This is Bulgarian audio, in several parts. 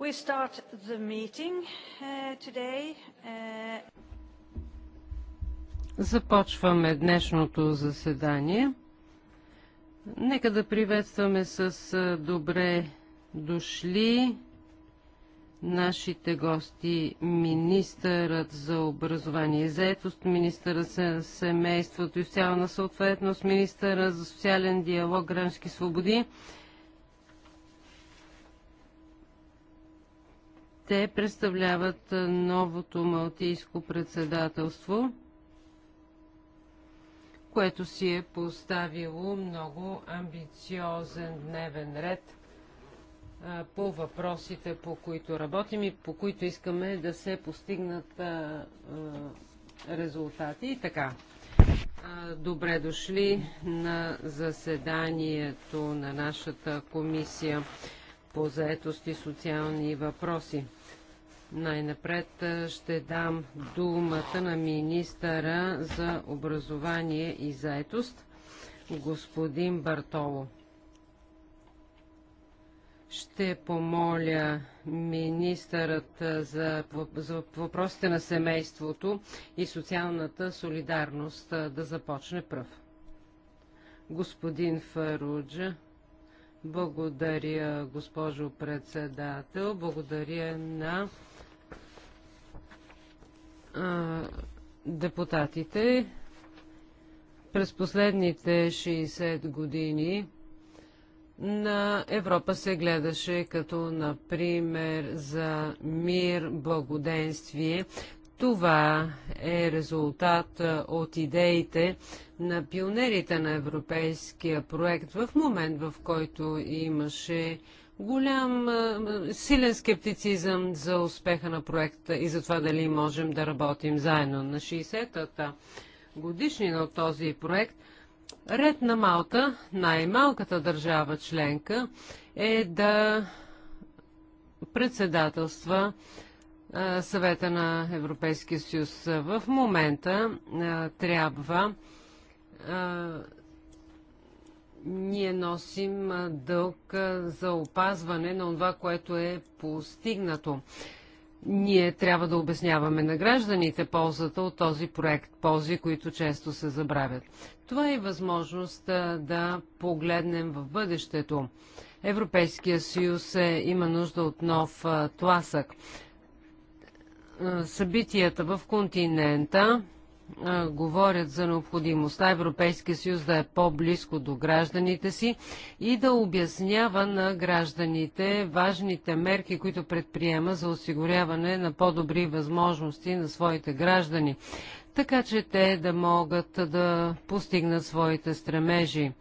We start the meeting uh, today. Uh, Започваме днешното заседание. Нека да приветстваме с добре дошли нашите гости, министърът за образование и заетост, министърът за семейството и социална съответност, министърът за социален диалог, граждански свободи, Те представляват новото малтийско председателство, което си е поставило много амбициозен дневен ред по въпросите, по които работим и по които искаме да се постигнат резултати. И така, добре дошли на заседанието на нашата комисия по заетост и социални въпроси. Най-напред ще дам думата на министъра за образование и заетост, господин Бартоло. Ще помоля министърът за, за въпросите на семейството и социалната солидарност да започне пръв. Господин Фаруджа, благодаря, госпожо председател, благодаря на а, депутатите. През последните 60 години на Европа се гледаше като, например, за мир, благоденствие. Това е резултат от идеите на пионерите на европейския проект в момент, в който имаше голям силен скептицизъм за успеха на проекта и за това дали можем да работим заедно. На 60-та годишнина от този проект ред на Малта, най-малката държава членка, е да председателства съвета на Европейския съюз. В момента трябва ние носим дълг за опазване на това, което е постигнато. Ние трябва да обясняваме на гражданите ползата от този проект, ползи, които често се забравят. Това е възможност да погледнем в бъдещето. Европейския съюз е, има нужда от нов тласък. Събитията в континента говорят за необходимостта Европейския съюз да е по-близко до гражданите си и да обяснява на гражданите важните мерки, които предприема за осигуряване на по-добри възможности на своите граждани, така че те да могат да постигнат своите стремежи.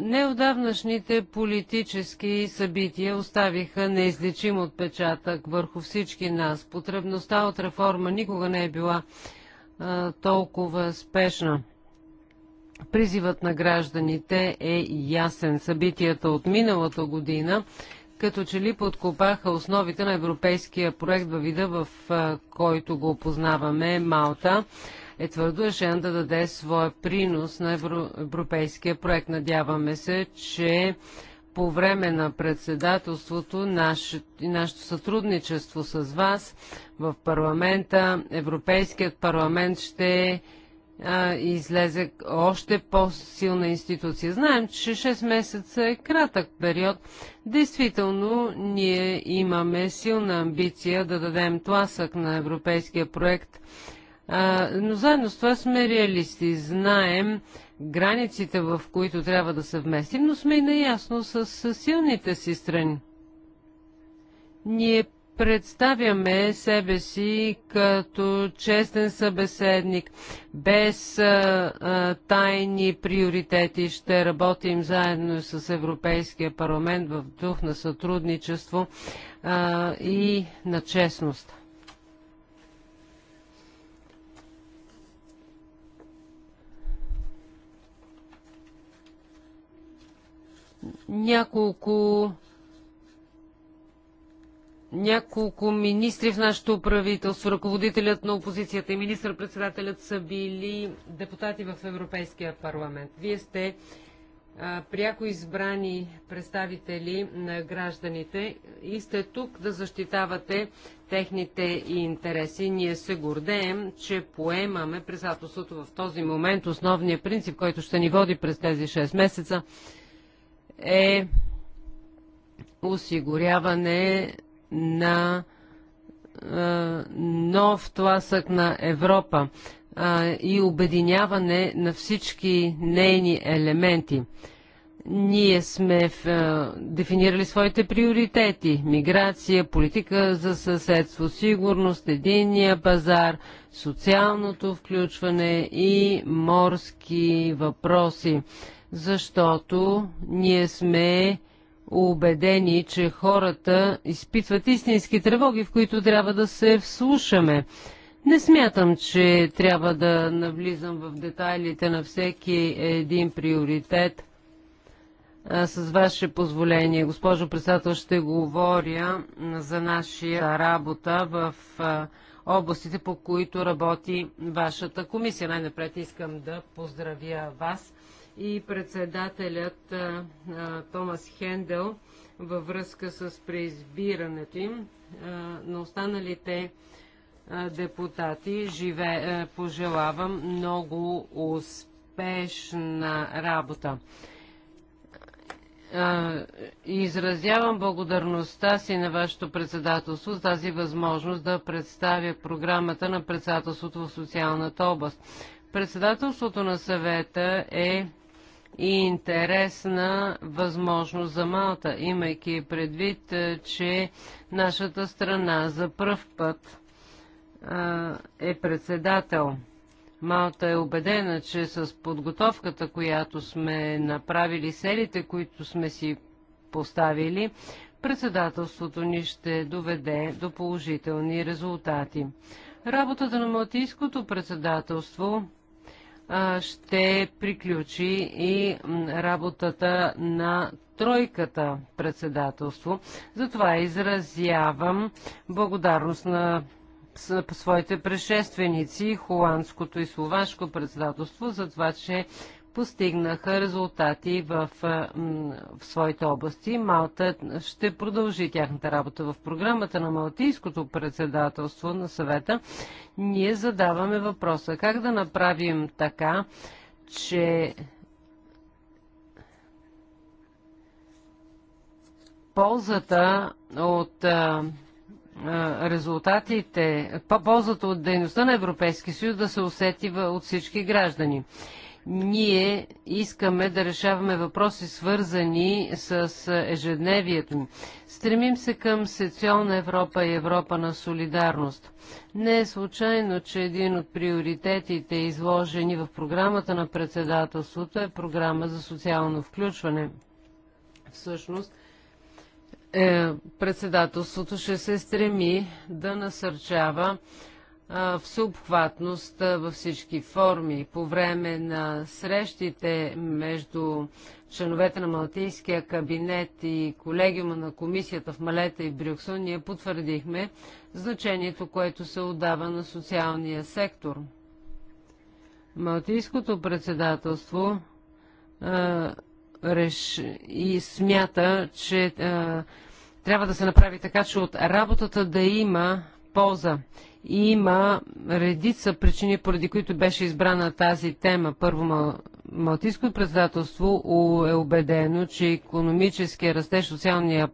Неодавнашните политически събития оставиха неизлечим отпечатък върху всички нас. Потребността от реформа никога не е била толкова спешна. Призивът на гражданите е ясен. Събитията от миналата година като че ли подкопаха основите на европейския проект във вида, в който го опознаваме Малта е твърдо решен да даде своя принос на европейския проект. Надяваме се, че по време на председателството наше, и нашето сътрудничество с вас в парламента. Европейският парламент ще а, излезе още по-силна институция. Знаем, че 6 месеца е кратък период. Действително, ние имаме силна амбиция да дадем тласък на европейския проект – а, но заедно с това сме реалисти. Знаем границите, в които трябва да се вместим, но сме и наясно с, с силните си страни. Ние представяме себе си като честен събеседник, без а, а, тайни приоритети. Ще работим заедно с Европейския парламент в дух на сътрудничество а, и на честност. няколко няколко министри в нашето правителство, ръководителят на опозицията и министър-председателят са били депутати в Европейския парламент. Вие сте а, пряко избрани представители на гражданите и сте тук да защитавате техните интереси. Ние се гордеем, че поемаме председателството в този момент, основния принцип, който ще ни води през тези 6 месеца – е осигуряване на нов тласък на Европа и обединяване на всички нейни елементи. Ние сме в, а, дефинирали своите приоритети – миграция, политика за съседство, сигурност, единния пазар, социалното включване и морски въпроси защото ние сме убедени, че хората изпитват истински тревоги, в които трябва да се вслушаме. Не смятам, че трябва да навлизам в детайлите на всеки един приоритет. А, с ваше позволение, госпожо председател, ще говоря за нашия работа в областите, по които работи вашата комисия. Най-напред искам да поздравя вас и председателят а, Томас Хендел във връзка с преизбирането им а, на останалите а, депутати. Живе, пожелавам много успешна работа. Изразявам благодарността си на вашето председателство за тази възможност да представя програмата на председателството в социалната област. Председателството на съвета е и интересна възможност за Малта, имайки предвид, е, че нашата страна за пръв път е председател. Малта е убедена, че с подготовката, която сме направили, селите, които сме си поставили, председателството ни ще доведе до положителни резултати. Работата на Малтийското председателство ще приключи и работата на тройката председателство. Затова изразявам благодарност на своите предшественици, холандското и словашко председателство, за това, че постигнаха резултати в, в своите области. Малта ще продължи тяхната работа в програмата на Малтийското председателство на съвета. Ние задаваме въпроса как да направим така, че ползата от резултатите, ползата от дейността на Европейския съюз да се усети от всички граждани. Ние искаме да решаваме въпроси, свързани с ежедневието. Стремим се към социална Европа и Европа на солидарност. Не е случайно, че един от приоритетите, изложени в програмата на председателството, е програма за социално включване. Всъщност, е, председателството ще се стреми да насърчава всеобхватност във всички форми. По време на срещите между членовете на Малтийския кабинет и колегиума на комисията в Малета и Брюксел, ние потвърдихме значението, което се отдава на социалния сектор. Малтийското председателство а, реш... и смята, че а, трябва да се направи така, че от работата да има полза има редица причини, поради които беше избрана тази тема. Първо, Малтийското председателство е убедено, че економическия растеж, социалния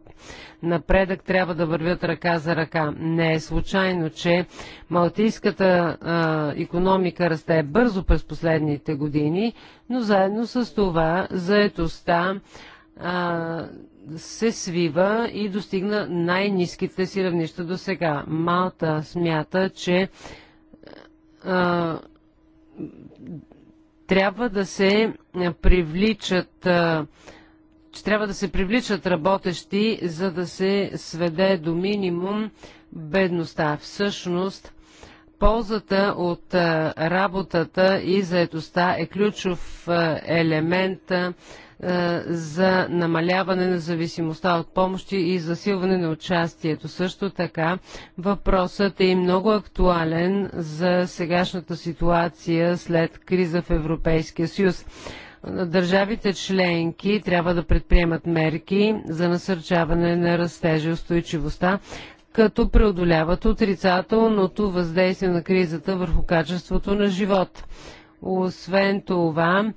напредък трябва да вървят ръка за ръка. Не е случайно, че малтийската а, економика расте бързо през последните години, но заедно с това заетостта се свива и достигна най-низките си равнища до сега. Малта смята, че а, трябва да се привличат а, че трябва да се привличат работещи, за да се сведе до минимум бедността. Всъщност, ползата от работата и заедостта е ключов елемент е, за намаляване на зависимостта от помощи и засилване на участието. Също така въпросът е и много актуален за сегашната ситуация след криза в Европейския съюз. Държавите членки трябва да предприемат мерки за насърчаване на растежа и устойчивостта, като преодоляват отрицателното въздействие на кризата върху качеството на живот. Освен това,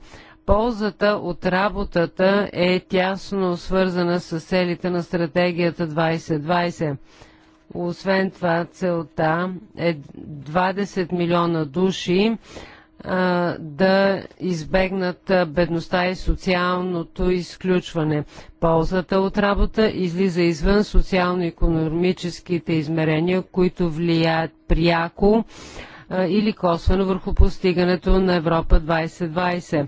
Ползата от работата е тясно свързана с целите на стратегията 2020. Освен това, целта е 20 милиона души а, да избегнат бедността и социалното изключване. Ползата от работа излиза извън социално-економическите измерения, които влияят пряко или косвено върху постигането на Европа 2020.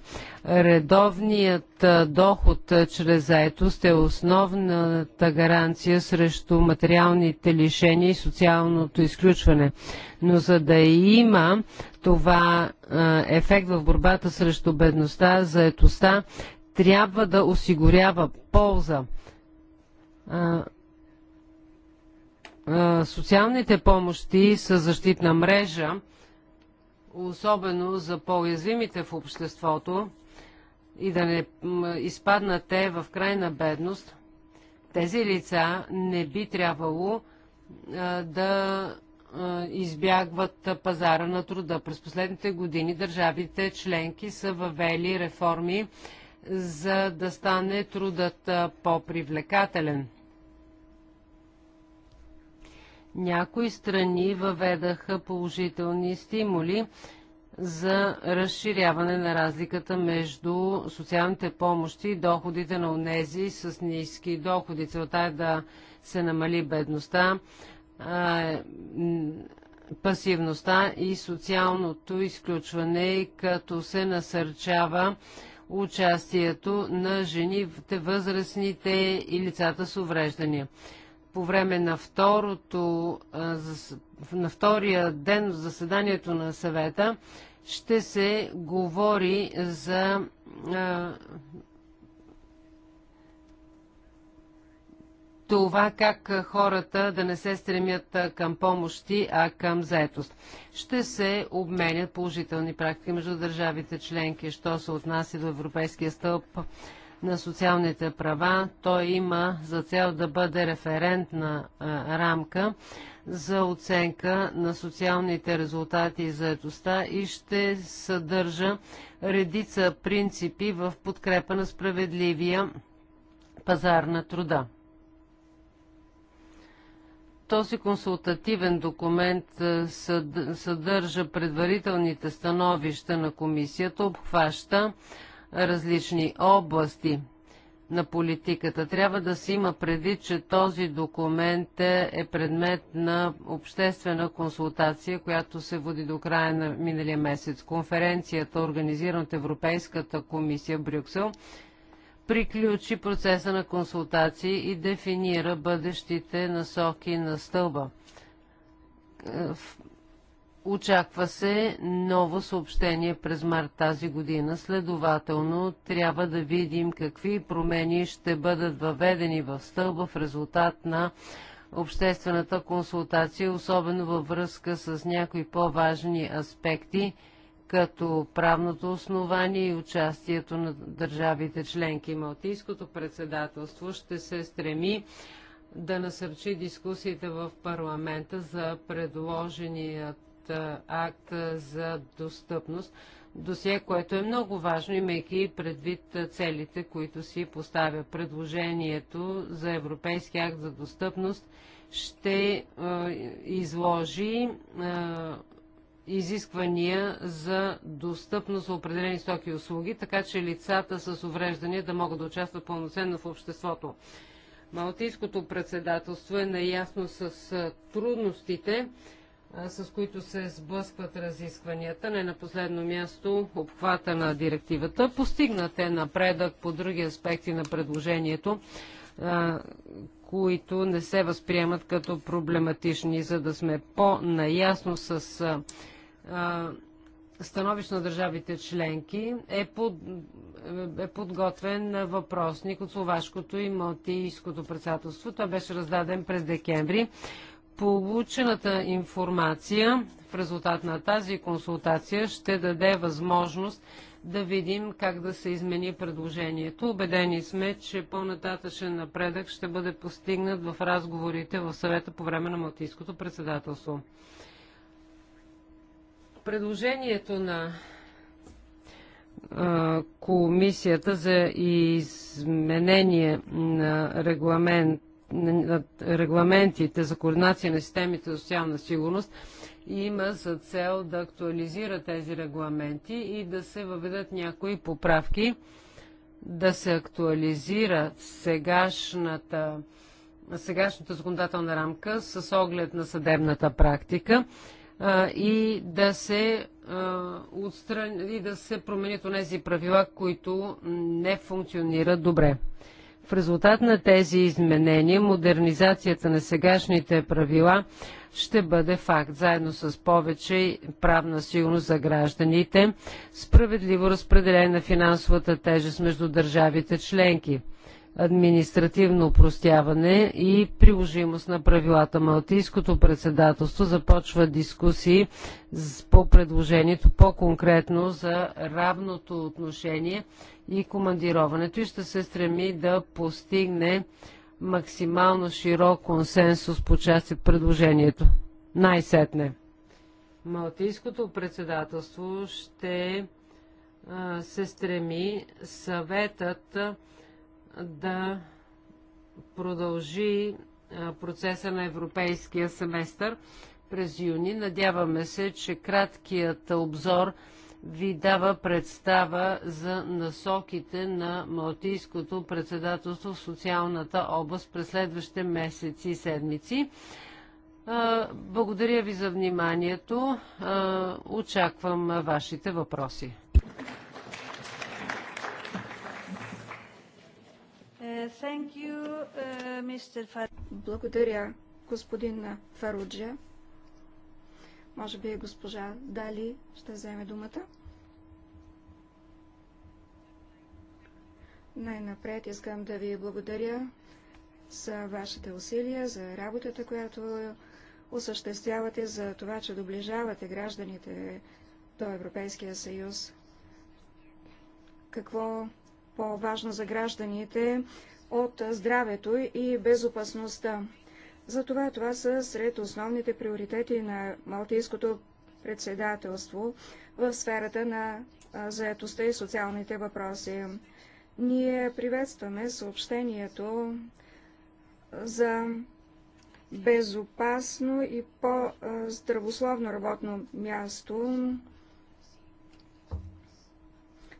Редовният доход чрез заетост е основната гаранция срещу материалните лишения и социалното изключване. Но за да има това ефект в борбата срещу бедността, заетостта трябва да осигурява полза социалните помощи са защитна мрежа, особено за по-уязвимите в обществото и да не изпаднат те в крайна бедност, тези лица не би трябвало да избягват пазара на труда. През последните години държавите членки са въвели реформи, за да стане трудът по-привлекателен някои страни въведаха положителни стимули за разширяване на разликата между социалните помощи и доходите на унези с ниски доходи. Целта е да се намали бедността, пасивността и социалното изключване, като се насърчава участието на жените, възрастните и лицата с увреждания по време на, второто, на втория ден в заседанието на съвета ще се говори за това как хората да не се стремят към помощи, а към заетост. Ще се обменят положителни практики между държавите членки, що се отнася до Европейския стълб на социалните права. Той има за цел да бъде референтна рамка за оценка на социалните резултати и заедостта и ще съдържа редица принципи в подкрепа на справедливия пазар на труда. Този консултативен документ съдържа предварителните становища на комисията, обхваща различни области на политиката. Трябва да се има преди, че този документ е, е предмет на обществена консултация, която се води до края на миналия месец. Конференцията, организирана от Европейската комисия в Брюксел, приключи процеса на консултации и дефинира бъдещите насоки на стълба. Е, Очаква се ново съобщение през март тази година. Следователно, трябва да видим какви промени ще бъдат въведени в стълба в резултат на обществената консултация, особено във връзка с някои по-важни аспекти, като правното основание и участието на държавите членки. Малтийското председателство ще се стреми да насърчи дискусиите в парламента за предложеният акт за достъпност. Досие, което е много важно, имайки предвид целите, които си поставя. Предложението за Европейски акт за достъпност ще изложи изисквания за достъпност за определени стоки и услуги, така че лицата с увреждания да могат да участват пълноценно в обществото. Малтийското председателство е наясно с трудностите, с които се сблъскват разискванията. Не на последно място обхвата на директивата. Постигнат е напредък по други аспекти на предложението, които не се възприемат като проблематични, за да сме по-наясно с становищ на държавите членки е, под, е подготвен въпросник от словашкото и малтийското председателство. Той беше раздаден през декември. Получената информация в резултат на тази консултация ще даде възможност да видим как да се измени предложението. Обедени сме, че по-нататъчен напредък ще бъде постигнат в разговорите в съвета по време на Малтийското председателство. Предложението на Комисията за изменение на регламент регламентите за координация на системите за социална сигурност има за цел да актуализира тези регламенти и да се въведат някои поправки, да се актуализира сегашната, сегашната законодателна рамка с оглед на съдебната практика а, и да се а, отстрани, и да се променят тези правила, които не функционират добре. В резултат на тези изменения, модернизацията на сегашните правила ще бъде факт, заедно с повече правна сигурност за гражданите, справедливо разпределение на финансовата тежест между държавите членки – административно упростяване и приложимост на правилата. Малтийското председателство започва дискусии по предложението, по-конкретно за равното отношение и командироването и ще се стреми да постигне максимално широк консенсус по части в предложението. Най-сетне. Малтийското председателство ще се стреми съветът да продължи процеса на европейския семестър през юни. Надяваме се, че краткият обзор ви дава представа за насоките на Малтийското председателство в социалната област през следващите месеци и седмици. Благодаря ви за вниманието. Очаквам вашите въпроси. You, uh, Благодаря, господин Фаруджа. Може би госпожа Дали ще вземе думата. Най-напред искам да ви благодаря за вашите усилия, за работата, която осъществявате, за това, че доближавате гражданите до Европейския съюз. Какво по-важно за гражданите от здравето и безопасността. Затова това са сред основните приоритети на Малтийското председателство в сферата на заетостта и социалните въпроси. Ние приветстваме съобщението за безопасно и по-здравословно работно място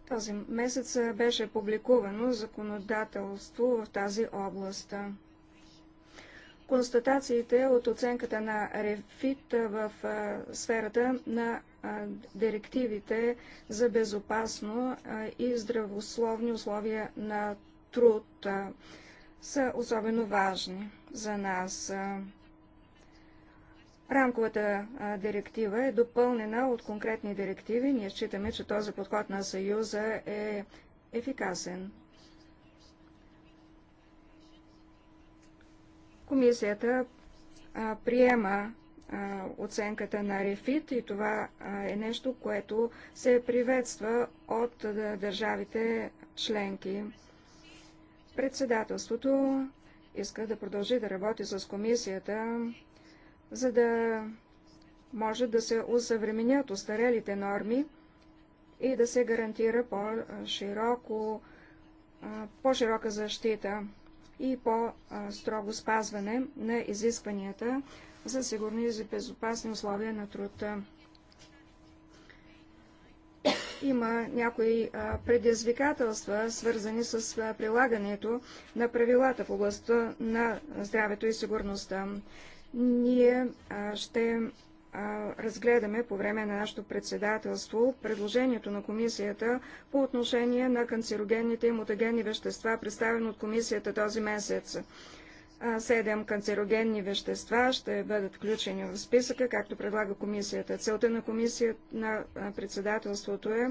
този месец беше публикувано законодателство в тази област. Констатациите от оценката на РЕФИТ в сферата на директивите за безопасно и здравословни условия на труд са особено важни за нас. Рамковата директива е допълнена от конкретни директиви. Ние считаме, че този подход на Съюза е ефикасен. Комисията приема оценката на Рефит и това е нещо, което се приветства от държавите членки. Председателството иска да продължи да работи с комисията за да може да се усъвременят устарелите норми и да се гарантира по-широко, по-широка защита и по-строго спазване на изискванията за сигурни и за безопасни условия на труд. Има някои предизвикателства, свързани с прилагането на правилата в областта на здравето и сигурността. Ние ще разгледаме по време на нашето председателство предложението на комисията по отношение на канцерогенните и мутагенни вещества, представено от комисията този месец. Седем канцерогенни вещества ще бъдат включени в списъка, както предлага комисията. Целта на комисията на председателството е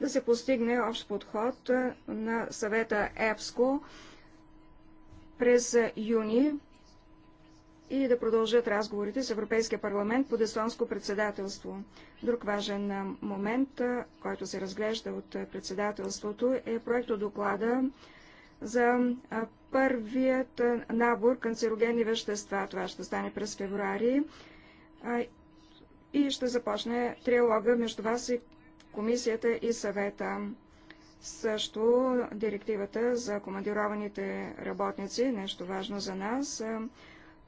да се постигне общ подход на съвета ЕПСКО през юни и да продължат разговорите с Европейския парламент под естонско председателство. Друг важен момент, който се разглежда от председателството, е проекто доклада за първият набор канцерогенни вещества. Това ще стане през февруари и ще започне триалога между вас и комисията и съвета. Също директивата за командированите работници, нещо важно за нас,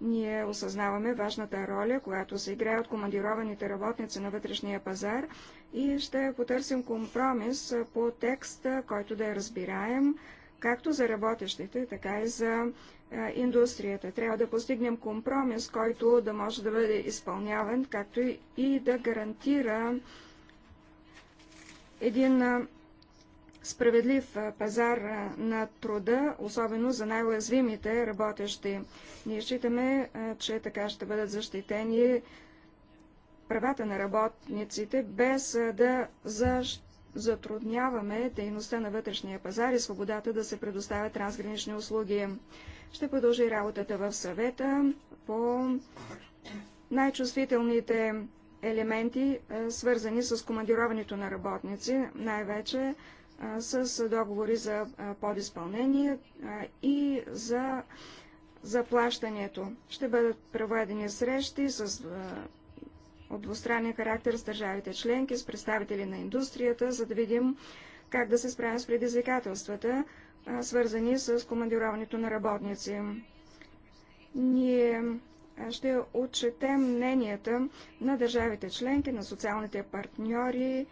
ние осъзнаваме важната роля, която се играе от командированите работници на вътрешния пазар и ще потърсим компромис по текст, който да я разбираем, както за работещите, така и за индустрията. Трябва да постигнем компромис, който да може да бъде изпълняван, както и да гарантира един справедлив пазар на труда, особено за най-уязвимите работещи. Ние считаме, че така ще бъдат защитени правата на работниците, без да затрудняваме дейността на вътрешния пазар и свободата да се предоставят трансгранични услуги. Ще продължи работата в съвета по най-чувствителните елементи, свързани с командироването на работници, най-вече с договори за подизпълнение и за заплащането. Ще бъдат проведени срещи с от двустранен характер с държавите членки, с представители на индустрията, за да видим как да се справим с предизвикателствата, свързани с командироването на работници. Ние ще отчетем мненията на държавите членки, на социалните партньори,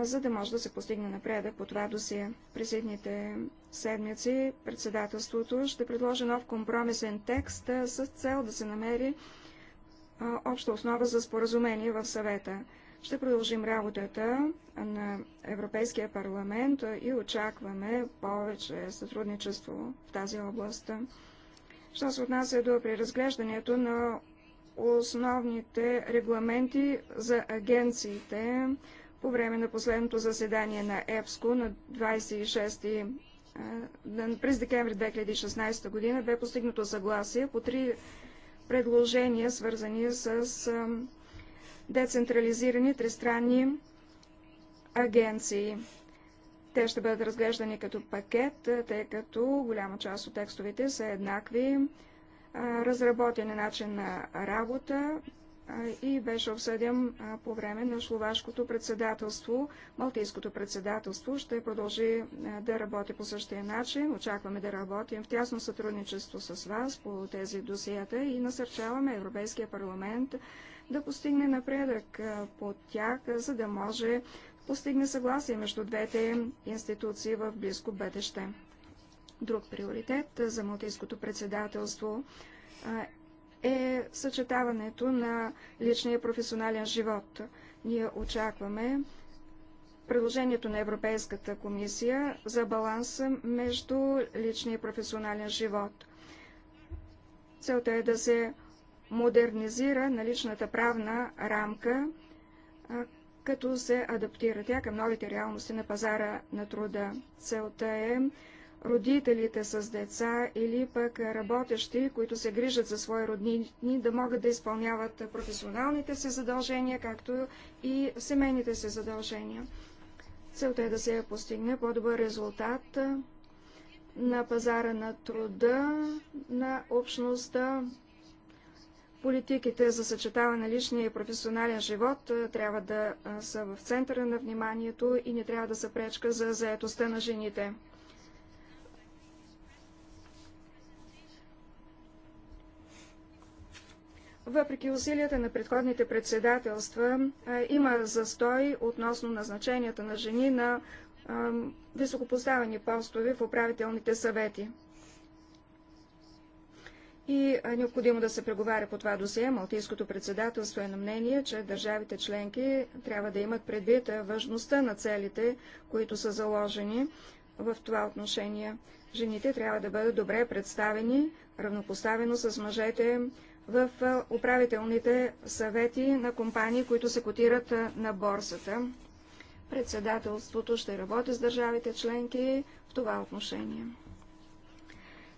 за да може да се постигне напредък по това досие. През едните седмици председателството ще предложи нов компромисен текст с цел да се намери обща основа за споразумение в съвета. Ще продължим работата на Европейския парламент и очакваме повече сътрудничество в тази област. Що се отнася до преразглеждането на основните регламенти за агенциите, по време на последното заседание на ЕПСКО на 26 през декември 2016 година бе постигнато съгласие по три предложения, свързани с децентрализирани тристранни агенции. Те ще бъдат разглеждани като пакет, тъй като голяма част от текстовете са еднакви. Разработен е начин на работа, и беше обсъден по време на словашкото председателство. Малтийското председателство ще продължи да работи по същия начин. Очакваме да работим в тясно сътрудничество с вас по тези досията и насърчаваме Европейския парламент да постигне напредък по тях, за да може постигне съгласие между двете институции в близко бъдеще. Друг приоритет за Малтийското председателство е съчетаването на личния и професионален живот. Ние очакваме предложението на Европейската комисия за баланса между личния и професионален живот. Целта е да се модернизира наличната правна рамка, като се адаптира тя към новите реалности на пазара на труда. Целта е родителите с деца или пък работещи, които се грижат за свои роднини, да могат да изпълняват професионалните си задължения, както и семейните си задължения. Целта е да се постигне по-добър резултат на пазара на труда, на общността. Политиките за съчетаване на личния и професионален живот трябва да са в центъра на вниманието и не трябва да са пречка за заетостта на жените. Въпреки усилията на предходните председателства, има застой относно назначенията на жени на високопоставени постове в управителните съвети. И е необходимо да се преговаря по това досие. Малтийското председателство е на мнение, че държавите членки трябва да имат предвид важността на целите, които са заложени в това отношение. Жените трябва да бъдат добре представени, равнопоставено с мъжете в управителните съвети на компании, които се котират на борсата. Председателството ще работи с държавите членки в това отношение.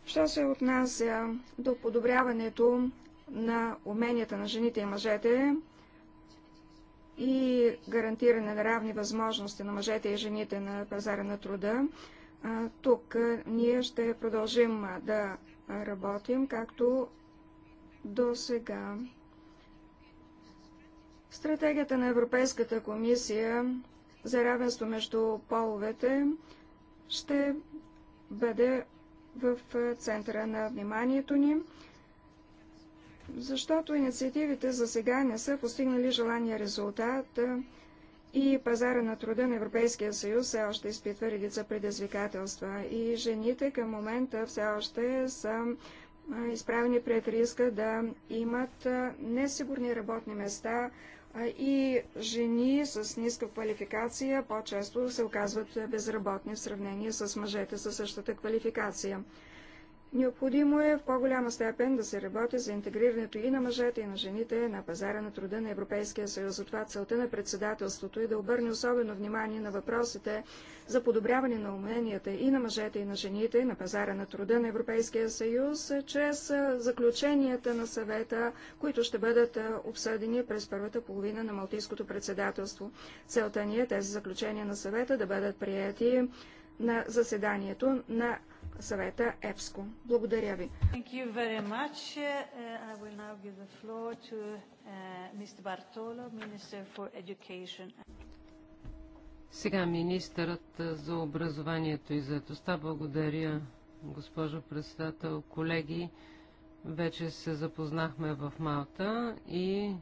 Що се отнася до подобряването на уменията на жените и мъжете и гарантиране на равни възможности на мъжете и жените на пазара на труда, тук ние ще продължим да работим, както до сега. Стратегията на Европейската комисия за равенство между половете ще бъде в центъра на вниманието ни, защото инициативите за сега не са постигнали желания резултат и пазара на труда на Европейския съюз все още изпитва редица предизвикателства и жените към момента все още са изправени пред риска да имат несигурни работни места и жени с ниска квалификация по-често се оказват безработни в сравнение с мъжете със същата квалификация. Необходимо е в по-голяма степен да се работи за интегрирането и на мъжете, и на жените на пазара на труда на Европейския съюз. Затова целта на председателството е да обърне особено внимание на въпросите за подобряване на уменията и на мъжете, и на жените на пазара на труда на Европейския съюз, чрез заключенията на съвета, които ще бъдат обсъдени през първата половина на Малтийското председателство. Целта ни е тези заключения на съвета да бъдат прияти на заседанието на съвета ЕПСКО. Благодаря ви. Uh, uh, Сега министърът за образованието и заедостта. Благодаря, госпожо председател, колеги. Вече се запознахме в Малта и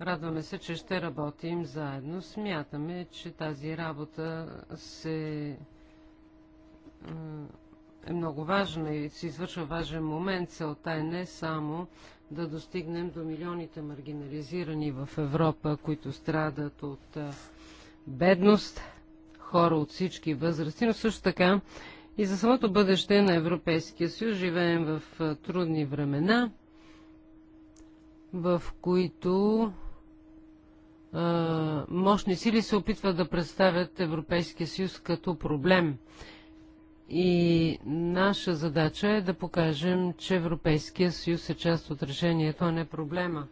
Радваме се, че ще работим заедно. Смятаме, че тази работа се е много важна и се извършва важен момент. Целта е не само да достигнем до милионите маргинализирани в Европа, които страдат от бедност, хора от всички възрасти, но също така и за самото бъдеще на Европейския съюз живеем в трудни времена, в които мощни сили се опитват да представят Европейския съюз като проблем и наша задача е да покажем, че Европейския съюз е част от решението, а не проблема.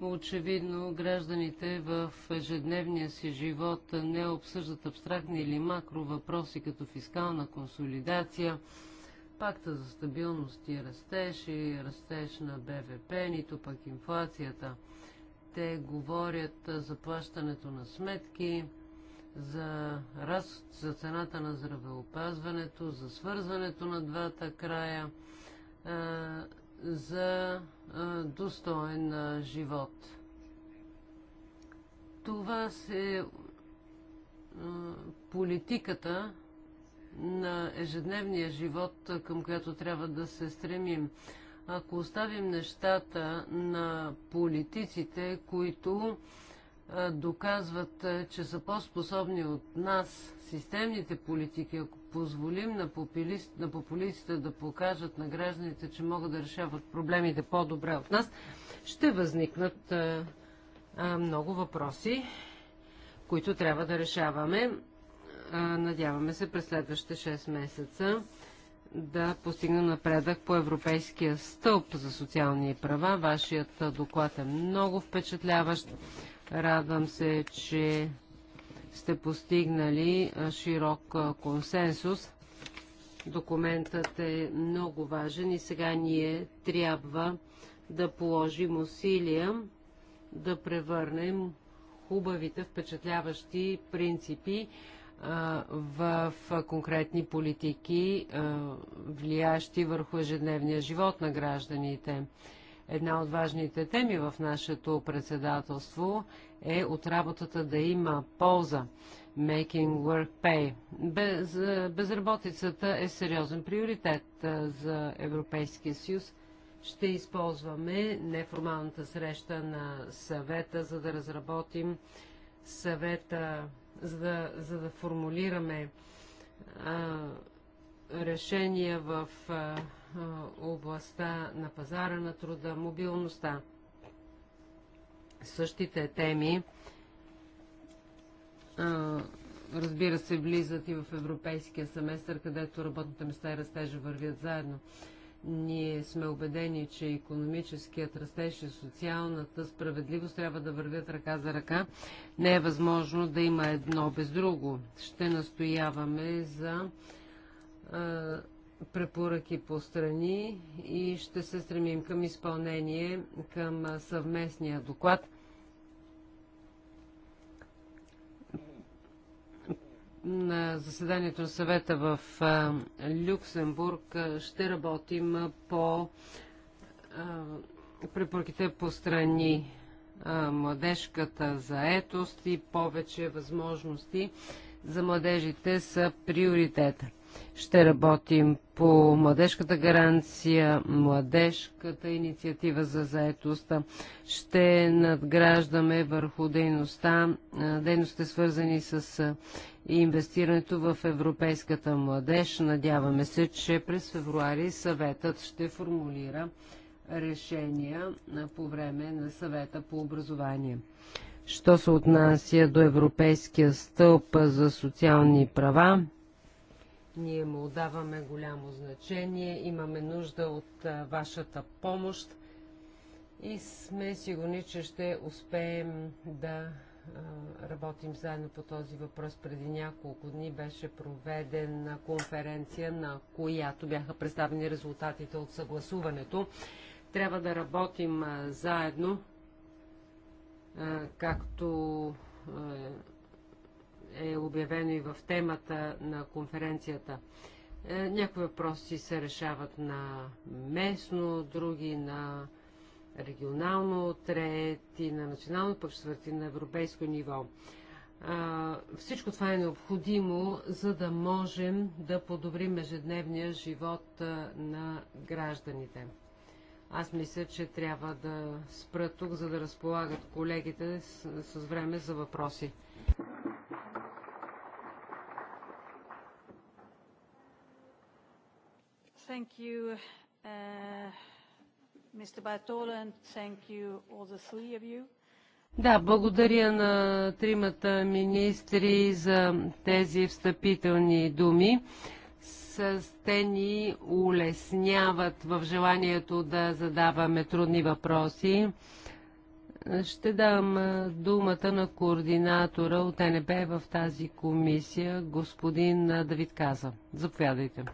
Очевидно, гражданите в ежедневния си живот не обсъждат абстрактни или макро въпроси, като фискална консолидация, пакта за стабилност и растеж и растеж на БВП, нито пък инфлацията. Те говорят за плащането на сметки, за раст, за цената на здравеопазването, за свързването на двата края, за достоен живот. Това се политиката на ежедневния живот, към която трябва да се стремим. Ако оставим нещата на политиците, които доказват, че са по-способни от нас системните политики, ако позволим на, популист, на популистите да покажат на гражданите, че могат да решават проблемите по-добре от нас, ще възникнат а, а, много въпроси, които трябва да решаваме. А, надяваме се през следващите 6 месеца да постигнем напредък по Европейския стълб за социални права. Вашият доклад е много впечатляващ. Радвам се, че сте постигнали широк консенсус. Документът е много важен и сега ние трябва да положим усилия да превърнем хубавите, впечатляващи принципи в конкретни политики, влиящи върху ежедневния живот на гражданите. Една от важните теми в нашето председателство е от работата да има полза. Making Work Pay. Без, е, безработицата е сериозен приоритет е, за Европейския съюз. Ще използваме неформалната среща на съвета, за да разработим съвета, за да, за да формулираме а, е, решения в а, областта на пазара на труда, мобилността. Същите теми разбира се, влизат и в европейския семестър, където работните места и растежа вървят заедно. Ние сме убедени, че економическият растеж и социалната справедливост трябва да вървят ръка за ръка. Не е възможно да има едно без друго. Ще настояваме за препоръки по страни и ще се стремим към изпълнение към съвместния доклад. На заседанието на съвета в Люксембург ще работим по препоръките по страни младежката заетост и повече възможности за младежите са приоритета. Ще работим по младежката гаранция, младежката инициатива за заетостта. Ще надграждаме върху дейността, дейностите свързани с инвестирането в европейската младеж. Надяваме се, че през февруари съветът ще формулира решения по време на съвета по образование. Що се отнася до Европейския стълб за социални права, ние му отдаваме голямо значение, имаме нужда от вашата помощ и сме сигурни, че ще успеем да работим заедно по този въпрос. Преди няколко дни беше проведена конференция, на която бяха представени резултатите от съгласуването. Трябва да работим заедно, както е обявено и в темата на конференцията. Е, някои въпроси се решават на местно, други на регионално, трети на национално, пък четвърти на европейско ниво. Е, всичко това е необходимо, за да можем да подобрим ежедневния живот е, на гражданите. Аз мисля, че трябва да спра тук, за да разполагат колегите с време за въпроси. Thank you, uh, Mr. Bartola, and thank you all the three of you. Да, благодаря на тримата министри за тези встъпителни думи. С те ни улесняват в желанието да задаваме трудни въпроси. Ще дам думата на координатора от НБ в тази комисия, господин Давид Каза. Заповядайте.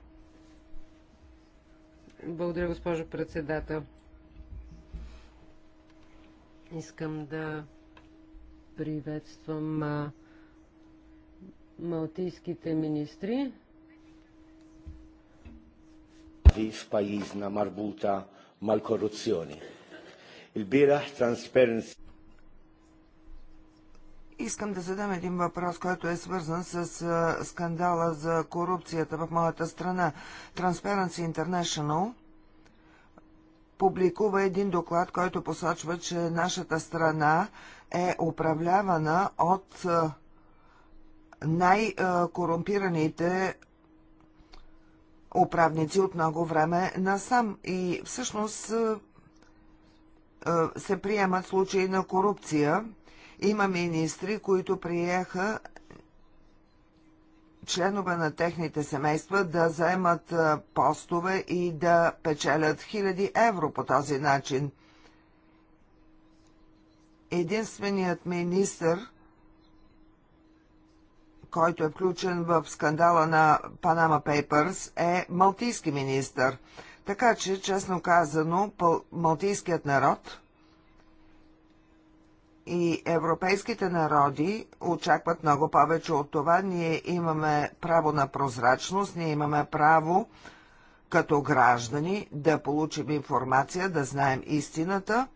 Благодаря, госпожо председател. Искам да приветствам а, малтийските министри. В на марбута мал корупциони. il Transparency Искам да задам един въпрос, който е свързан с скандала за корупцията в моята страна. Transparency International публикува един доклад, който посочва, че нашата страна е управлявана от най-корумпираните управници от много време насам. И всъщност се приемат случаи на корупция има министри, които приеха членове на техните семейства да заемат постове и да печелят хиляди евро по този начин. Единственият министр, който е включен в скандала на Panama Papers, е малтийски министр. Така че, честно казано, малтийският народ и европейските народи очакват много повече от това. Ние имаме право на прозрачност, ние имаме право като граждани да получим информация, да знаем истината,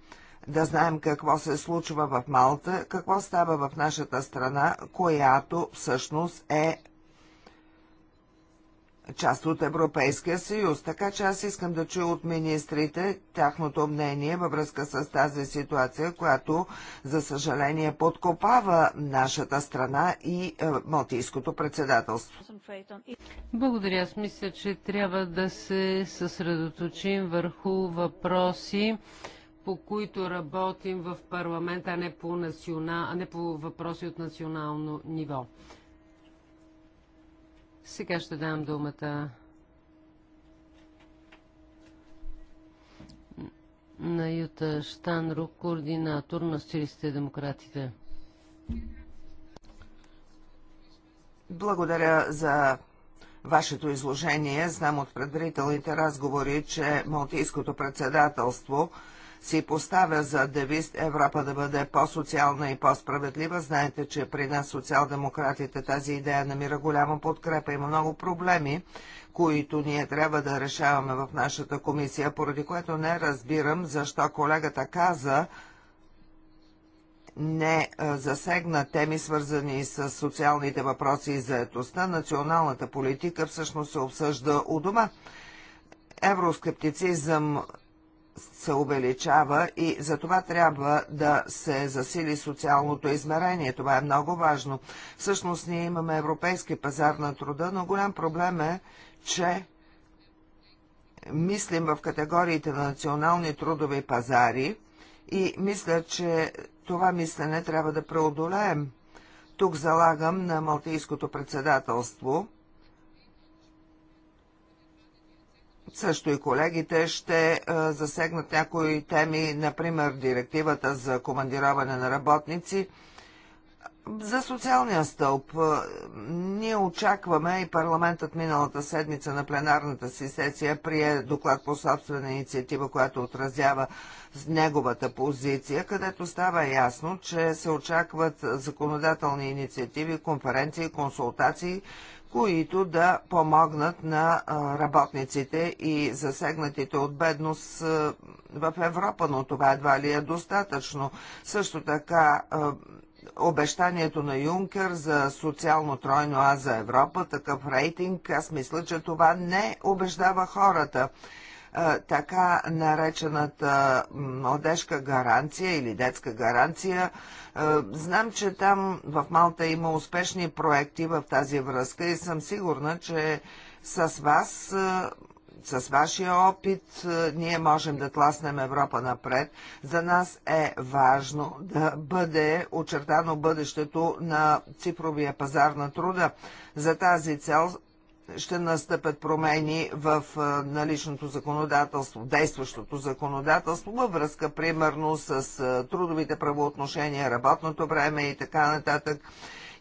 да знаем какво се случва в Малта, какво става в нашата страна, която всъщност е част от Европейския съюз, така че аз искам да чуя от министрите тяхното мнение във връзка с тази ситуация, която, за съжаление, подкопава нашата страна и е, Малтийското председателство. Благодаря. Аз мисля, че трябва да се съсредоточим върху въпроси, по които работим в парламента, а не по, национа... а не по въпроси от национално ниво. Сега ще дам думата на Юта Штанро, координатор на Сирийските демократите. Благодаря за вашето изложение. Знам от предварителните разговори, че Малтийското председателство – си поставя за девиз Европа да бъде по-социална и по-справедлива. Знаете, че при нас социал-демократите тази идея намира голяма подкрепа. Има много проблеми, които ние трябва да решаваме в нашата комисия, поради което не разбирам защо колегата каза, не засегна теми, свързани с социалните въпроси и заетостта, националната политика всъщност се обсъжда у дома. Евроскептицизъм се увеличава и за това трябва да се засили социалното измерение. Това е много важно. Всъщност ние имаме европейски пазар на труда, но голям проблем е, че мислим в категориите на национални трудови пазари и мисля, че това мислене трябва да преодолеем. Тук залагам на Малтийското председателство – също и колегите ще засегнат някои теми, например директивата за командироване на работници. За социалния стълб ние очакваме и парламентът миналата седмица на пленарната си сесия прие доклад по собствена инициатива, която отразява неговата позиция, където става ясно, че се очакват законодателни инициативи, конференции, консултации, които да помогнат на работниците и засегнатите от бедност в Европа, но това едва ли е достатъчно. Също така обещанието на Юнкер за социално тройно А за Европа, такъв рейтинг, аз мисля, че това не убеждава хората така наречената младежка гаранция или детска гаранция. Знам, че там в Малта има успешни проекти в тази връзка и съм сигурна, че с вас с вашия опит ние можем да тласнем Европа напред. За нас е важно да бъде очертано бъдещето на цифровия пазар на труда. За тази цел ще настъпят промени в наличното законодателство, действащото законодателство, във връзка примерно с трудовите правоотношения, работното време и така нататък.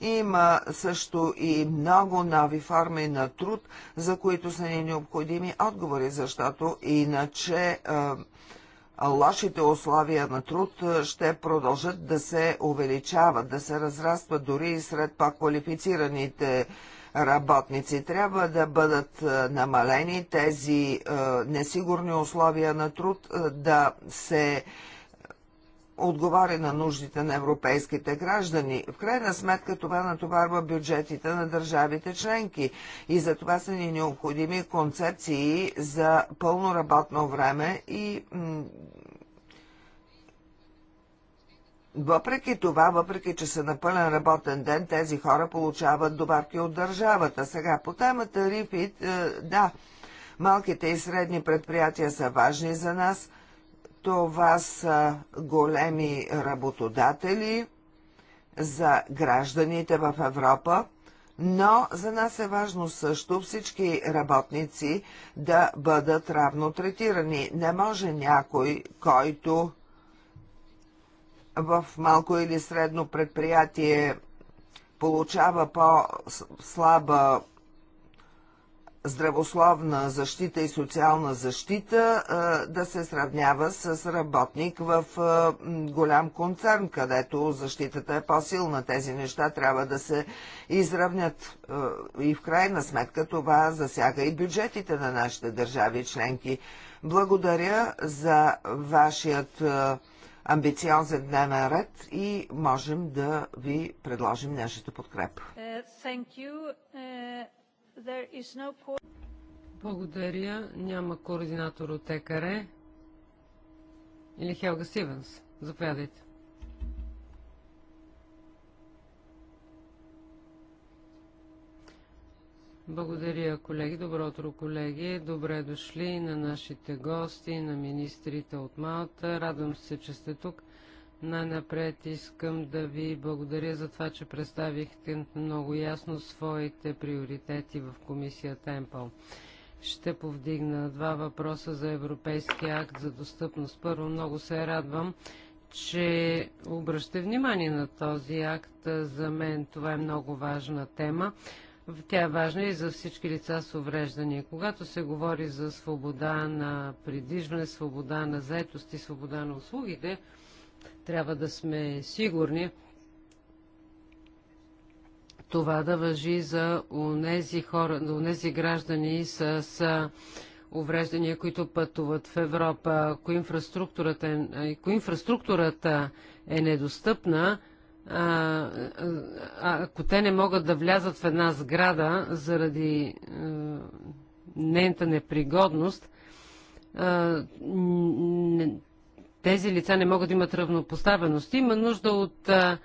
Има също и много нови форми на труд, за които са ни необходими отговори, защото иначе лошите условия на труд ще продължат да се увеличават, да се разрастват дори и сред по-квалифицираните работници. Трябва да бъдат е, намалени тези е, несигурни условия на труд, е, да се отговаря на нуждите на европейските граждани. В крайна сметка това натоварва бюджетите на държавите членки и за това са ни необходими концепции за пълно работно време и въпреки това, въпреки че са на пълен работен ден, тези хора получават добавки от държавата. Сега по темата Рифит, е, да, малките и средни предприятия са важни за нас. Това са големи работодатели за гражданите в Европа. Но за нас е важно също всички работници да бъдат равно третирани. Не може някой, който в малко или средно предприятие получава по-слаба здравословна защита и социална защита да се сравнява с работник в голям концерн, където защитата е по-силна. Тези неща трябва да се изравнят. И в крайна сметка това засяга и бюджетите на нашите държави членки. Благодаря за вашият амбициозен дневен ред и можем да ви предложим нашата подкрепа. Е, е, Благодаря. Няма координатор от ЕКАРЕ. Или Хелга Сивенс. Заповядайте. Благодаря, колеги. Добро утро, колеги. Добре дошли на нашите гости, на министрите от Малта. Радвам се, че сте тук. Най-напред искам да ви благодаря за това, че представихте много ясно своите приоритети в комисия Темпъл. Ще повдигна два въпроса за Европейския акт за достъпност. Първо, много се радвам, че обръщате внимание на този акт. За мен това е много важна тема. Тя е важна и за всички лица с увреждания. Когато се говори за свобода на придвижване, свобода на заетост и свобода на услугите, трябва да сме сигурни това да въжи за унези, хора, унези граждани с, с увреждания, които пътуват в Европа. Ако инфраструктурата е, ако инфраструктурата е недостъпна, а, ако те не могат да влязат в една сграда заради а, нейната непригодност, а, не, тези лица не могат да имат равнопоставеност. Има нужда от а,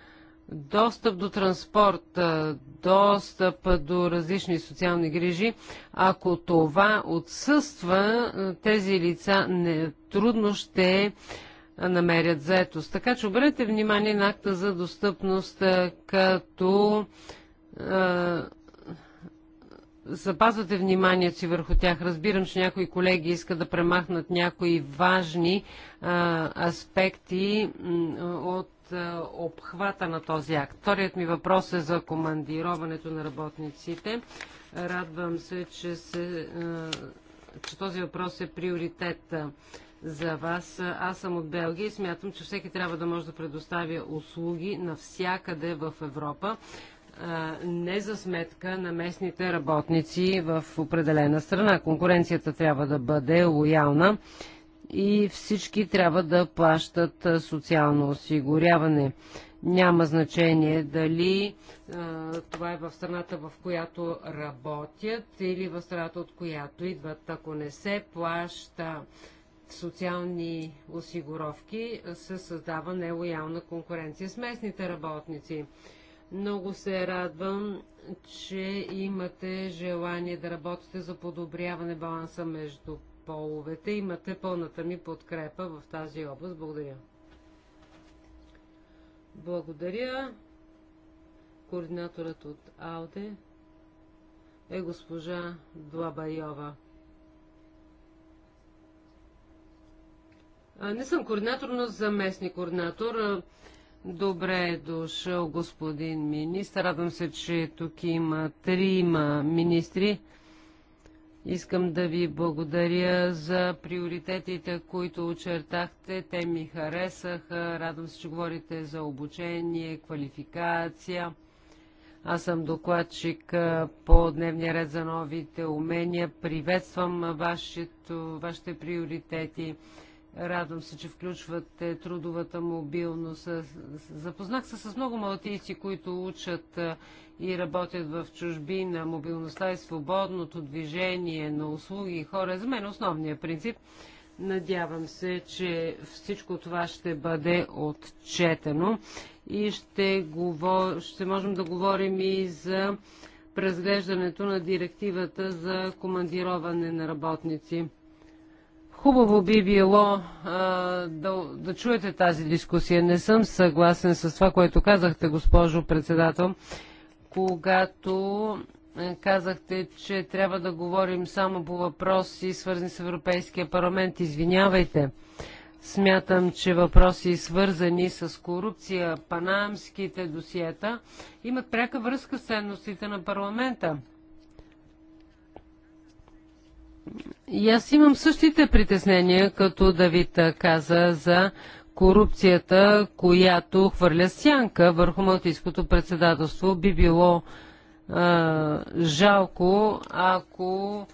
достъп до транспорт, а, достъп до различни социални грижи. Ако това отсъства, тези лица не, трудно ще намерят заетост. Така че обърнете внимание на акта за достъпност като запазвате вниманието си върху тях. Разбирам, че някои колеги искат да премахнат някои важни е, аспекти от обхвата на този акт. Вторият ми въпрос е за командироването на работниците. Радвам се, че, се, че този въпрос е приоритет за вас. Аз съм от Белгия и смятам, че всеки трябва да може да предоставя услуги навсякъде в Европа, не за сметка на местните работници в определена страна. Конкуренцията трябва да бъде лоялна и всички трябва да плащат социално осигуряване. Няма значение дали а, това е в страната, в която работят или в страната, от която идват. Ако не се плаща социални осигуровки се създава нелоялна конкуренция с местните работници. Много се радвам, че имате желание да работите за подобряване баланса между половете. Имате пълната ми подкрепа в тази област. Благодаря. Благодаря. Координаторът от АЛДЕ е госпожа Длабайова. Не съм координатор, но заместник координатор. Добре е дошъл, господин министр. Радвам се, че тук има трима министри. Искам да ви благодаря за приоритетите, които очертахте. Те ми харесаха. Радвам се, че говорите за обучение, квалификация. Аз съм докладчик по дневния ред за новите умения. Приветствам вашето, вашите приоритети Радвам се, че включвате трудовата мобилност. Запознах се с много малтийци, които учат и работят в чужбина. Мобилността и е свободното движение на услуги и хора за мен е основният принцип. Надявам се, че всичко това ще бъде отчетено и ще, говор... ще можем да говорим и за презглеждането на директивата за командироване на работници. Хубаво би било а, да, да чуете тази дискусия. Не съм съгласен с това, което казахте, госпожо председател, когато е, казахте, че трябва да говорим само по въпроси, свързани с Европейския парламент. Извинявайте. Смятам, че въпроси, свързани с корупция, панамските досиета, имат пряка връзка с ценностите на парламента. И аз имам същите притеснения, като Давид каза за корупцията, която хвърля сянка върху Малтийското председателство. Би било а, жалко, ако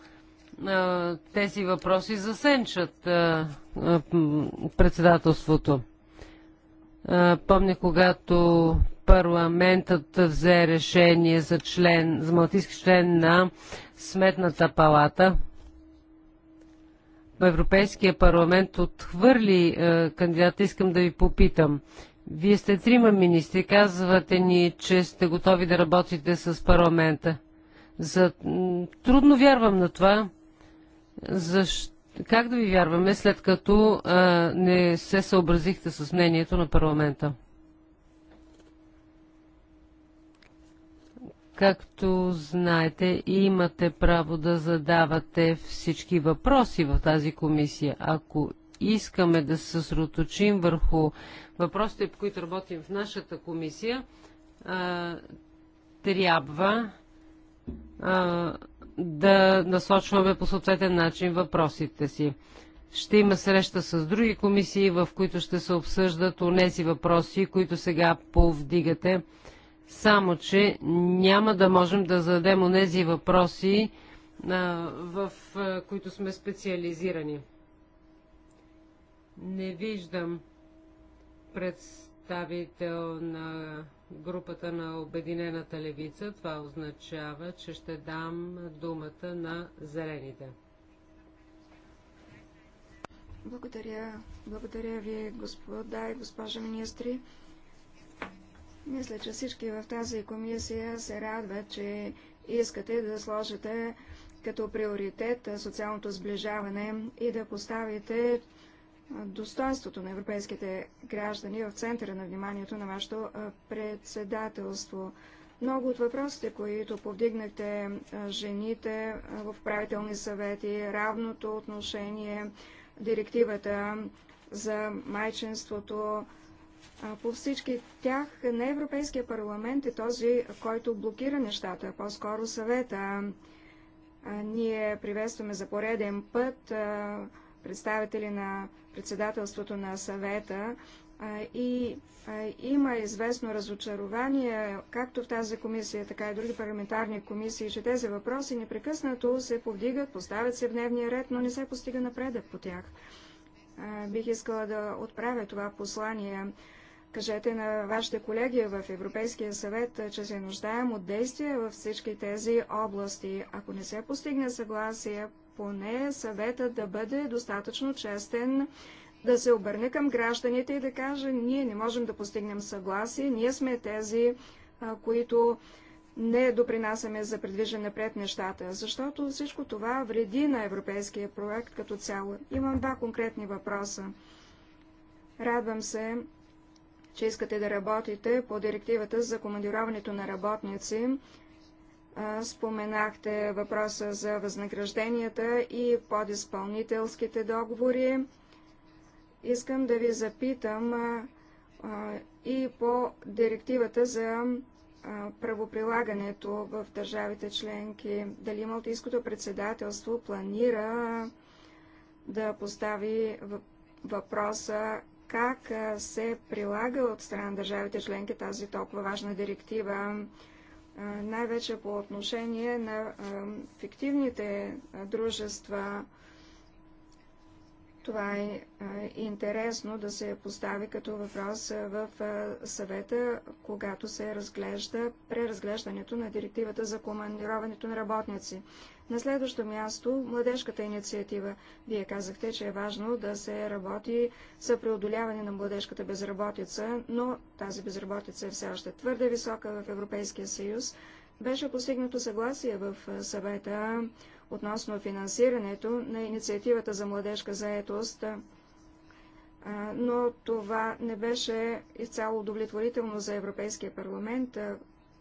а, тези въпроси засенчат а, а, председателството. А, помня, когато парламентът взе решение за член, за малтийски член на Сметната палата, Европейския парламент отхвърли е, кандидата, искам да ви попитам. Вие сте трима министри, казвате ни, че сте готови да работите с парламента. За... Трудно вярвам на това. Защо? Как да ви вярваме, след като а, е, не се съобразихте с мнението на парламента? Както знаете, имате право да задавате всички въпроси в тази комисия. Ако искаме да се съсроточим върху въпросите, по които работим в нашата комисия, а, трябва а, да насочваме по съответен начин въпросите си. Ще има среща с други комисии, в които ще се обсъждат онези въпроси, които сега повдигате само, че няма да можем да зададем онези въпроси, в които сме специализирани. Не виждам представител на групата на Обединената левица. Това означава, че ще дам думата на зелените. Благодаря. Благодаря ви, господа и госпожа министри. Мисля, че всички в тази комисия се радват, че искате да сложите като приоритет социалното сближаване и да поставите достоинството на европейските граждани в центъра на вниманието на вашето председателство. Много от въпросите, които повдигнахте жените в правителни съвети, равното отношение, директивата за майчинството, по всички тях не Европейския парламент е този, който блокира нещата, по-скоро съвета. Ние приветстваме за пореден път представители на председателството на съвета и има известно разочарование, както в тази комисия, така и други парламентарни комисии, че тези въпроси непрекъснато се повдигат, поставят се в дневния ред, но не се постига напредък по тях. Бих искала да отправя това послание Кажете на вашите колеги в Европейския съвет, че се нуждаем от действия във всички тези области. Ако не се постигне съгласие, поне съвета да бъде достатъчно честен, да се обърне към гражданите и да каже, ние не можем да постигнем съгласие, ние сме тези, които не допринасяме за предвижен напред нещата, защото всичко това вреди на европейския проект като цяло. Имам два конкретни въпроса. Радвам се, че искате да работите по директивата за командироването на работници. Споменахте въпроса за възнагражденията и подизпълнителските договори. Искам да ви запитам и по директивата за правоприлагането в държавите членки. Дали Малтийското председателство планира да постави въпроса как се прилага от страна на държавите членки тази толкова важна директива, най-вече по отношение на фиктивните дружества, това е интересно да се постави като въпрос в съвета, когато се разглежда преразглеждането на директивата за командироването на работници. На следващо място, младежката инициатива. Вие казахте, че е важно да се работи за преодоляване на младежката безработица, но тази безработица е все още твърде висока в Европейския съюз. Беше постигнато съгласие в съвета относно финансирането на инициативата за младежка заетост, но това не беше изцяло удовлетворително за Европейския парламент,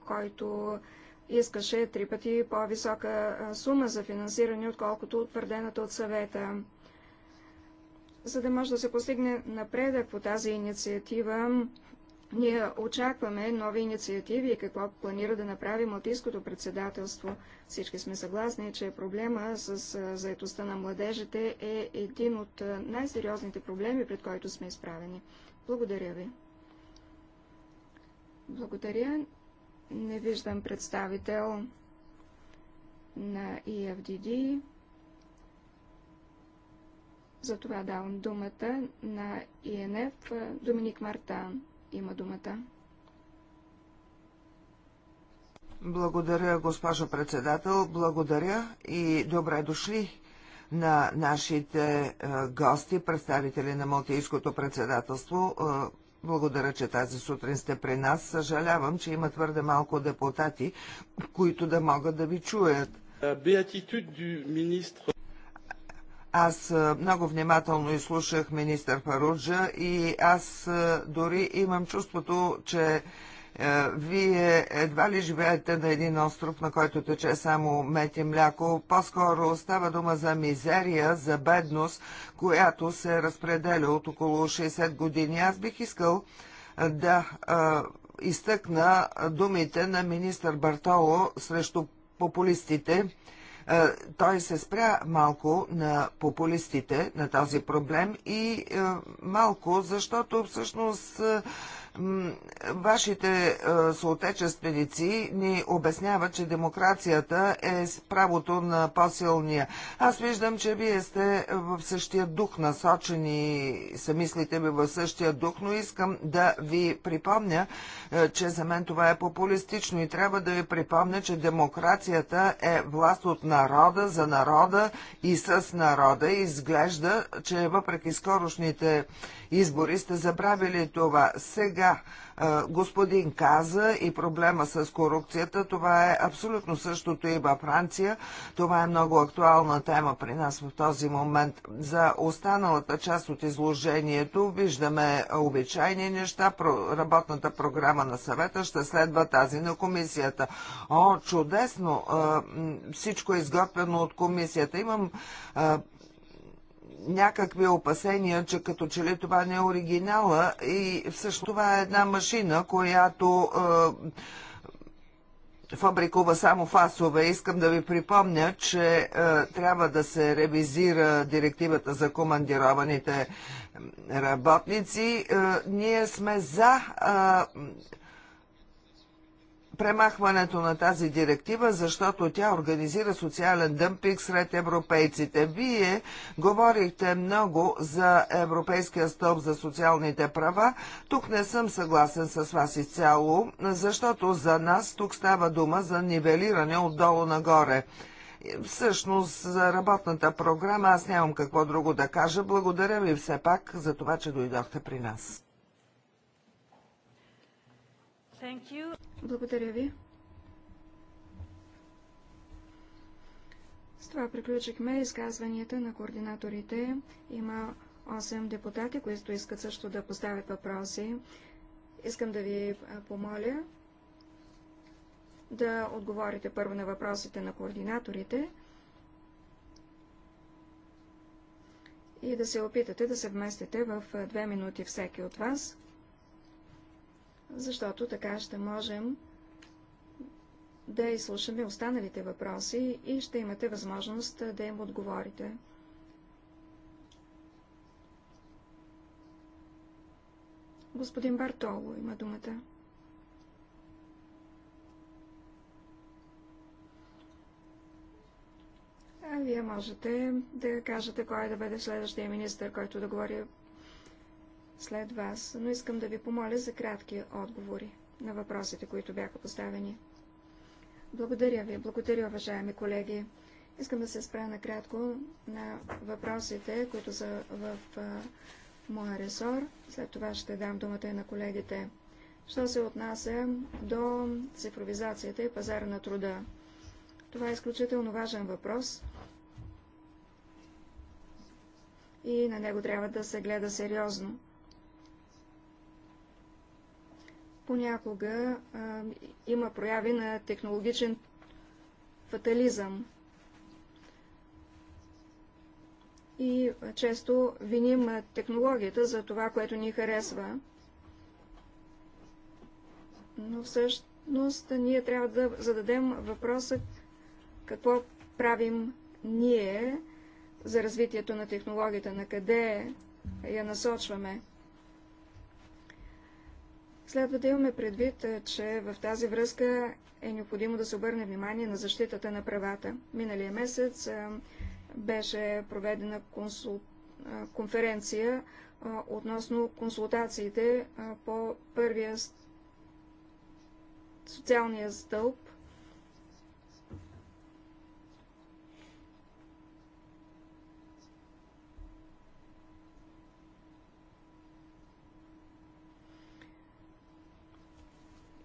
който искаше три пъти по-висока сума за финансиране, отколкото утвърдената от съвета. За да може да се постигне напредък по тази инициатива, ние очакваме нови инициативи и какво планира да направи Малтийското председателство. Всички сме съгласни, че проблема с заетостта на младежите е един от най-сериозните проблеми, пред който сме изправени. Благодаря ви. Благодаря. Не виждам представител на EFDD. Затова давам думата на ИНФ Доминик Мартан има думата. Благодаря, госпожо председател. Благодаря и добре дошли на нашите е, гости, представители на Малтийското председателство. Е, благодаря, че тази сутрин сте при нас. Съжалявам, че има твърде малко депутати, които да могат да ви чуят. Аз много внимателно изслушах министър Паруджа и аз дори имам чувството, че вие едва ли живеете на един остров, на който тече само мед и мляко. По-скоро става дума за мизерия, за бедност, която се разпределя от около 60 години. Аз бих искал да изтъкна думите на министър Бартоло срещу популистите е, той се спря малко на популистите на този проблем и е, малко, защото всъщност е, Вашите е, съотечественици ни обясняват, че демокрацията е правото на по-силния. Аз виждам, че вие сте в същия дух насочени, са мислите ви в същия дух, но искам да ви припомня, е, че за мен това е популистично и трябва да ви припомня, че демокрацията е власт от народа, за народа и с народа. И изглежда, че въпреки скорошните избори, сте забравили това. Сега господин каза и проблема с корупцията, това е абсолютно същото и във Франция. Това е много актуална тема при нас в този момент. За останалата част от изложението виждаме обичайни неща. Работната програма на съвета ще следва тази на комисията. О, чудесно! Всичко е изготвено от комисията. Имам някакви опасения, че като че ли това не е оригинала и всъщност това е една машина, която е, фабрикува само фасове. Искам да ви припомня, че е, трябва да се ревизира директивата за командированите работници. Е, ние сме за е, премахването на тази директива, защото тя организира социален дъмпинг сред европейците. Вие говорихте много за Европейския стоп за социалните права. Тук не съм съгласен с вас изцяло, защото за нас тук става дума за нивелиране отдолу нагоре. Всъщност за работната програма аз нямам какво друго да кажа. Благодаря ви все пак за това, че дойдохте при нас. Благодаря ви. С това приключихме изказванията на координаторите. Има 8 депутати, които искат също да поставят въпроси. Искам да ви помоля да отговорите първо на въпросите на координаторите и да се опитате да се вместите в две минути всеки от вас защото така ще можем да изслушаме останалите въпроси и ще имате възможност да им отговорите. Господин Бартоло има думата. А вие можете да кажете кой е да бъде следващия министр, който да говори след вас, но искам да ви помоля за кратки отговори на въпросите, които бяха поставени. Благодаря ви, благодаря, уважаеми колеги. Искам да се спра накратко на въпросите, които са в а, моя ресор. След това ще дам думата и на колегите. Що се отнася до цифровизацията и пазара на труда? Това е изключително важен въпрос и на него трябва да се гледа сериозно. понякога а, има прояви на технологичен фатализъм. И често виним технологията за това, което ни харесва. Но всъщност ние трябва да зададем въпроса какво правим ние за развитието на технологията, на къде я насочваме. Следва да имаме предвид, е, че в тази връзка е необходимо да се обърне внимание на защитата на правата. Миналия месец е, беше проведена консул... Е, конференция относно консултациите по първия социалния стълб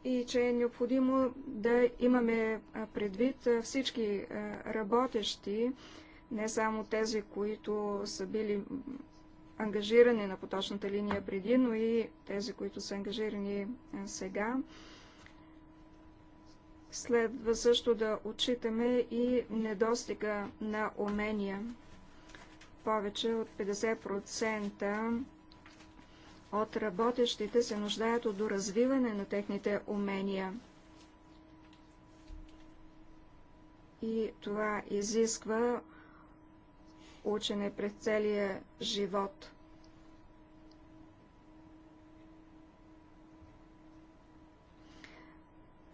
и че е необходимо да имаме предвид всички работещи, не само тези, които са били ангажирани на поточната линия преди, но и тези, които са ангажирани сега. Следва също да отчитаме и недостига на умения. Повече от 50% от работещите се нуждаят от доразвиване на техните умения. И това изисква учене през целия живот.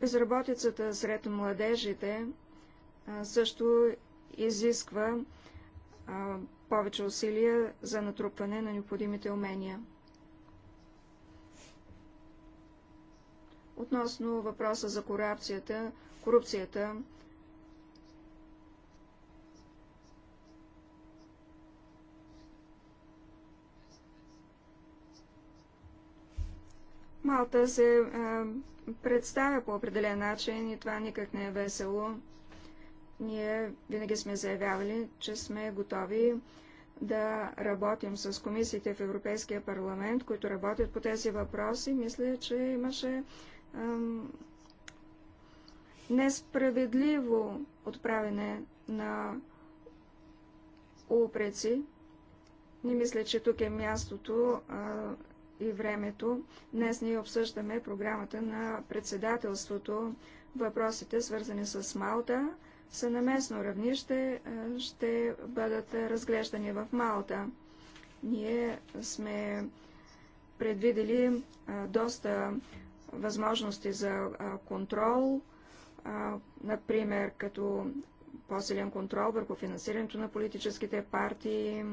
Безработицата сред младежите също изисква повече усилия за натрупване на необходимите умения. Относно въпроса за корупцията, корупцията Малта се а, представя по определен начин и това никак не е весело. Ние винаги сме заявявали, че сме готови да работим с комисиите в Европейския парламент, които работят по тези въпроси. Мисля, че имаше несправедливо отправяне на упреци. Не мисля, че тук е мястото а, и времето. Днес ние обсъждаме програмата на председателството. Въпросите, свързани с Малта, са на местно равнище, ще бъдат разглеждани в Малта. Ние сме предвидели а, доста възможности за контрол, например като по-силен контрол върху финансирането на политическите партии,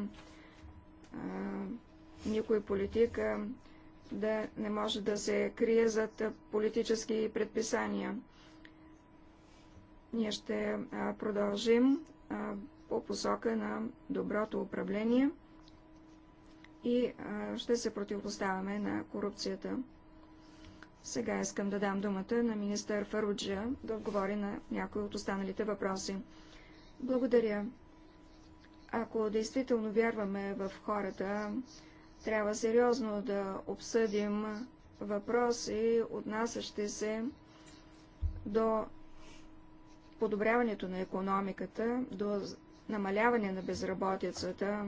никой политика да не може да се крие зад политически предписания. Ние ще продължим по посока на доброто управление и ще се противопоставяме на корупцията. Сега искам да дам думата на министър Фаруджа да отговори на някои от останалите въпроси. Благодаря. Ако действително вярваме в хората, трябва сериозно да обсъдим въпроси, отнасящи се до подобряването на економиката, до намаляване на безработицата,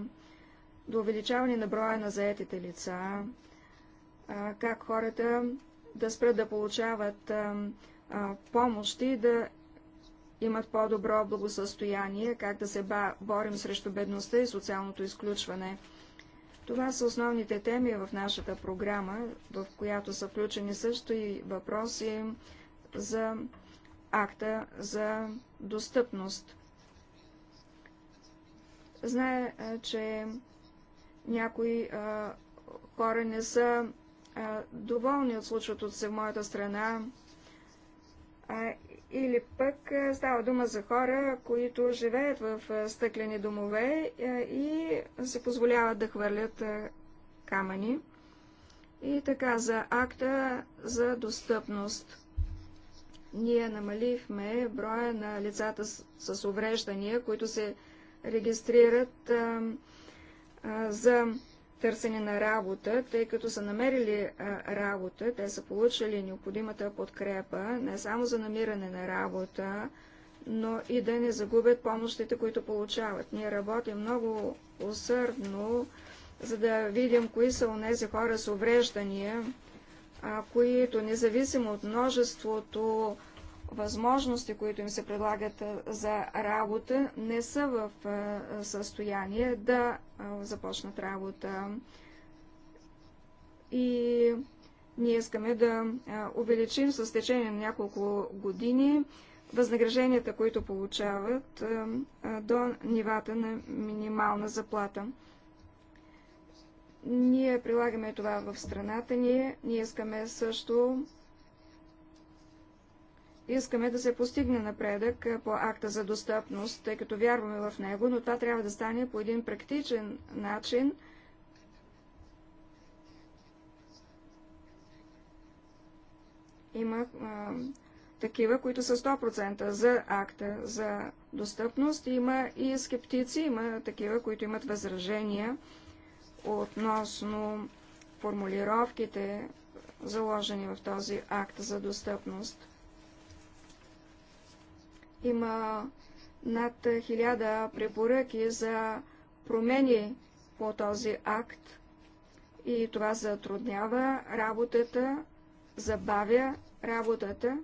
до увеличаване на броя на заетите лица, как хората да спрат да получават помощи, да имат по-добро благосъстояние, как да се борим срещу бедността и социалното изключване. Това са основните теми в нашата програма, в която са включени също и въпроси за акта за достъпност. Знае, че някои а, хора не са доволни от случващото се в моята страна. Или пък става дума за хора, които живеят в стъклени домове и се позволяват да хвърлят камъни. И така за акта за достъпност. Ние намалихме броя на лицата с, увреждания, които се регистрират за търсене на работа, тъй като са намерили работа, те са получили необходимата подкрепа не само за намиране на работа, но и да не загубят помощите, които получават. Ние работим много усърдно, за да видим кои са у нези хора с увреждания, които независимо от множеството възможности, които им се предлагат за работа, не са в състояние да започнат работа. И ние искаме да увеличим с течение на няколко години възнагражденията, които получават до нивата на минимална заплата. Ние прилагаме това в страната ни. Ние искаме също Искаме да се постигне напредък по акта за достъпност, тъй като вярваме в него, но това трябва да стане по един практичен начин. Има а, такива, които са 100% за акта за достъпност. Има и скептици, има такива, които имат възражения относно формулировките, заложени в този акт за достъпност. Има над хиляда препоръки за промени по този акт и това затруднява работата, забавя работата,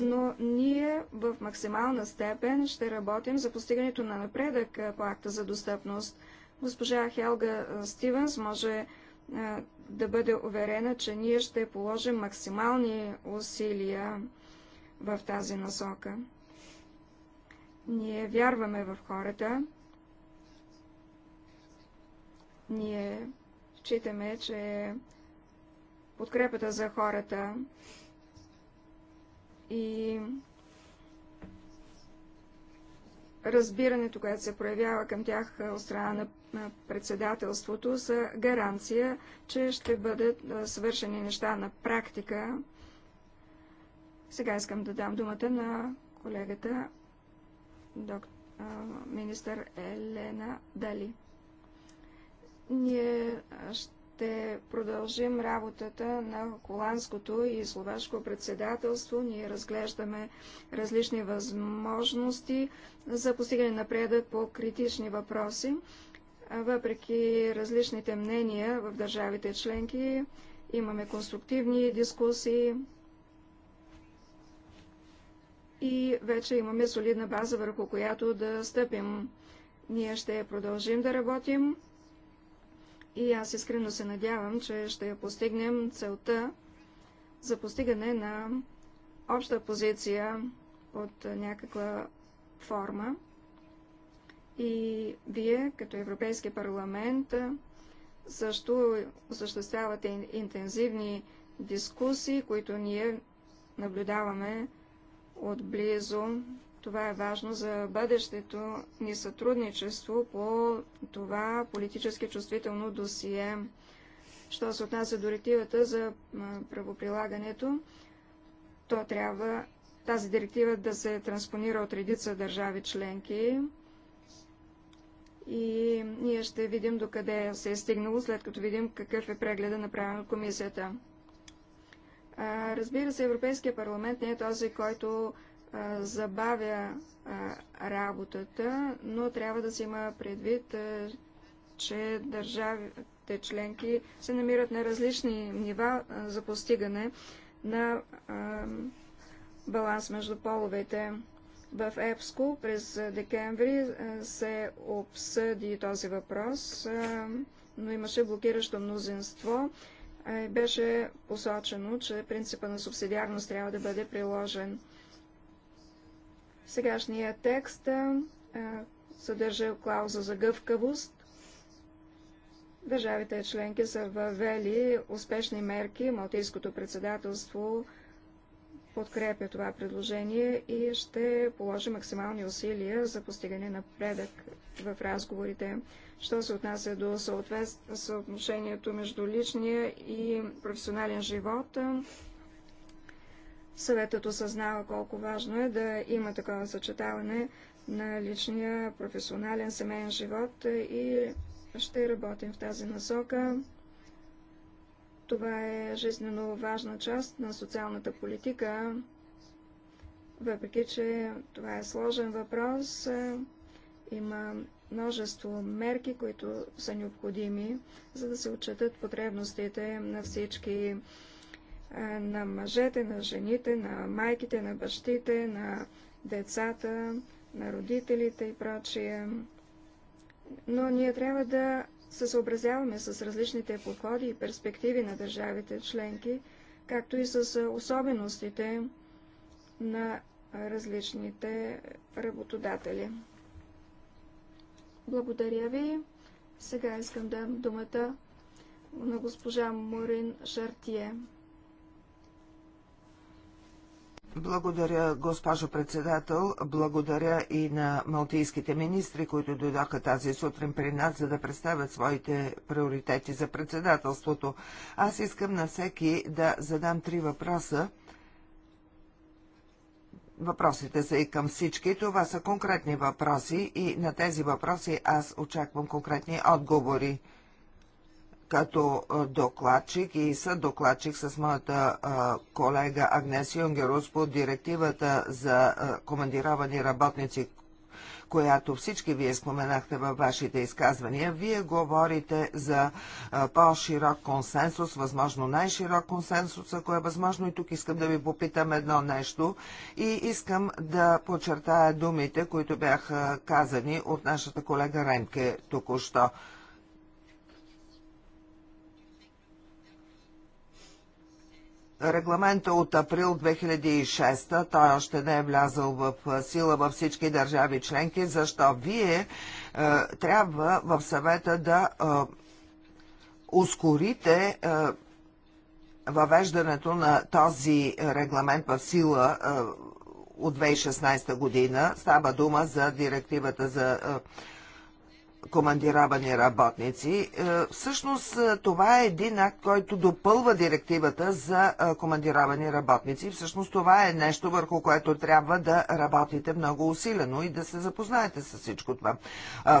но ние в максимална степен ще работим за постигането на напредък по акта за достъпност. Госпожа Хелга Стивенс може да бъде уверена, че ние ще положим максимални усилия в тази насока. Ние вярваме в хората. Ние считаме, че подкрепата за хората и разбирането, което се проявява към тях от страна на председателството, са гаранция, че ще бъдат свършени неща на практика. Сега искам да дам думата на колегата министър Елена Дали. Ние ще продължим работата на холандското и словашко председателство. Ние разглеждаме различни възможности за постигане напредък по критични въпроси. Въпреки различните мнения в държавите членки, имаме конструктивни дискусии, и вече имаме солидна база, върху която да стъпим. Ние ще продължим да работим и аз искрено се надявам, че ще постигнем целта за постигане на обща позиция от някаква форма. И вие, като Европейски парламент, също осъществявате интензивни дискусии, които ние наблюдаваме отблизо. Това е важно за бъдещето ни сътрудничество по това политически чувствително досие. Що се отнася до директивата за правоприлагането, то трябва тази директива да се транспонира от редица държави членки. И ние ще видим докъде се е стигнало, след като видим какъв е прегледа направен от комисията. Разбира се, Европейския парламент не е този, който забавя работата, но трябва да се има предвид, че държавите членки се намират на различни нива за постигане на баланс между половете. В ЕПСКО през декември се обсъди този въпрос, но имаше блокиращо мнозинство беше посочено, че принципа на субсидиарност трябва да бъде приложен. Сегашния текст съдържа клауза за гъвкавост. Държавите членки са въвели успешни мерки. Малтийското председателство подкрепя това предложение и ще положи максимални усилия за постигане на предък в разговорите. Що се отнася до съотношението между личния и професионален живот, съветът осъзнава колко важно е да има такова съчетаване на личния, професионален, семейен живот и ще работим в тази насока. Това е жизненно важна част на социалната политика, въпреки че това е сложен въпрос, има множество мерки, които са необходими, за да се отчетат потребностите на всички е, на мъжете, на жените, на майките, на бащите, на децата, на родителите и прочие. Но ние трябва да се съобразяваме с различните подходи и перспективи на държавите членки, както и с е, особеностите на различните работодатели. Благодаря ви. Сега искам да дам думата на госпожа Морин Шартие. Благодаря, госпожо председател. Благодаря и на малтийските министри, които дойдоха тази сутрин при нас, за да представят своите приоритети за председателството. Аз искам на всеки да задам три въпроса Въпросите са и към всички. Това са конкретни въпроси и на тези въпроси аз очаквам конкретни отговори. Като докладчик и съд докладчик с моята колега Агнес Юнгерус по директивата за командировани работници, която всички вие споменахте във вашите изказвания. Вие говорите за по-широк консенсус, възможно най-широк консенсус, ако е възможно. И тук искам да ви попитам едно нещо и искам да подчертая думите, които бяха казани от нашата колега Ремке току-що. Регламента от април 2006, той още не е влязъл в сила във всички държави членки, защо вие е, трябва в съвета да е, ускорите е, въвеждането на този регламент в сила от 2016 година. Става дума за директивата за командировани работници. Е, всъщност е, това е един акт, който допълва директивата за е, командировани работници. Всъщност това е нещо, върху което трябва да работите много усилено и да се запознаете с всичко това.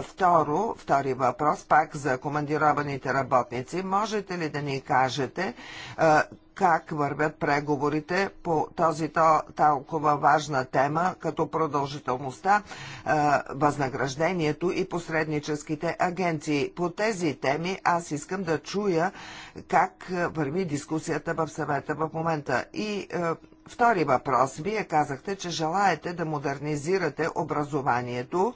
Второ, втори въпрос, пак за командированите работници. Можете ли да ни кажете как вървят преговорите по този то, толкова важна тема, като продължителността, е, възнаграждението и посредническите агенции. По тези теми аз искам да чуя как е, върви дискусията в съвета в момента. И е, втори въпрос. Вие казахте, че желаете да модернизирате образованието.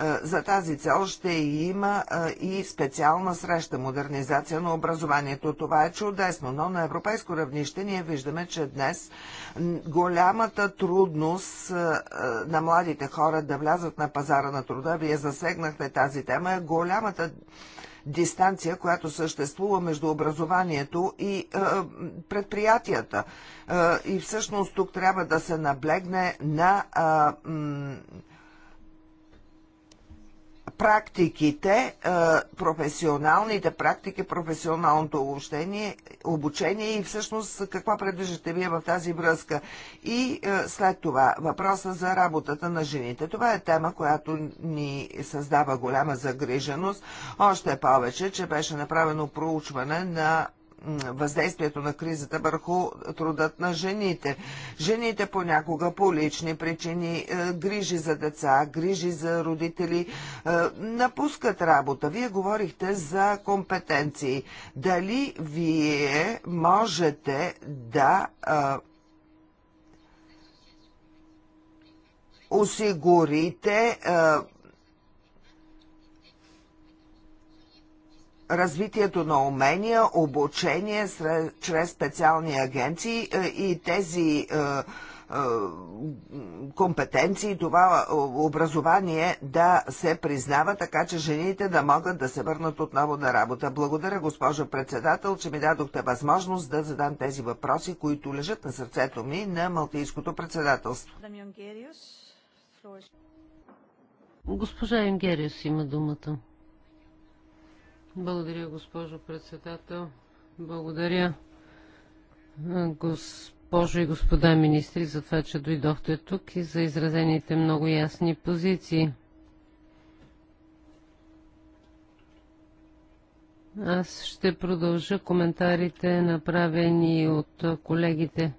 Е, за тази цел ще има е, и специална среща модернизация на образованието. Това е чудесно, но на европейско равнище ние виждаме, че днес голямата трудност е, на младите хора да влязат на пазара на труда, вие засегнахте тази тема, е голямата дистанция, която съществува между образованието и е, предприятията. Е, и всъщност тук трябва да се наблегне на е, практиките, професионалните практики, професионалното обучение, обучение и всъщност какво предвиждате вие в тази връзка. И след това въпроса за работата на жените. Това е тема, която ни създава голяма загриженост. Още повече, че беше направено проучване на въздействието на кризата върху трудът на жените. Жените понякога по лични причини, е, грижи за деца, грижи за родители, е, напускат работа. Вие говорихте за компетенции. Дали вие можете да е, осигурите а, развитието на умения, обучение чрез специални агенции е, и тези е, е, компетенции, това образование да се признава, така че жените да могат да се върнат отново на работа. Благодаря, госпожо председател, че ми дадохте възможност да задам тези въпроси, които лежат на сърцето ми на Малтийското председателство. Госпожа Енгериус има думата. Благодаря, госпожо председател. Благодаря, госпожо и господа министри, за това, че дойдохте тук и за изразените много ясни позиции. Аз ще продължа коментарите, направени от колегите.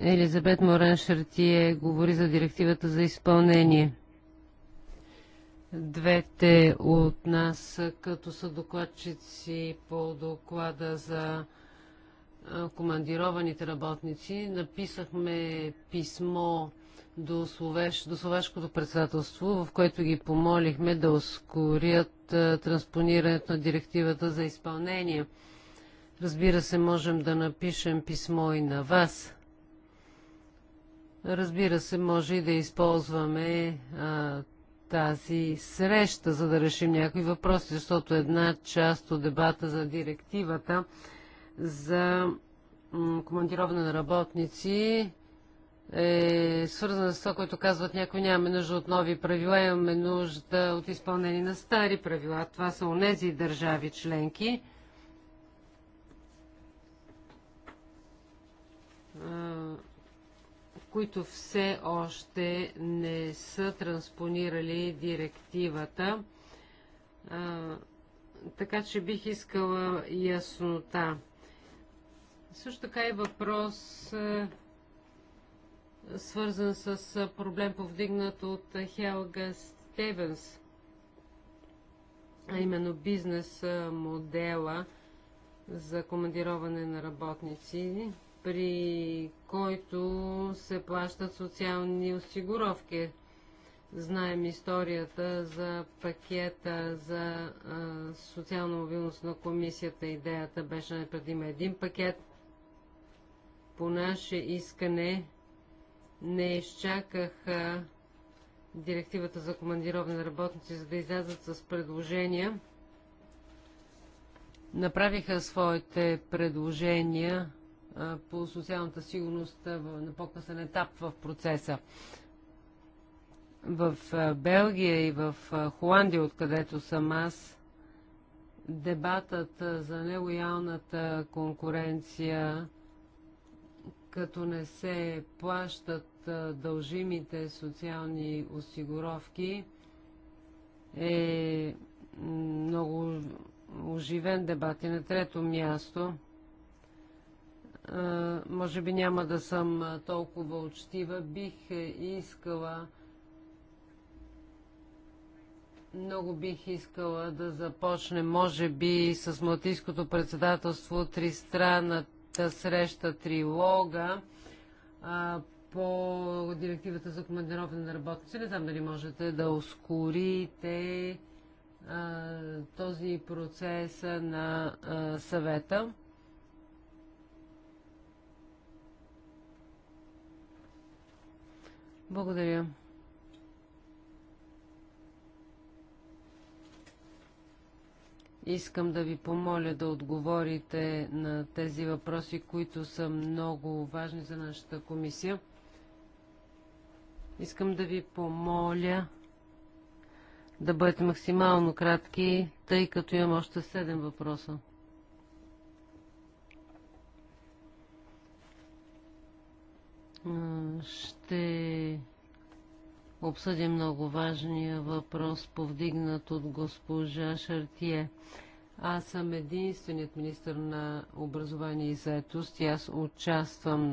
Елизабет Морен Шартие говори за директивата за изпълнение – двете от нас, като са докладчици по доклада за командированите работници. Написахме писмо до, Словеш, до Словашкото председателство, в което ги помолихме да ускорят транспонирането на директивата за изпълнение. Разбира се, можем да напишем писмо и на вас. Разбира се, може и да използваме а, тази среща, за да решим някои въпроси, защото една част от дебата за директивата за командироване на работници е свързана с това, което казват някои, нямаме нужда от нови правила, имаме нужда от изпълнение на стари правила. Това са онези държави членки, които все още не са транспонирали директивата. А, така че бих искала яснота. Също така и въпрос а, свързан с проблем повдигнат от Хелга Стевенс, а именно бизнес модела за командироване на работници при който се плащат социални осигуровки. Знаем историята за пакета за а, социална мобилност на комисията. Идеята беше да предим един пакет. По наше искане не изчакаха директивата за командировни на работници, за да излязат с предложения. Направиха своите предложения по социалната сигурност на по-късен етап в процеса. В Белгия и в Холандия, откъдето съм аз, дебатът за нелоялната конкуренция, като не се плащат дължимите социални осигуровки, е много оживен дебат. И на трето място – е, може би няма да съм е, толкова учтива. Бих е, искала много бих искала да започне, може би, с Малтийското председателство тристранната среща трилога а, по директивата за командироване на работници. Не знам дали можете да ускорите а, този процес на а, съвета. Благодаря. Искам да ви помоля да отговорите на тези въпроси, които са много важни за нашата комисия. Искам да ви помоля да бъдете максимално кратки, тъй като имам още 7 въпроса. Ще обсъдим много важния въпрос, повдигнат от госпожа Шартие. Аз съм единственият министр на образование и заетост и аз участвам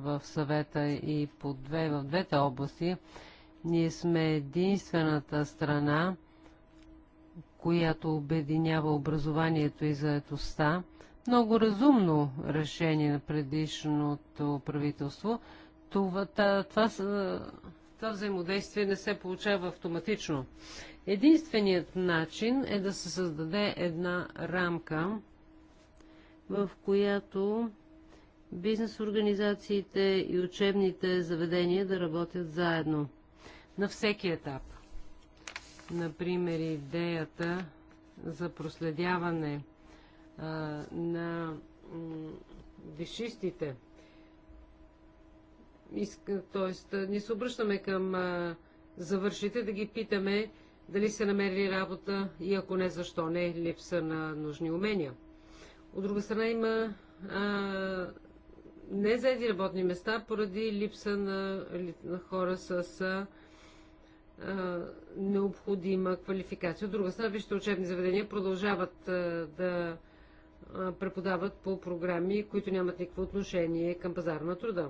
в съвета и по две, в двете области. Ние сме единствената страна, която обединява образованието и заетостта. Много разумно решение на предишното правителство – това, това, това взаимодействие не се получава автоматично. Единственият начин е да се създаде една рамка, в която бизнес организациите и учебните заведения да работят заедно на всеки етап. Например, идеята за проследяване а, на вишистите – т.е. ни се обръщаме към завършите да ги питаме дали са намерили работа и ако не, защо не, липса на нужни умения. От друга страна има а, заеди работни места поради липса на, на хора с а, необходима квалификация. От друга страна, вижте учебни заведения продължават а, да преподават по програми, които нямат никакво отношение към пазара на труда.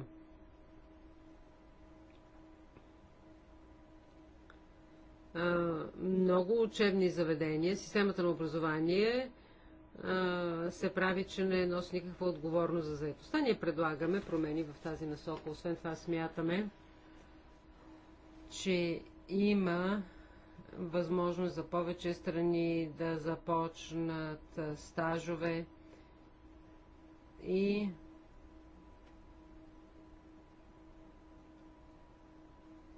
много учебни заведения, системата на образование се прави, че не носи никаква отговорност за заедостта. Ние предлагаме промени в тази насока. Освен това смятаме, че има възможност за повече страни да започнат стажове и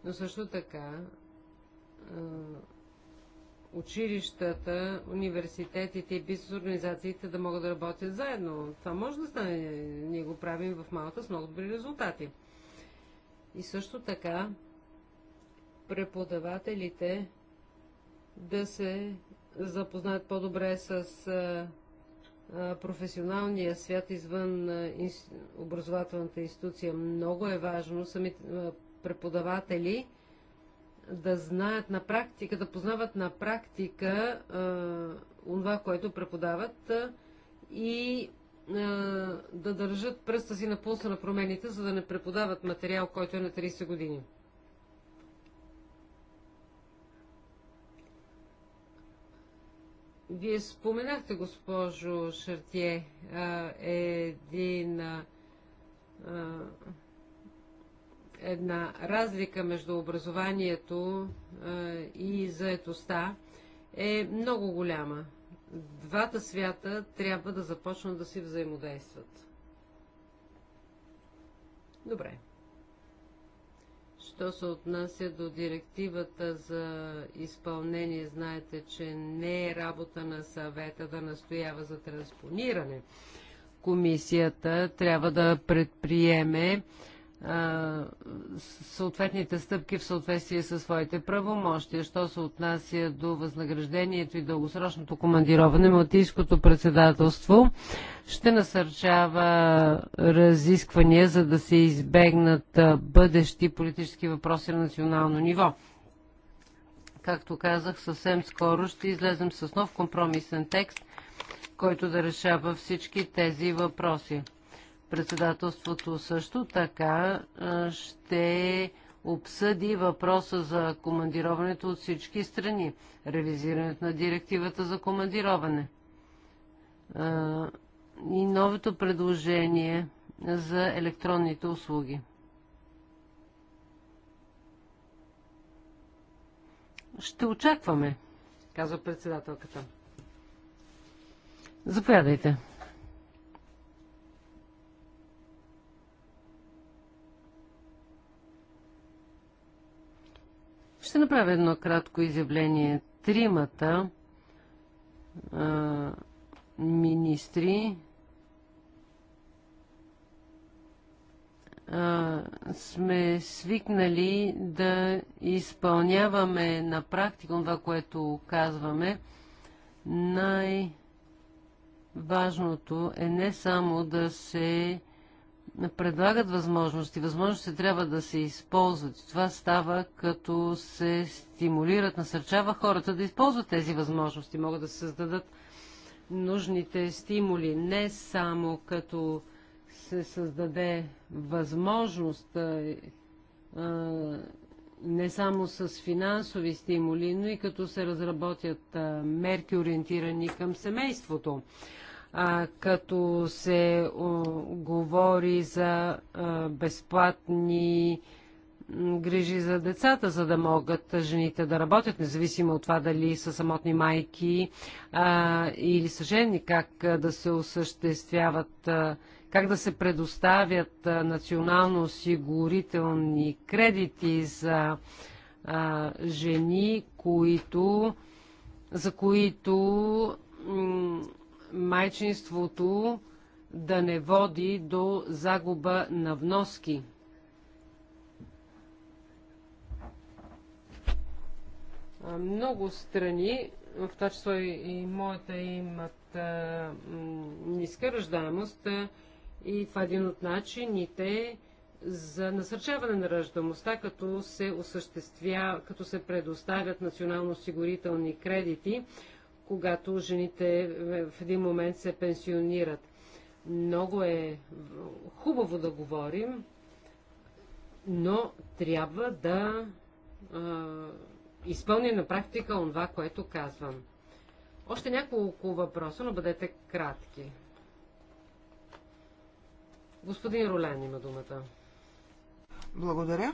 но също така е, училищата, университетите и бизнес организациите да могат да работят заедно. Това може да стане. Ние го правим в малата с много добри резултати. И също така преподавателите да се запознаят по-добре с а, е, а, е, професионалния свят извън а, инс... образователната институция. Много е важно самите преподаватели да знаят на практика, да познават на практика това, което преподават и да държат пръста си на пулса на промените, за да не преподават материал, който е на 30 години. Вие споменахте, госпожо Шартие, един една разлика между образованието и заетостта е много голяма. Двата свята трябва да започнат да си взаимодействат. Добре. Що се отнася до директивата за изпълнение, знаете, че не е работа на съвета да настоява за транспониране. Комисията трябва да предприеме съответните стъпки в съответствие със своите правомощия. Що се отнася до възнаграждението и дългосрочното командироване, Малтийското председателство ще насърчава разисквания, за да се избегнат бъдещи политически въпроси на национално ниво. Както казах, съвсем скоро ще излезем с нов компромисен текст, който да решава всички тези въпроси. Председателството също така ще обсъди въпроса за командироването от всички страни, ревизирането на директивата за командироване и новото предложение за електронните услуги. Ще очакваме, казва председателката. Заповядайте. Ще направя едно кратко изявление. Тримата а, министри а, сме свикнали да изпълняваме на практика това, което казваме. Най- Важното е не само да се предлагат възможности. Възможности трябва да се използват. това става като се стимулират, насърчава хората да използват тези възможности. Могат да се създадат нужните стимули, не само като се създаде възможност, а, не само с финансови стимули, но и като се разработят а, мерки, ориентирани към семейството а, като се о, говори за а, безплатни грижи за децата, за да могат жените да работят, независимо от това дали са самотни майки а, или са жени, как да се осъществяват, а, как да се предоставят а, национално осигурителни кредити за а, жени, които, за които майчинството да не води до загуба на вноски. Много страни, в това число и моята, имат ниска ръждаемост и това е един от начините за насърчаване на ръждаемостта, като се като се предоставят национално осигурителни кредити когато жените е, в един момент се пенсионират. Много е хубаво да говорим, но трябва да а, изпълня на практика това, което казвам. Още няколко въпроса, но бъдете кратки. Господин Ролян има думата. Благодаря.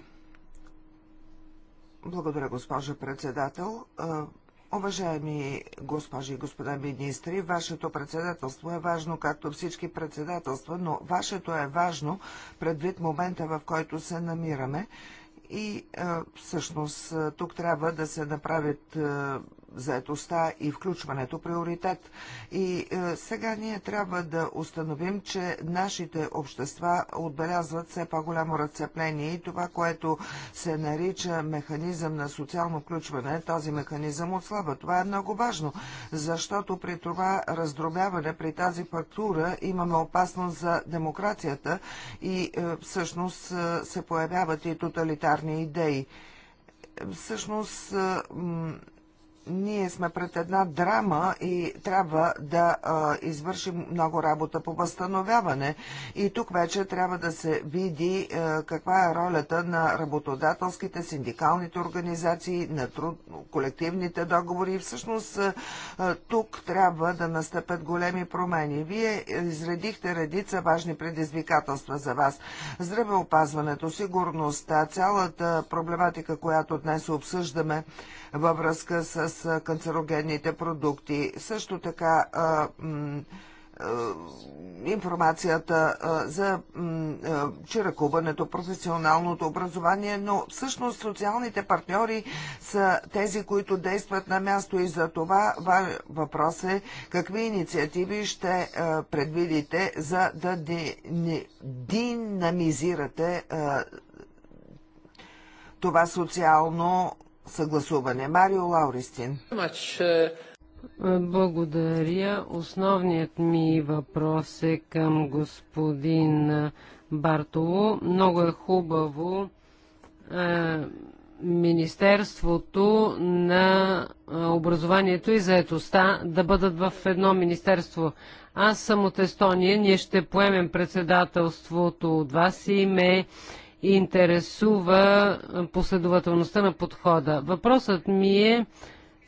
Благодаря, госпожа председател. Уважаеми госпожи и господа министри, вашето председателство е важно, както всички председателства, но вашето е важно предвид момента, в който се намираме. И е, всъщност е, тук трябва да се направят е, заетостта и включването приоритет. И е, сега ние трябва да установим, че нашите общества отбелязват все по-голямо разцепление и това, което се нарича механизъм на социално включване, този механизъм отслабва. Това е много важно, защото при това раздробяване, при тази фактура имаме опасност за демокрацията и е, всъщност е, се появяват и тоталитарни идеи всъщност е, ние сме пред една драма и трябва да а, извършим много работа по възстановяване. И тук вече трябва да се види а, каква е ролята на работодателските, синдикалните организации, на труд, колективните договори. И всъщност а, тук трябва да настъпят големи промени. Вие изредихте редица важни предизвикателства за вас. Здравеопазването, сигурността, цялата проблематика, която днес обсъждаме във връзка с канцерогенните продукти. Също така информацията за чиракуването, професионалното образование, но всъщност социалните партньори са тези, които действат на място и за това въпрос е какви инициативи ще предвидите за да динамизирате това социално съгласуване. Марио Лауристин. Благодаря. Основният ми въпрос е към господин Бартово. Много е хубаво е, Министерството на е, образованието и заетостта да бъдат в едно министерство. Аз съм от Естония, ние ще поемем председателството от вас и ме интересува последователността на подхода. Въпросът ми е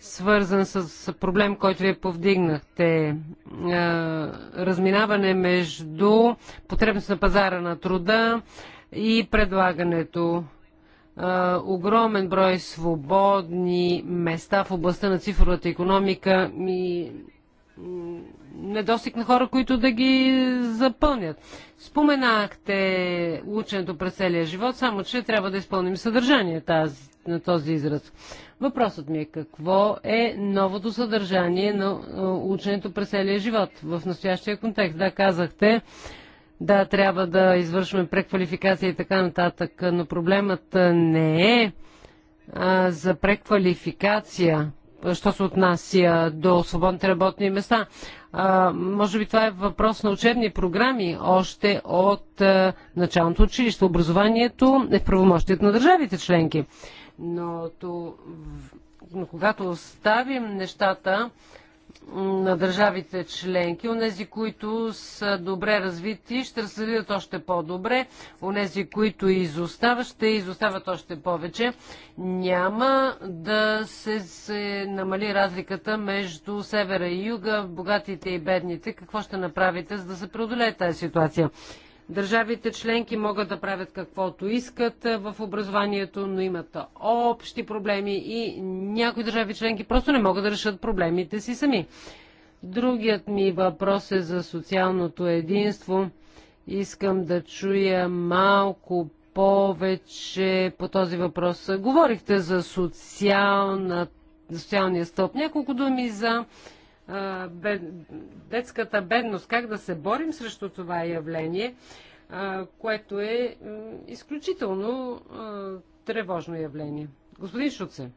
свързан с проблем, който вие повдигнахте. Разминаване между потребност на пазара на труда и предлагането. Огромен брой свободни места в областта на цифровата економика ми недостиг на хора, които да ги запълнят. Споменахте ученето през целия живот, само че трябва да изпълним съдържание тази, на този израз. Въпросът ми е какво е новото съдържание на ученето през целия живот в настоящия контекст. Да, казахте, да, трябва да извършваме преквалификация и така нататък, но проблемът не е а, за преквалификация що се отнася до свободните работни места. А, може би това е въпрос на учебни програми още от а, началното училище. Образованието е в правомощието на държавите членки. Но, то, но когато оставим нещата на държавите членки. Онези, които са добре развити, ще разследват още по-добре. Онези, които изостават, ще изостават още повече. Няма да се, се намали разликата между севера и юга, богатите и бедните. Какво ще направите, за да се преодолее тази ситуация? Държавите членки могат да правят каквото искат в образованието, но имат общи проблеми и някои държави членки просто не могат да решат проблемите си сами. Другият ми въпрос е за социалното единство. Искам да чуя малко повече по този въпрос. Говорихте за социалния стълб. Няколко думи за детската бедност, как да се борим срещу това явление, което е изключително тревожно явление. Господин Шуце.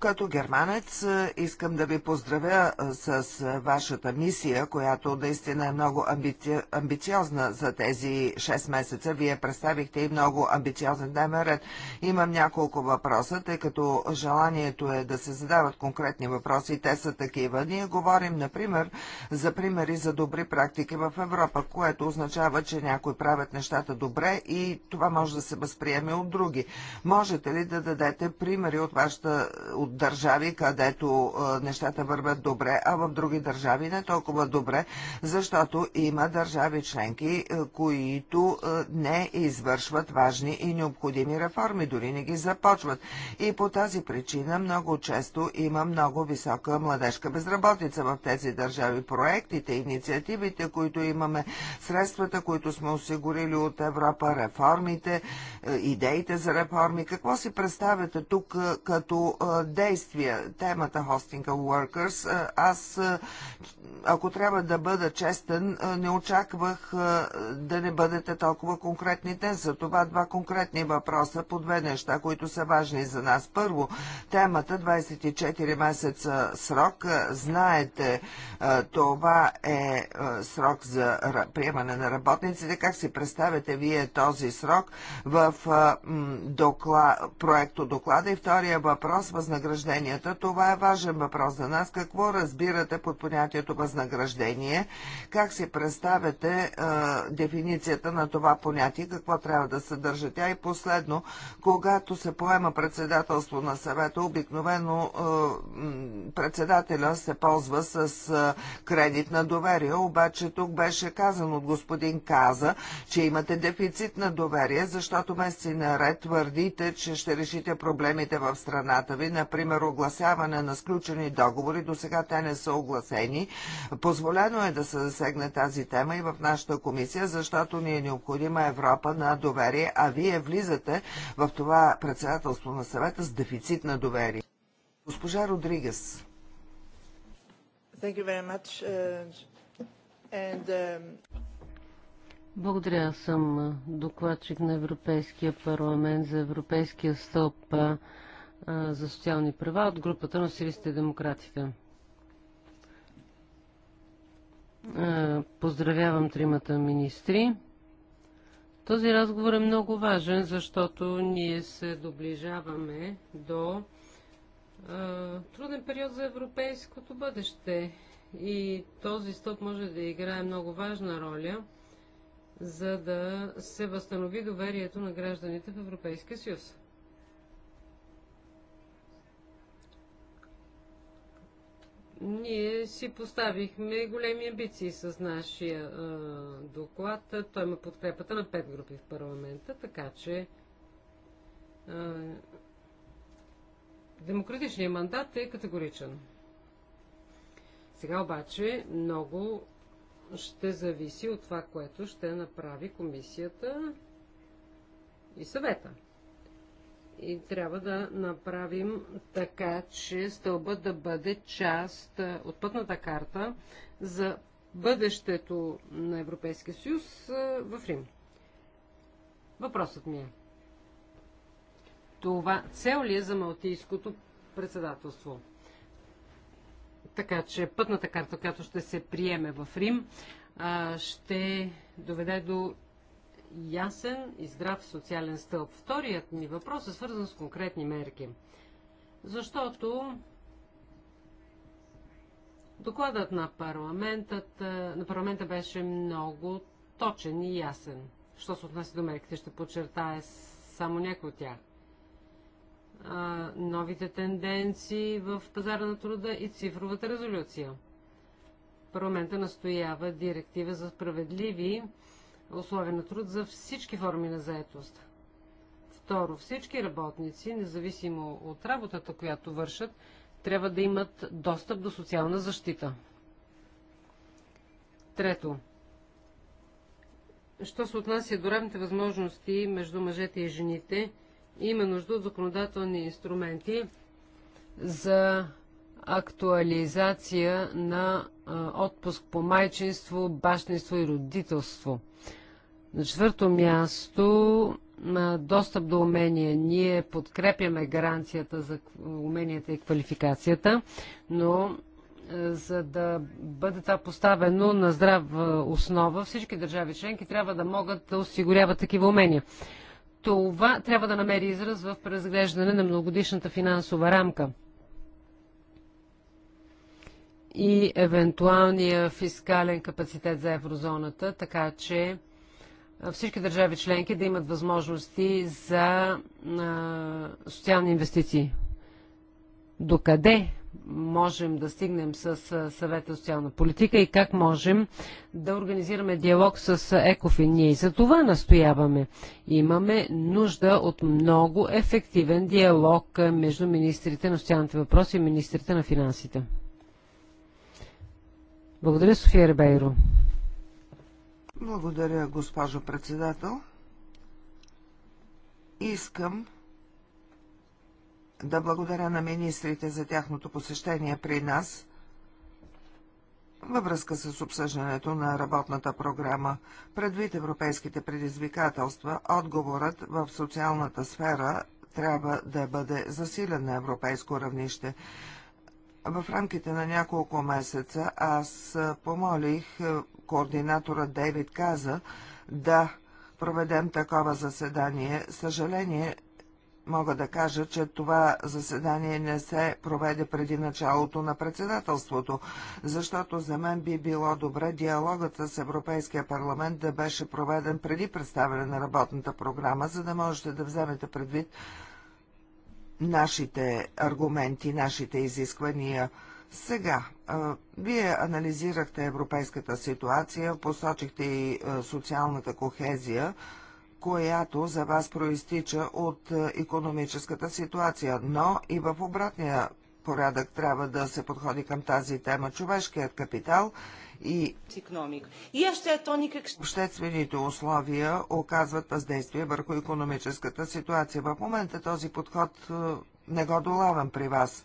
като германец е, искам да ви поздравя е, с е, вашата мисия, която наистина е много амбици... амбициозна за тези 6 месеца. Вие представихте и много амбициозен дневен ред. Имам няколко въпроса, тъй като желанието е да се задават конкретни въпроси и те са такива. Ние говорим, например, за примери за добри практики в Европа, което означава, че някои правят нещата добре и това може да се възприеме от други. Можете ли да дадете примери от вашата от държави, където нещата върват добре, а в други държави не толкова добре, защото има държави членки, които не извършват важни и необходими реформи, дори не ги започват. И по тази причина много често има много висока младежка безработица в тези държави. Проектите, инициативите, които имаме, средствата, които сме осигурили от Европа, реформите, идеите за реформи. Какво си представяте тук като действия. Темата Hosting Workers, аз, ако трябва да бъда честен, не очаквах да не бъдете толкова конкретни. Те за това два конкретни въпроса по две неща, които са важни за нас. Първо, темата 24 месеца срок. Знаете, това е срок за приемане на работниците. Как си представяте вие този срок в докла... проекто доклада? И втория въпрос, възможност възнагражденията. Това е важен въпрос за нас. Какво разбирате под понятието възнаграждение? Как си представяте е, дефиницията на това понятие? Какво трябва да съдържа тя? И последно, когато се поема председателство на съвета, обикновено е, председателя се ползва с е, кредит на доверие. Обаче тук беше казано от господин Каза, че имате дефицит на доверие, защото месеци наред твърдите, че ще решите проблемите в страната ви например, огласяване на сключени договори. До сега те не са огласени. Позволено е да се засегне тази тема и в нашата комисия, защото ни е необходима Европа на доверие, а вие влизате в това председателство на съвета с дефицит на доверие. Госпожа Родригес. Uh, um, Благодаря. Аз съм докладчик на Европейския парламент за Европейския стоп за социални права от групата на сирийските демократите. поздравявам тримата министри. Този разговор е много важен, защото ние се доближаваме до труден период за европейското бъдеще. И този стоп може да играе много важна роля, за да се възстанови доверието на гражданите в Европейския съюз. Ние си поставихме големи амбиции с нашия а, доклад. Той има подкрепата на пет групи в парламента, така че а, демократичният мандат е категоричен. Сега обаче много ще зависи от това, което ще направи комисията и съвета и трябва да направим така, че стълба да бъде част е, от пътната карта за бъдещето на Европейския съюз е, в Рим. Въпросът ми е. Това цел ли е за Малтийското председателство? Така че пътната карта, която ще се приеме в Рим, ще доведе до ясен и здрав социален стълб. Вторият ни въпрос е свързан с конкретни мерки. Защото докладът на, парламентът, е, на парламента беше много точен и ясен. Що се отнася до мерките, ще подчертая само някои от тях. новите тенденции в пазара на труда и цифровата резолюция. Парламента настоява директива за справедливи условия на труд за всички форми на заетост. Второ, всички работници, независимо от работата, която вършат, трябва да имат достъп до социална защита. Трето, що се отнася до равните възможности между мъжете и жените, има нужда от законодателни инструменти за актуализация на отпуск по майчинство, бащинство и родителство – на четвърто място достъп до умения. Ние подкрепяме гаранцията за уменията и квалификацията, но е, за да бъде това поставено на здрава основа, всички държави членки трябва да могат да осигуряват такива умения. Това трябва да намери израз в преразглеждане на многодишната финансова рамка и евентуалния фискален капацитет за еврозоната, така че всички държави членки да имат възможности за социални инвестиции. Докъде можем да стигнем с съвета социална политика и как можем да организираме диалог с Екофин. Ние и за това настояваме. Имаме нужда от много ефективен диалог между министрите на социалните въпроси и министрите на финансите. Благодаря, София Ребейро. Благодаря, госпожо председател. Искам да благодаря на министрите за тяхното посещение при нас във връзка с обсъждането на работната програма. Предвид европейските предизвикателства, отговорът в социалната сфера трябва да бъде засилен на европейско равнище. В рамките на няколко месеца аз помолих координатора Дейвид каза, да проведем такова заседание. Съжаление, мога да кажа, че това заседание не се проведе преди началото на председателството, защото за мен би било добре диалогът с Европейския парламент да беше проведен преди представяне на работната програма, за да можете да вземете предвид нашите аргументи, нашите изисквания. Сега, вие анализирахте европейската ситуация, посочихте и социалната кохезия, която за вас проистича от економическата ситуация, но и в обратния порядък трябва да се подходи към тази тема човешкият капитал и обществените условия оказват въздействие върху економическата ситуация. В момента този подход не го долавам при вас.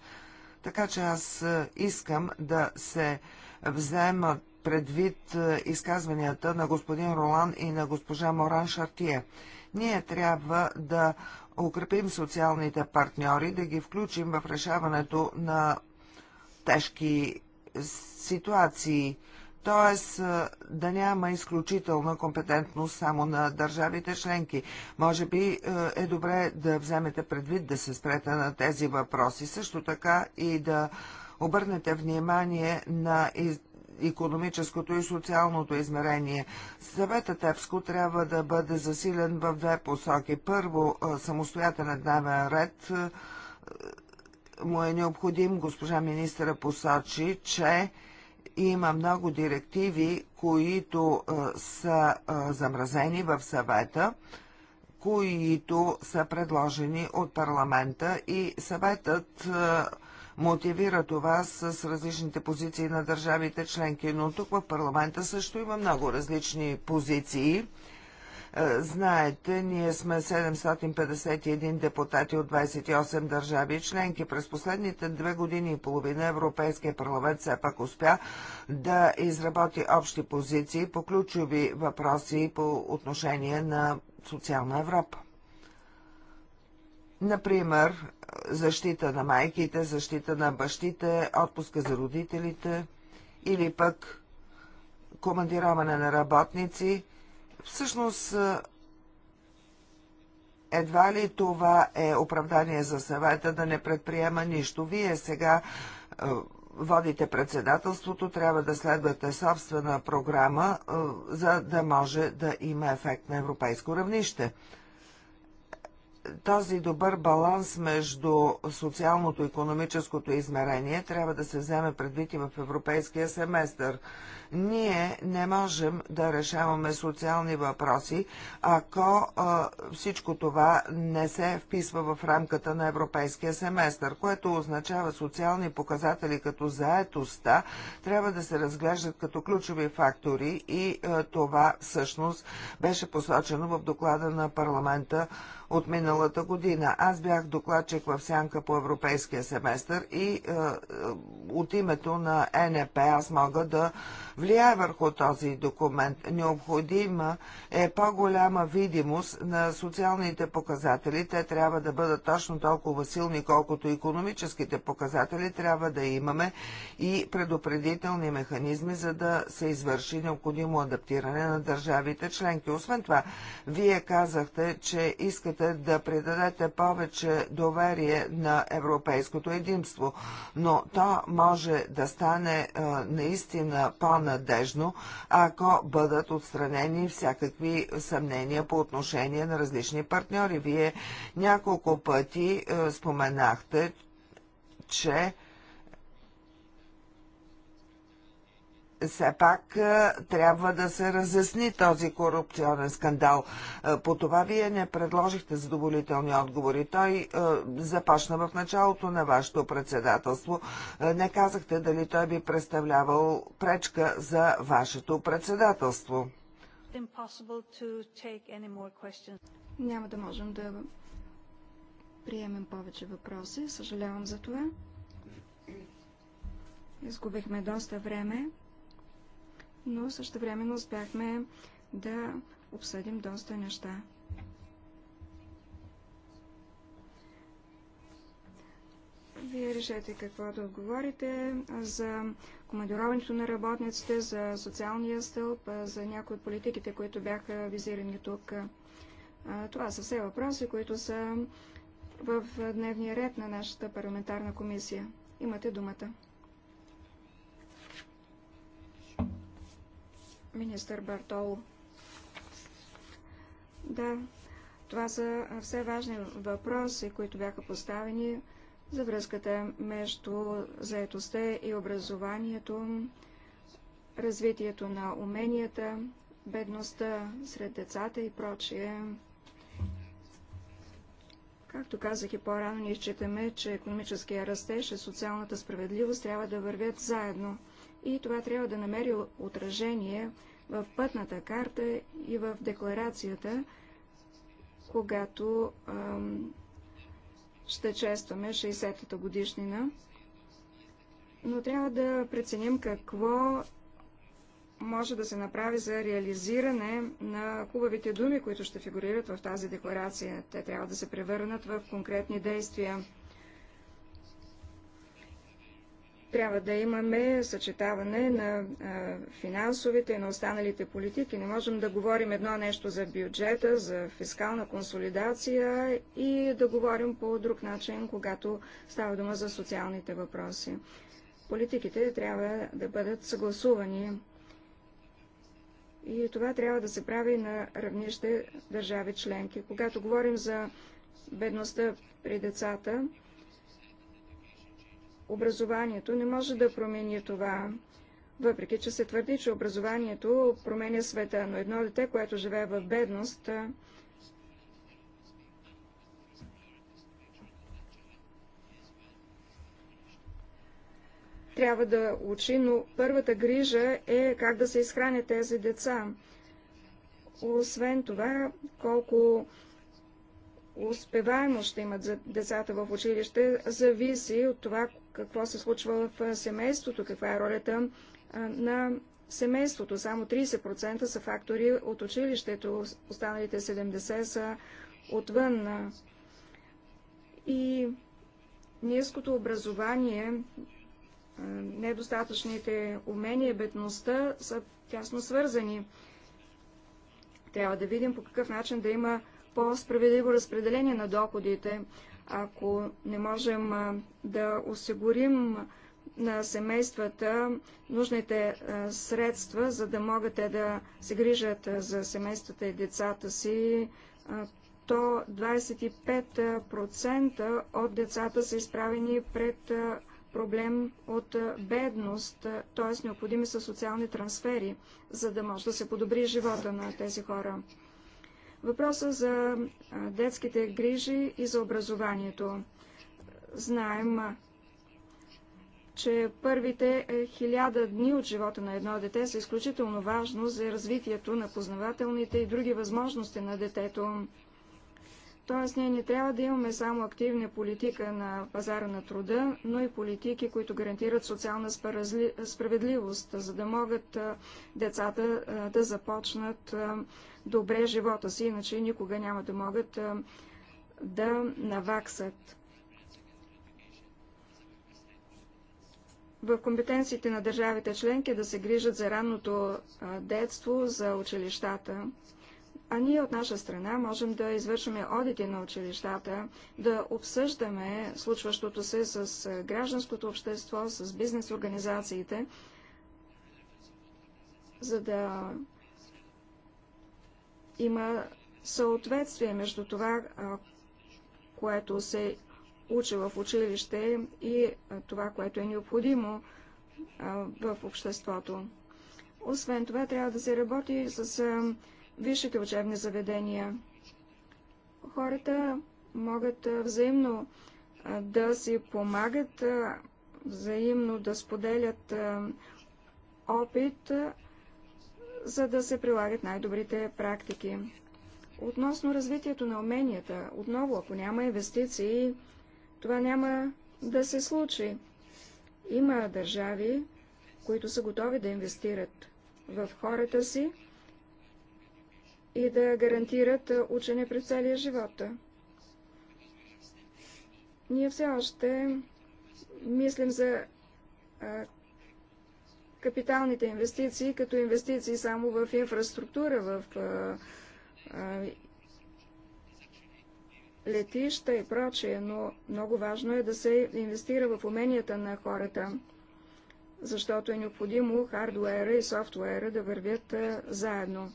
Така че аз е, искам да се вземат предвид е, изказванията на господин Ролан и на госпожа Моран Шартие. Ние трябва да укрепим социалните партньори, да ги включим в решаването на тежки ситуации т.е. да няма изключителна компетентност само на държавите членки. Може би е добре да вземете предвид да се спрете на тези въпроси, също така и да обърнете внимание на економическото и социалното измерение. Съветът ЕПСКО трябва да бъде засилен в две посоки. Първо, самостоятелен дневен ред му е необходим. Госпожа министра посочи, че има много директиви, които са замразени в съвета, които са предложени от парламента и съветът мотивира това с различните позиции на държавите членки. Но тук в парламента също има много различни позиции е, знаете, ние сме 751 депутати от 28 държави и членки. През последните две години и половина Европейския парламент все пак успя да изработи общи позиции по ключови въпроси по отношение на социална Европа. Например, защита на майките, защита на бащите, отпуска за родителите или пък командироване на работници – Всъщност, едва ли това е оправдание за съвета да не предприема нищо. Вие сега водите председателството, трябва да следвате собствена програма, за да може да има ефект на европейско равнище. Този добър баланс между социалното и економическото измерение трябва да се вземе предвид и в европейския семестър. Ние не можем да решаваме социални въпроси, ако а, всичко това не се вписва в рамката на европейския семестър, което означава социални показатели като заетостта, трябва да се разглеждат като ключови фактори и а, това всъщност беше посочено в доклада на парламента от миналата година. Аз бях докладчик в Сянка по европейския семестър и е, от името на НП аз мога да влияе върху този документ. Необходима е по-голяма видимост на социалните показатели. Те трябва да бъдат точно толкова силни, колкото економическите показатели. Трябва да имаме и предупредителни механизми, за да се извърши необходимо адаптиране на държавите членки. Освен това, вие казахте, че искате да предадете повече доверие на европейското единство, но то може да стане а, наистина по-на надежно ако бъдат отстранени всякакви съмнения по отношение на различни партньори. Вие няколко пъти е, споменахте, че все пак е, трябва да се разясни този корупционен скандал. Е, по това вие не предложихте задоволителни отговори. Той е, започна в началото на вашето председателство. Не казахте дали той би представлявал пречка за вашето председателство. Няма да можем да приемем повече въпроси. Съжалявам за това. Изгубихме доста време но също времено успяхме да обсъдим доста неща. Вие решете какво да отговорите за командироването на работниците, за социалния стълб, за някои от политиките, които бяха визирани тук. Това са все въпроси, които са в дневния ред на нашата парламентарна комисия. Имате думата. министър Бартол. Да, това са все важни въпроси, които бяха поставени за връзката между заетостта и образованието, развитието на уменията, бедността сред децата и прочие. Както казах и по-рано, ние считаме, че економическия растеж и социалната справедливост трябва да вървят заедно. И това трябва да намери отражение в пътната карта и в декларацията, когато ще честваме 60-та годишнина. Но трябва да преценим какво може да се направи за реализиране на хубавите думи, които ще фигурират в тази декларация. Те трябва да се превърнат в конкретни действия. трябва да имаме съчетаване на финансовите и на останалите политики. Не можем да говорим едно нещо за бюджета, за фискална консолидация и да говорим по друг начин, когато става дума за социалните въпроси. Политиките трябва да бъдат съгласувани и това трябва да се прави на равнище държави членки. Когато говорим за бедността при децата, Образованието не може да промени това, въпреки че се твърди, че образованието променя света, но едно дете, което живее в бедност, трябва да учи, но първата грижа е как да се изхранят тези деца. Освен това, колко успеваемо ще имат за децата в училище, зависи от това какво се случва в семейството, каква е ролята на семейството. Само 30% са фактори от училището, останалите 70% са отвън. И ниското образование, недостатъчните умения, бедността са тясно свързани. Трябва да видим по какъв начин да има по-справедливо разпределение на доходите. Ако не можем да осигурим на семействата нужните средства, за да могат те да се грижат за семействата и децата си, то 25% от децата са изправени пред проблем от бедност, т.е. необходими са социални трансфери, за да може да се подобри живота на тези хора. Въпроса за детските грижи и за образованието. Знаем, че първите е, хиляда дни от живота на едно дете са изключително важно за развитието на познавателните и други възможности на детето. Тоест, ние не трябва да имаме само активна политика на пазара на труда, но и политики, които гарантират социална справедливост, за да могат децата да започнат добре живота си, иначе никога няма да могат да наваксат. В компетенциите на държавите членки е да се грижат за ранното детство, за училищата. А ние от наша страна можем да извършваме одити на училищата, да обсъждаме случващото се с гражданското общество, с бизнес организациите, за да има съответствие между това, което се учи в училище и това, което е необходимо в обществото. Освен това, трябва да се работи с висшите учебни заведения. Хората могат взаимно да си помагат, взаимно да споделят опит, за да се прилагат най-добрите практики. Относно развитието на уменията, отново, ако няма инвестиции, това няма да се случи. Има държави, които са готови да инвестират в хората си и да гарантират учене през целия живот. Ние все още мислим за капиталните инвестиции като инвестиции само в инфраструктура, в а, а, летища и прочее, но много важно е да се инвестира в уменията на хората, защото е необходимо хардуера и софтуера да вървят а, заедно.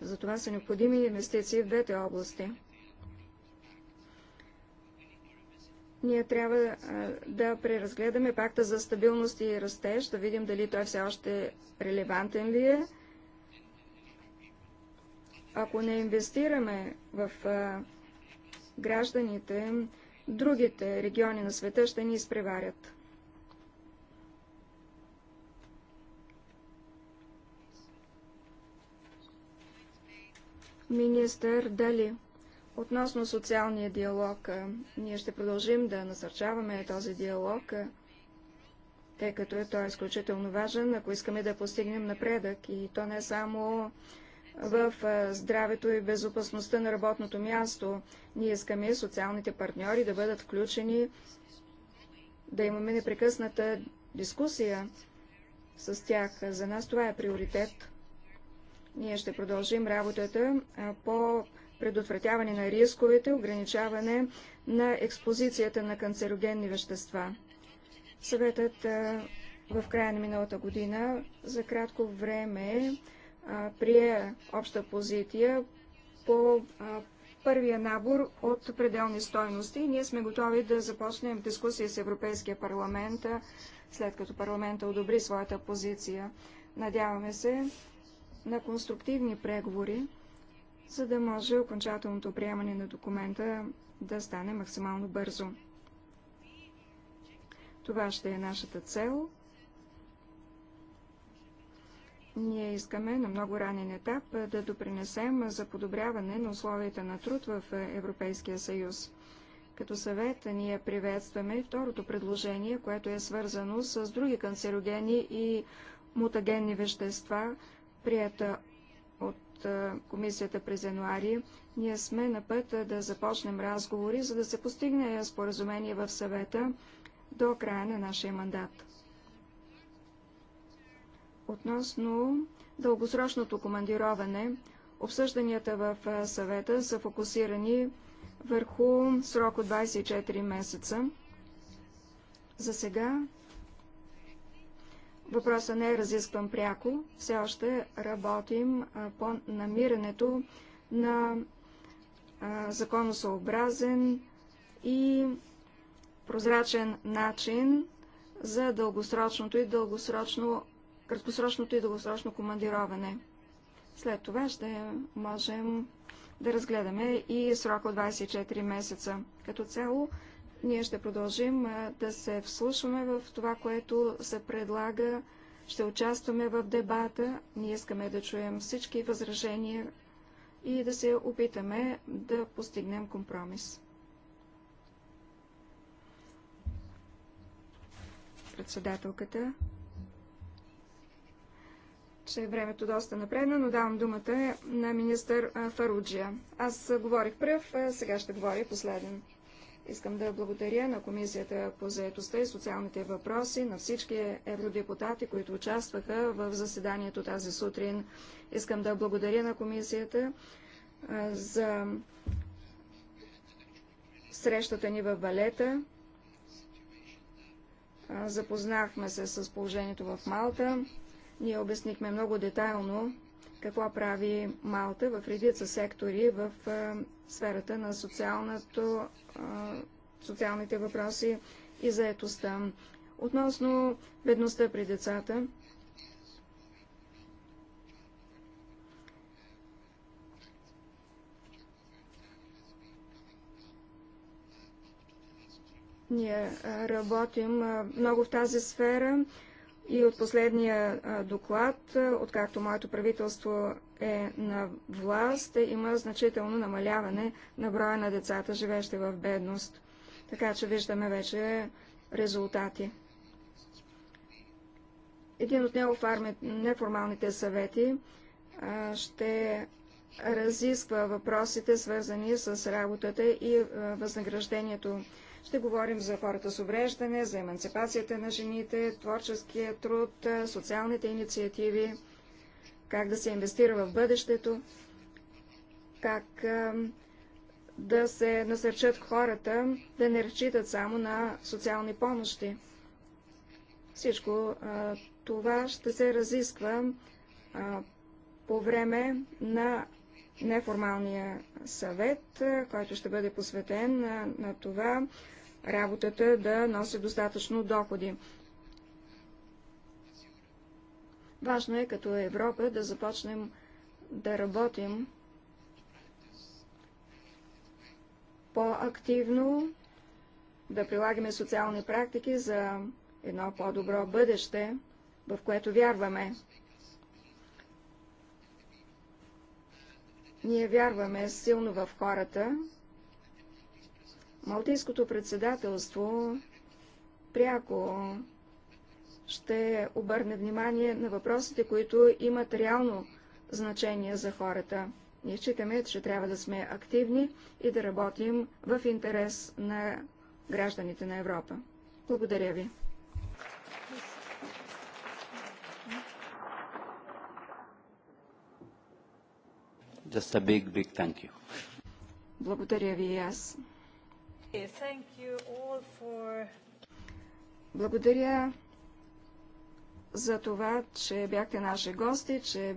Затова са необходими инвестиции в двете области. Ние трябва да преразгледаме пакта за стабилност и растеж, да видим дали той все още релевантен ли е. Ако не инвестираме в гражданите, другите региони на света ще ни изпреварят. Министър Дали Относно социалния диалог, ние ще продължим да насърчаваме този диалог, тъй като е той е изключително важен, ако искаме да постигнем напредък. И то не само в здравето и безопасността на работното място. Ние искаме социалните партньори да бъдат включени, да имаме непрекъсната дискусия с тях. За нас това е приоритет. Ние ще продължим работата по предотвратяване на рисковете, ограничаване на експозицията на канцерогенни вещества. Съветът в края на миналата година за кратко време прие обща позиция по първия набор от пределни стойности. Ние сме готови да започнем дискусия с Европейския парламент, след като парламента одобри своята позиция. Надяваме се на конструктивни преговори за да може окончателното приемане на документа да стане максимално бързо. Това ще е нашата цел. Ние искаме на много ранен етап да допринесем за подобряване на условията на труд в Европейския съюз. Като съвет ние приветстваме второто предложение, което е свързано с други канцерогени и мутагенни вещества, прията от комисията през януари, ние сме на път да започнем разговори, за да се постигне споразумение в съвета до края на нашия мандат. Относно дългосрочното командироване, обсъжданията в съвета са фокусирани върху срок от 24 месеца. За сега Въпросът не е разискван пряко. Все още работим по намирането на законосъобразен и прозрачен начин за дългосрочното и дългосрочно, краткосрочното и дългосрочно командироване. След това ще можем да разгледаме и срок от 24 месеца. Като цяло ние ще продължим да се вслушваме в това, което се предлага. Ще участваме в дебата. Ние искаме да чуем всички възражения и да се опитаме да постигнем компромис. Председателката че времето доста напредна, но давам думата на министър Фаруджия. Аз говорих пръв, сега ще говоря последен. Искам да благодаря на Комисията по заедостта и социалните въпроси, на всички евродепутати, които участваха в заседанието тази сутрин. Искам да благодаря на Комисията за срещата ни в Балета. запознахме се с положението в Малта. Ние обяснихме много детайлно какво прави Малта в редица сектори в сферата на социалните въпроси и заетостта. Относно бедността при децата, ние работим много в тази сфера. И от последния доклад, откакто моето правителство е на власт, е, има значително намаляване на броя на децата, живещи в бедност. Така че виждаме вече резултати. Един от него неформалните съвети ще разисква въпросите, свързани с работата и възнаграждението ще говорим за хората с увреждане, за еманципацията на жените, творческия труд, социалните инициативи, как да се инвестира в бъдещето, как да се насърчат хората да не разчитат само на социални помощи. Всичко това ще се разисква по време на неформалния съвет, който ще бъде посветен на, на това работата да носи достатъчно доходи. Важно е като Европа да започнем да работим по-активно, да прилагаме социални практики за едно по-добро бъдеще, в което вярваме. Ние вярваме силно в хората. Малтийското председателство пряко ще обърне внимание на въпросите, които имат реално значение за хората. Ние считаме, че трябва да сме активни и да работим в интерес на гражданите на Европа. Благодаря ви. Just a big, big thank you. Благодаря ви и аз. thank you all for... Благодаря за това, че бяхте наши гости, че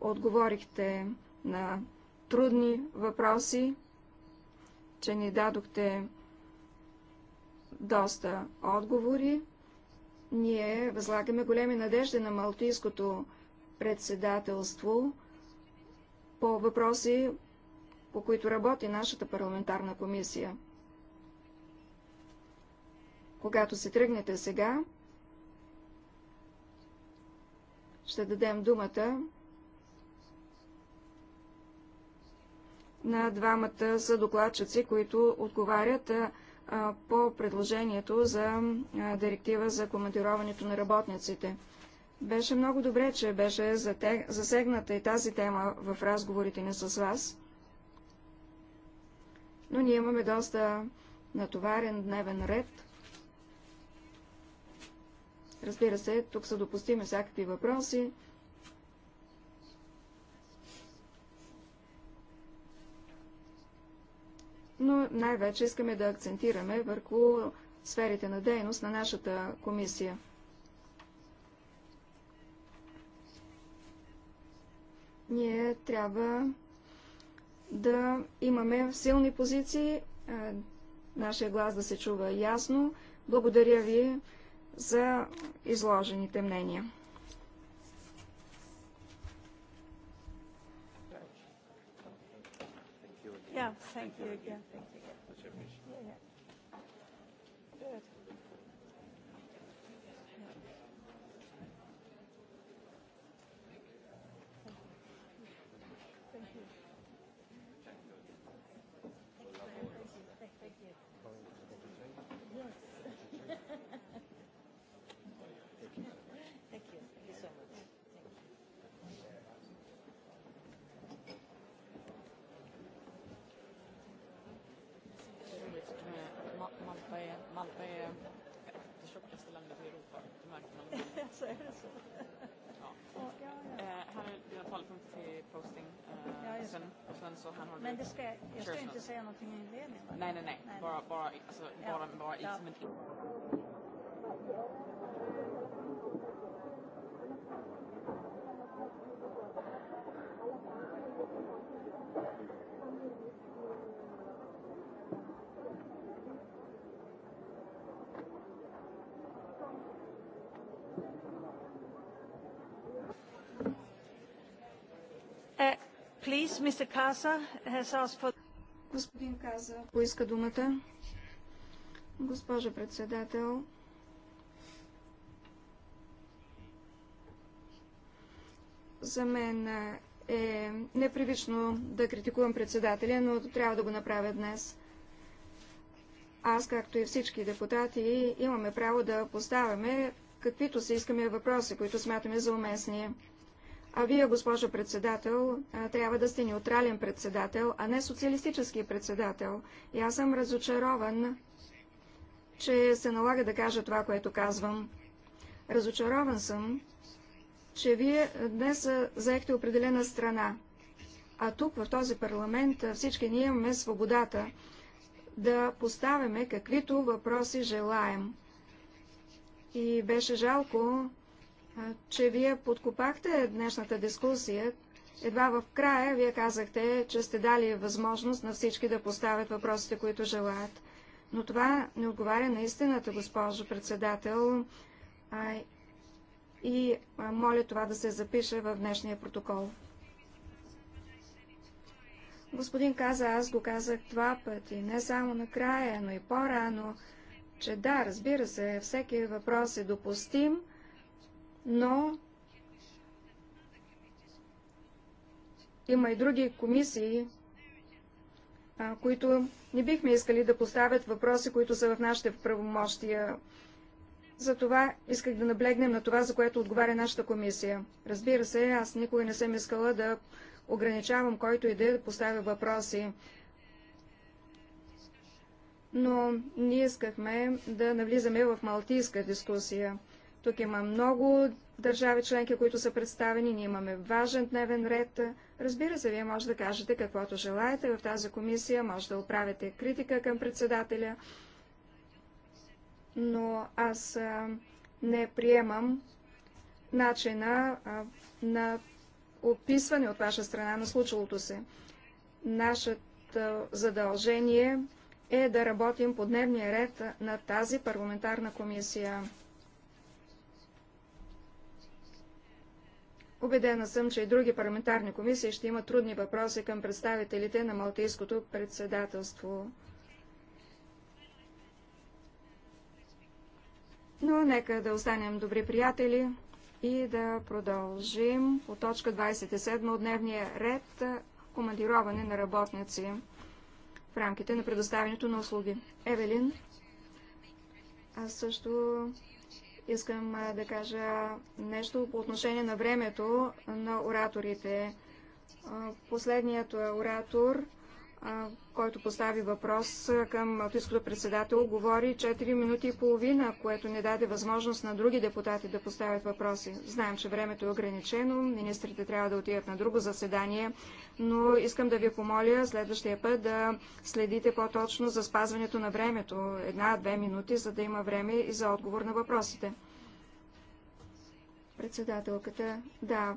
отговорихте на трудни въпроси, че ни дадохте доста отговори. Ние възлагаме големи надежди на Малтийското председателство по въпроси, по които работи нашата парламентарна комисия. Когато се тръгнете сега, ще дадем думата на двамата са докладчици, които отговарят по предложението за директива за командироването на работниците. Беше много добре, че беше засегната и тази тема в разговорите ни с вас. Но ние имаме доста натоварен дневен ред. Разбира се, тук са допустими всякакви въпроси. Но най-вече искаме да акцентираме върху сферите на дейност на нашата комисия. ние трябва да имаме силни позиции, нашия глас да се чува ясно. Благодаря ви за изложените мнения. Yeah, thank you again. säga något i inledningen? Nej, nej, nej. nej. Bara, bara, alltså, ja. bara, bara i som en... Please, Mr. Casa has asked for Господин Каза поиска думата. Госпожа председател, за мен е непривично да критикувам председателя, но трябва да го направя днес. Аз, както и всички депутати, имаме право да поставяме каквито се искаме въпроси, които смятаме за уместни. А вие, госпожо председател, трябва да сте неутрален председател, а не социалистически председател. И аз съм разочарован, че се налага да кажа това, което казвам. Разочарован съм, че вие днес заехте определена страна. А тук, в този парламент, всички ние имаме свободата да поставяме каквито въпроси желаем. И беше жалко, че вие подкопахте днешната дискусия. Едва в края вие казахте, че сте дали възможност на всички да поставят въпросите, които желаят. Но това не отговаря на истината, госпожо председател. А, и а, моля това да се запише в днешния протокол. Господин каза, аз го казах два пъти, не само накрая, но и по-рано, че да, разбира се, всеки въпрос е допустим, но има и други комисии, които не бихме искали да поставят въпроси, които са в нашите правомощия. Затова исках да наблегнем на това, за което отговаря нашата комисия. Разбира се, аз никога не съм искала да ограничавам който и да е поставя въпроси. Но ние искахме да навлизаме в малтийска дискусия. Тук има много държави членки, които са представени. Ние имаме важен дневен ред. Разбира се, вие може да кажете каквото желаете в тази комисия, може да оправите критика към председателя, но аз не приемам начина на описване от ваша страна на случилото се. Нашето задължение е да работим по дневния ред на тази парламентарна комисия. Убедена съм, че и други парламентарни комисии ще имат трудни въпроси към представителите на Малтийското председателство. Но нека да останем добри приятели и да продължим по точка 27 от дневния ред командироване на работници в рамките на предоставянето на услуги. Евелин, аз също Искам да кажа нещо по отношение на времето на ораторите. Последният оратор който постави въпрос към Малтийското председател, говори 4 минути и половина, което не даде възможност на други депутати да поставят въпроси. Знаем, че времето е ограничено, министрите трябва да отидат на друго заседание, но искам да ви помоля следващия път да следите по-точно за спазването на времето. Една-две минути, за да има време и за отговор на въпросите. Председателката, да,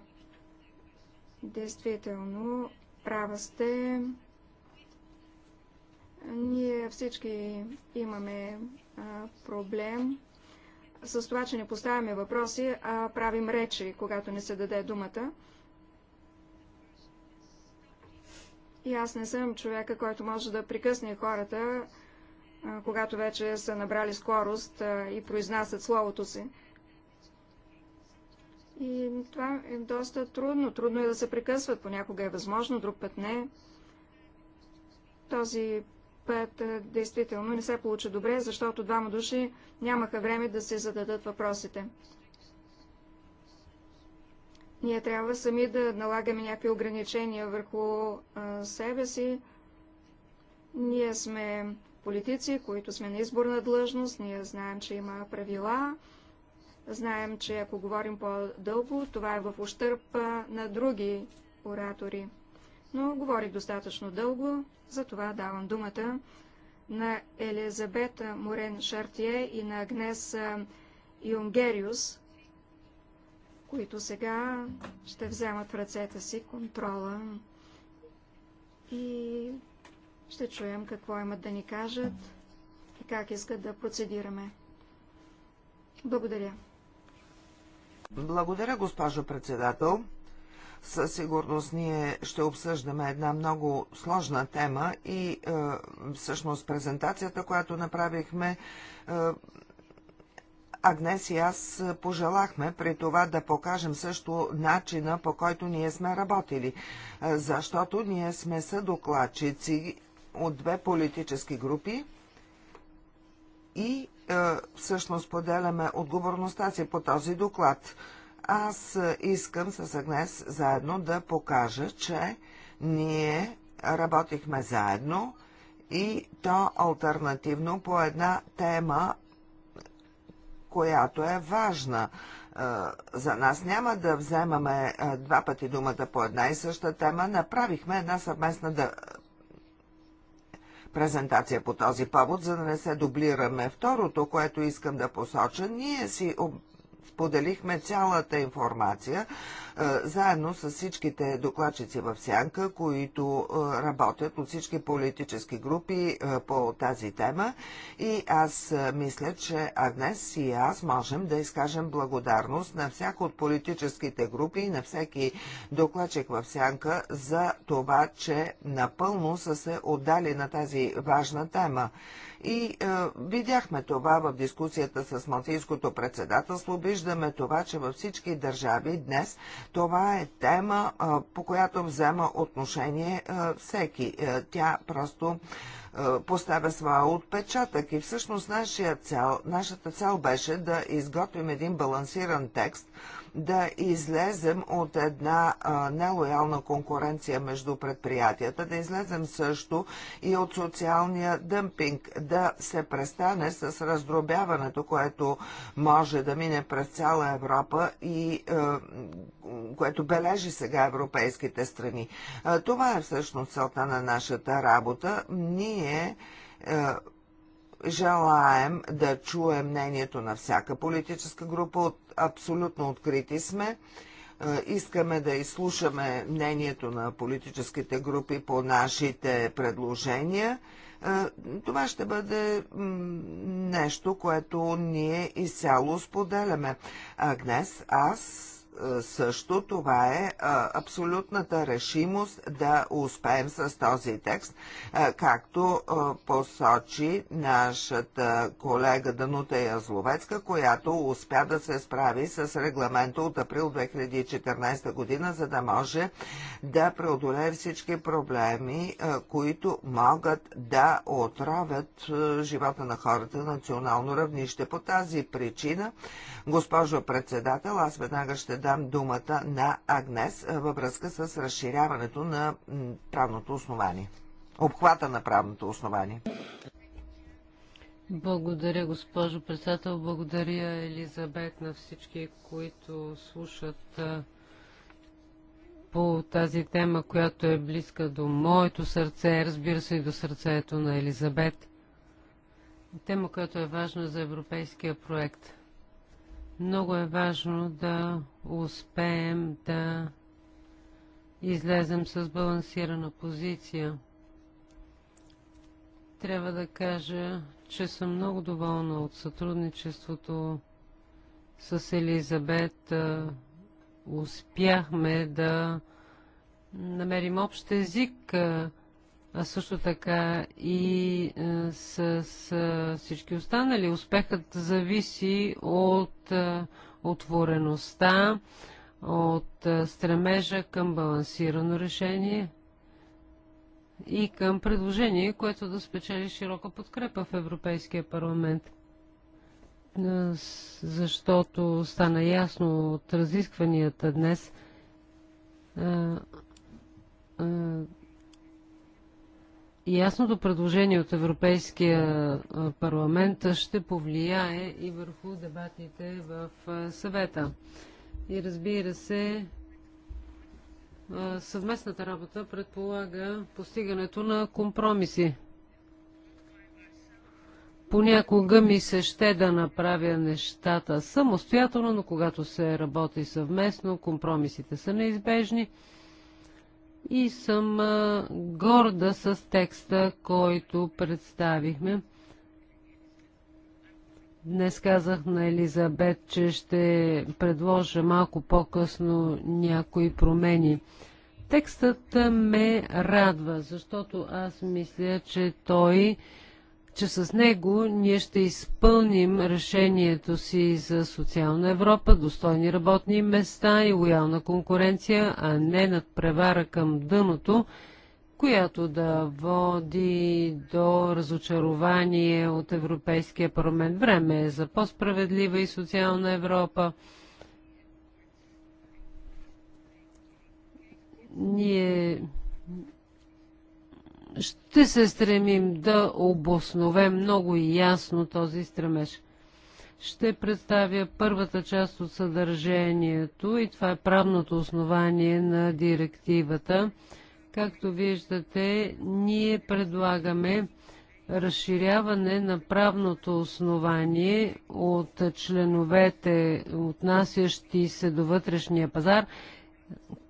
действително, права сте. Ние всички имаме а, проблем с това, че не поставяме въпроси, а правим речи, когато не се даде думата. И аз не съм човека, който може да прекъсне хората, а, когато вече са набрали скорост а, и произнасят словото си. И това е доста трудно. Трудно е да се прекъсват. Понякога е възможно, друг път не. Този път действително не се получи добре, защото двама души нямаха време да се зададат въпросите. Ние трябва сами да налагаме някакви ограничения върху а, себе си. Ние сме политици, които сме на изборна длъжност, ние знаем, че има правила, знаем, че ако говорим по-дълго, това е в ущърп на други оратори. Но говорих достатъчно дълго, затова давам думата на Елизабета Морен Шартие и на Агнес Юнгериус, които сега ще вземат в ръцете си контрола и ще чуем какво имат да ни кажат и как искат да процедираме. Благодаря. Благодаря, госпожо председател. Със сигурност ние ще обсъждаме една много сложна тема и е, всъщност презентацията, която направихме, е, Агнес и аз пожелахме при това да покажем също начина по който ние сме работили, е, защото ние сме съдокладчици от две политически групи и е, всъщност поделяме отговорността си по този доклад. Аз искам с Агнес заедно да покажа, че ние работихме заедно и то альтернативно по една тема, която е важна е, за нас. Няма да вземаме е, два пъти думата по една и съща тема. Направихме една съвместна да... презентация по този повод, за да не се дублираме. Второто, което искам да посоча, ние си споделихме цялата информация е, заедно с всичките докладчици в Сянка, които е, работят от всички политически групи е, по тази тема. И аз мисля, че Агнес и аз можем да изкажем благодарност на всяко от политическите групи и на всеки докладчик в Сянка за това, че напълно са се отдали на тази важна тема. И е, видяхме това в дискусията с Малтийското председателство. Виждаме това, че във всички държави днес това е тема, е, по която взема отношение е, всеки. Е, тя просто е, поставя своя отпечатък. И всъщност нашия нашата цел беше да изготвим един балансиран текст, да излезем от една а, нелоялна конкуренция между предприятията, да излезем също и от социалния дъмпинг, да се престане с раздробяването, което може да мине през цяла Европа и а, което бележи сега европейските страни. А, това е всъщност целта на нашата работа. Ние ние е, желаем да чуем мнението на всяка политическа група. От, абсолютно открити сме. Е, искаме да изслушаме мнението на политическите групи по нашите предложения. Е, това ще бъде нещо, което ние изцяло споделяме. А днес аз е, също това е, е абсолютната решимост да успеем с този текст, е, както посочи нашата колега Данута Язловецка, която успя да се справи с регламента от април 2014 година, за да може да преодолее всички проблеми, които могат да отровят живота на хората на национално равнище. По тази причина, госпожо председател, аз веднага ще дам думата на Агнес във връзка с разширяването на правното основание. Обхвата на правното основание. Благодаря, госпожо председател. Благодаря, Елизабет, на всички, които слушат по тази тема, която е близка до моето сърце, разбира се и до сърцето на Елизабет. Тема, която е важна за европейския проект – много е важно да успеем да излезем с балансирана позиция. Трябва да кажа, че съм много доволна от сътрудничеството с Елизабет. Успяхме да намерим общ език а също така и е, с, с е, всички останали. Успехът зависи от е, отвореността, от стремежа към балансирано решение и към предложение, което да спечели широка подкрепа в Европейския парламент. Защото стана ясно от разискванията днес, ясното предложение от Европейския парламент ще повлияе и върху дебатите в съвета. И разбира се, съвместната работа предполага постигането на компромиси. Понякога ми се ще да направя нещата самостоятелно, но когато се работи съвместно, компромисите са неизбежни и съм горда с текста, който представихме. Днес казах на Елизабет, че ще предложа малко по-късно някои промени. Текстът ме радва, защото аз мисля, че той че с него ние ще изпълним решението си за социална Европа, достойни работни места и лоялна конкуренция, а не над превара към дъното, която да води до разочарование от Европейския парламент. Време е за по-справедлива и социална Европа. Ние ще се стремим да обосновем много ясно този стремеж. Ще представя първата част от съдържанието и това е правното основание на директивата. Както виждате, ние предлагаме разширяване на правното основание от членовете, отнасящи се до вътрешния пазар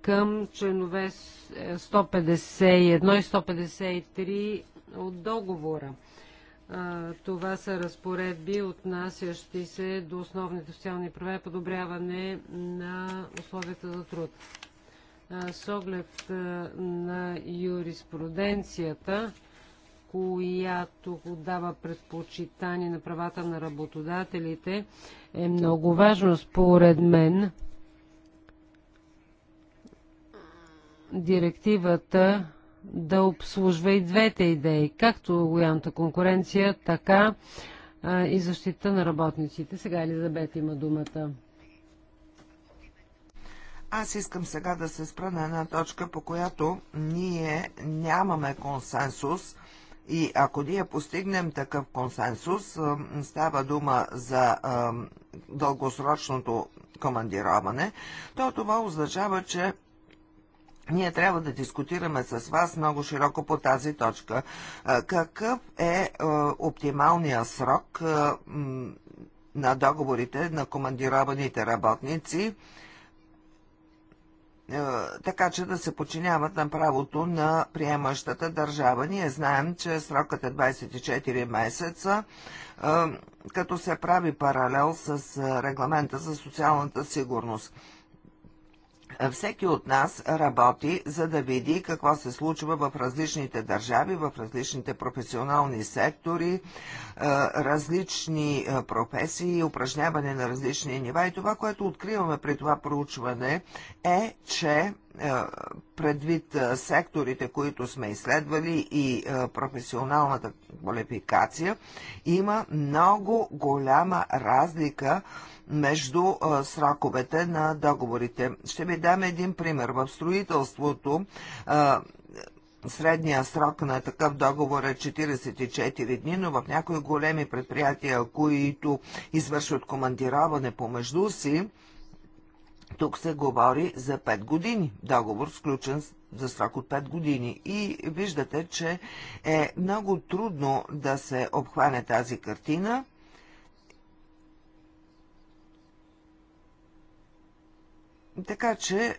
към членове 151 е, и 153 от договора. Това са разпоредби, отнасящи се до основните социални права и подобряване на условията за труд. С оглед на юриспруденцията, която дава предпочитание на правата на работодателите, е много важно според мен директивата да обслужва и двете идеи, както лоялната конкуренция, така а, и защита на работниците. Сега Елизабет има думата. Аз искам сега да се спра на една точка, по която ние нямаме консенсус и ако ние постигнем такъв консенсус, става дума за дългосрочното командироване, то това означава, че ние трябва да дискутираме с вас много широко по тази точка. Какъв е оптималният срок на договорите на командированите работници? така че да се подчиняват на правото на приемащата държава. Ние знаем, че срокът е 24 месеца, като се прави паралел с регламента за социалната сигурност. Всеки от нас работи, за да види какво се случва в различните държави, в различните професионални сектори, е, различни е, професии, упражняване на различни нива. И това, което откриваме при това проучване е, че е, предвид секторите, които сме изследвали и професионалната квалификация, има много голяма разлика между сроковете на договорите. Ще ви дам един пример. В строителството Средния срок на такъв договор е 44 дни, но в някои големи предприятия, които извършват командироване помежду си, тук се говори за 5 години. Договор сключен за срок от 5 години. И виждате, че е много трудно да се обхване тази картина Така че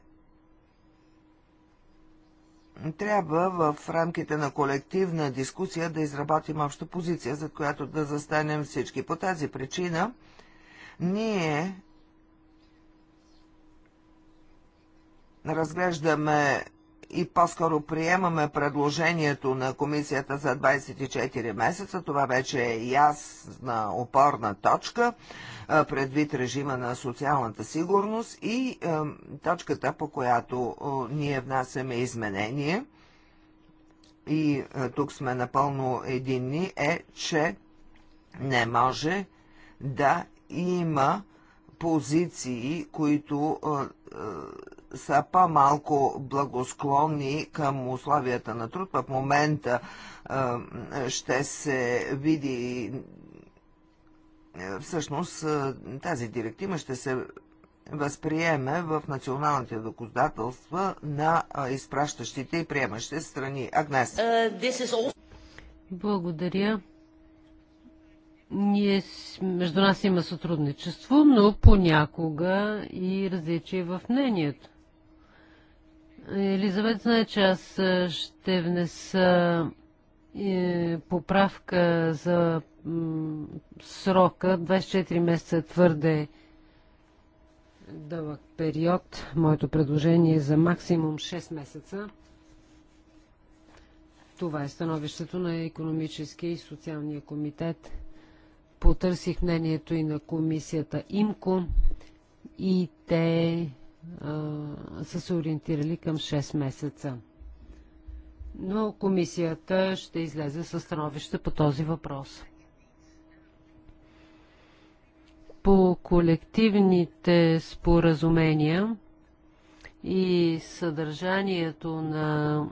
трябва в рамките на колективна дискусия да изработим обща позиция, за която да застанем всички. По тази причина ние разглеждаме и по-скоро приемаме предложението на комисията за 24 месеца. Това вече е ясна опорна точка предвид режима на социалната сигурност и точката, по която ние внасяме изменение и тук сме напълно единни, е, че не може да има позиции, които са по-малко благосклонни към условията на труд. В момента ще се види е, всъщност е, тази директива ще се възприеме в националните доказателства на изпращащите и приемащите страни. Агнес. Е, Благодаря. Ние, между нас има сътрудничество, но понякога и различие в мнението. Елизавет знае, че аз ще внеса е, поправка за срока. 24 месеца е твърде дълъг период. Моето предложение е за максимум 6 месеца. Това е становището на економическия и социалния комитет. Потърсих мнението и на комисията ИМКО и те са се ориентирали към 6 месеца. Но комисията ще излезе със становище по този въпрос. По колективните споразумения и съдържанието на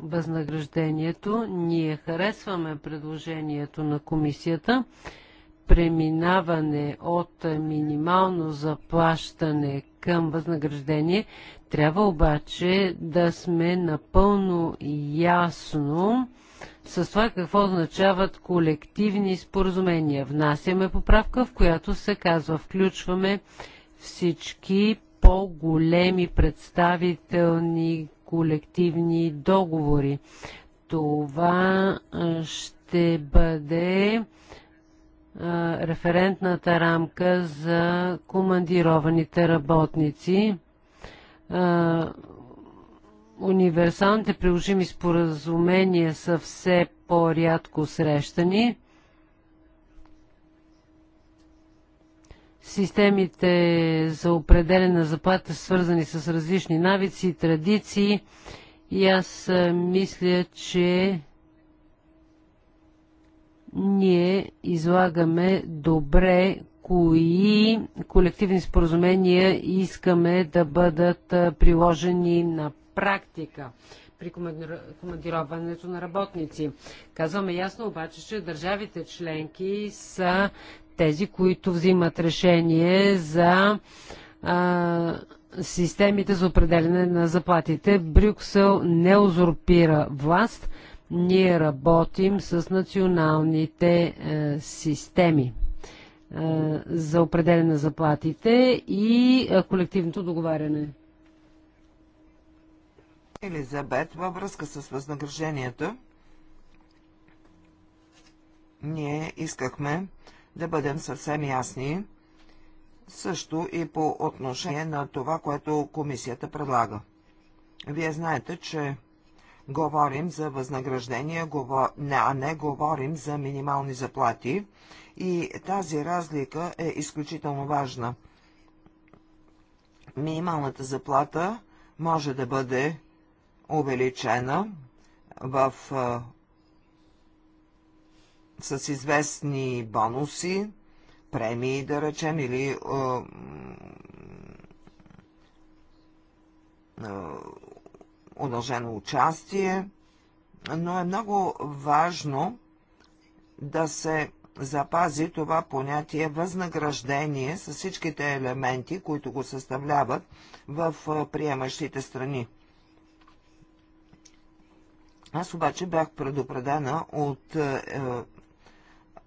възнаграждението. Ние харесваме предложението на комисията преминаване от минимално заплащане към възнаграждение, трябва обаче да сме напълно ясно с това какво означават колективни споразумения. Внасяме поправка, в която се казва включваме всички по-големи представителни колективни договори. Това ще бъде референтната рамка за командированите работници. Универсалните приложими споразумения са все по-рядко срещани. Системите за определена заплата са свързани с различни навици и традиции и аз мисля, че ние излагаме добре кои колективни споразумения искаме да бъдат приложени на практика при командироването на работници. Казваме ясно обаче, че държавите членки са тези, които взимат решение за а, системите за определене на заплатите. Брюксел не узурпира власт, ние работим с националните е, системи е, за определене на заплатите и е, колективното договаряне. Елизабет, във връзка с възнагражденията, ние искахме да бъдем съвсем ясни, също и по отношение на това, което комисията предлага. Вие знаете, че Говорим за възнаграждения, а не говорим за минимални заплати. И тази разлика е изключително важна. Минималната заплата може да бъде увеличена в, с известни бонуси, премии, да речем, или удължено участие, но е много важно да се запази това понятие възнаграждение с всичките елементи, които го съставляват в приемащите страни. Аз обаче бях предупредена от е,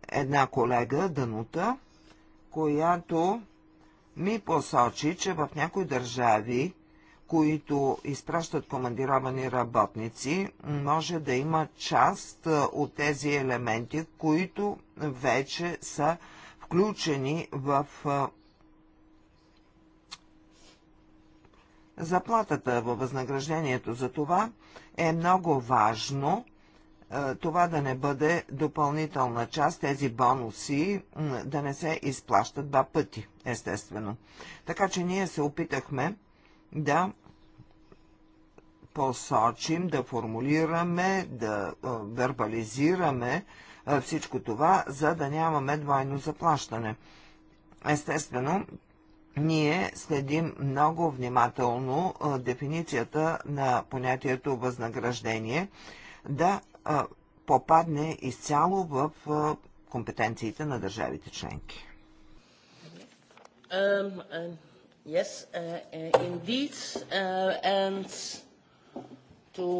една колега, Данута, която ми посочи, че в някои държави които изпращат командировани работници, може да има част от тези елементи, които вече са включени в заплатата във възнаграждението. За това е много важно това да не бъде допълнителна част, тези бонуси да не се изплащат два пъти, естествено. Така че ние се опитахме да посочим, да формулираме, да вербализираме всичко това, за да нямаме двойно заплащане. Естествено, ние следим много внимателно дефиницията на понятието възнаграждение да попадне изцяло в компетенциите на държавите членки. Um, Yes, uh, uh, indeed, uh, and to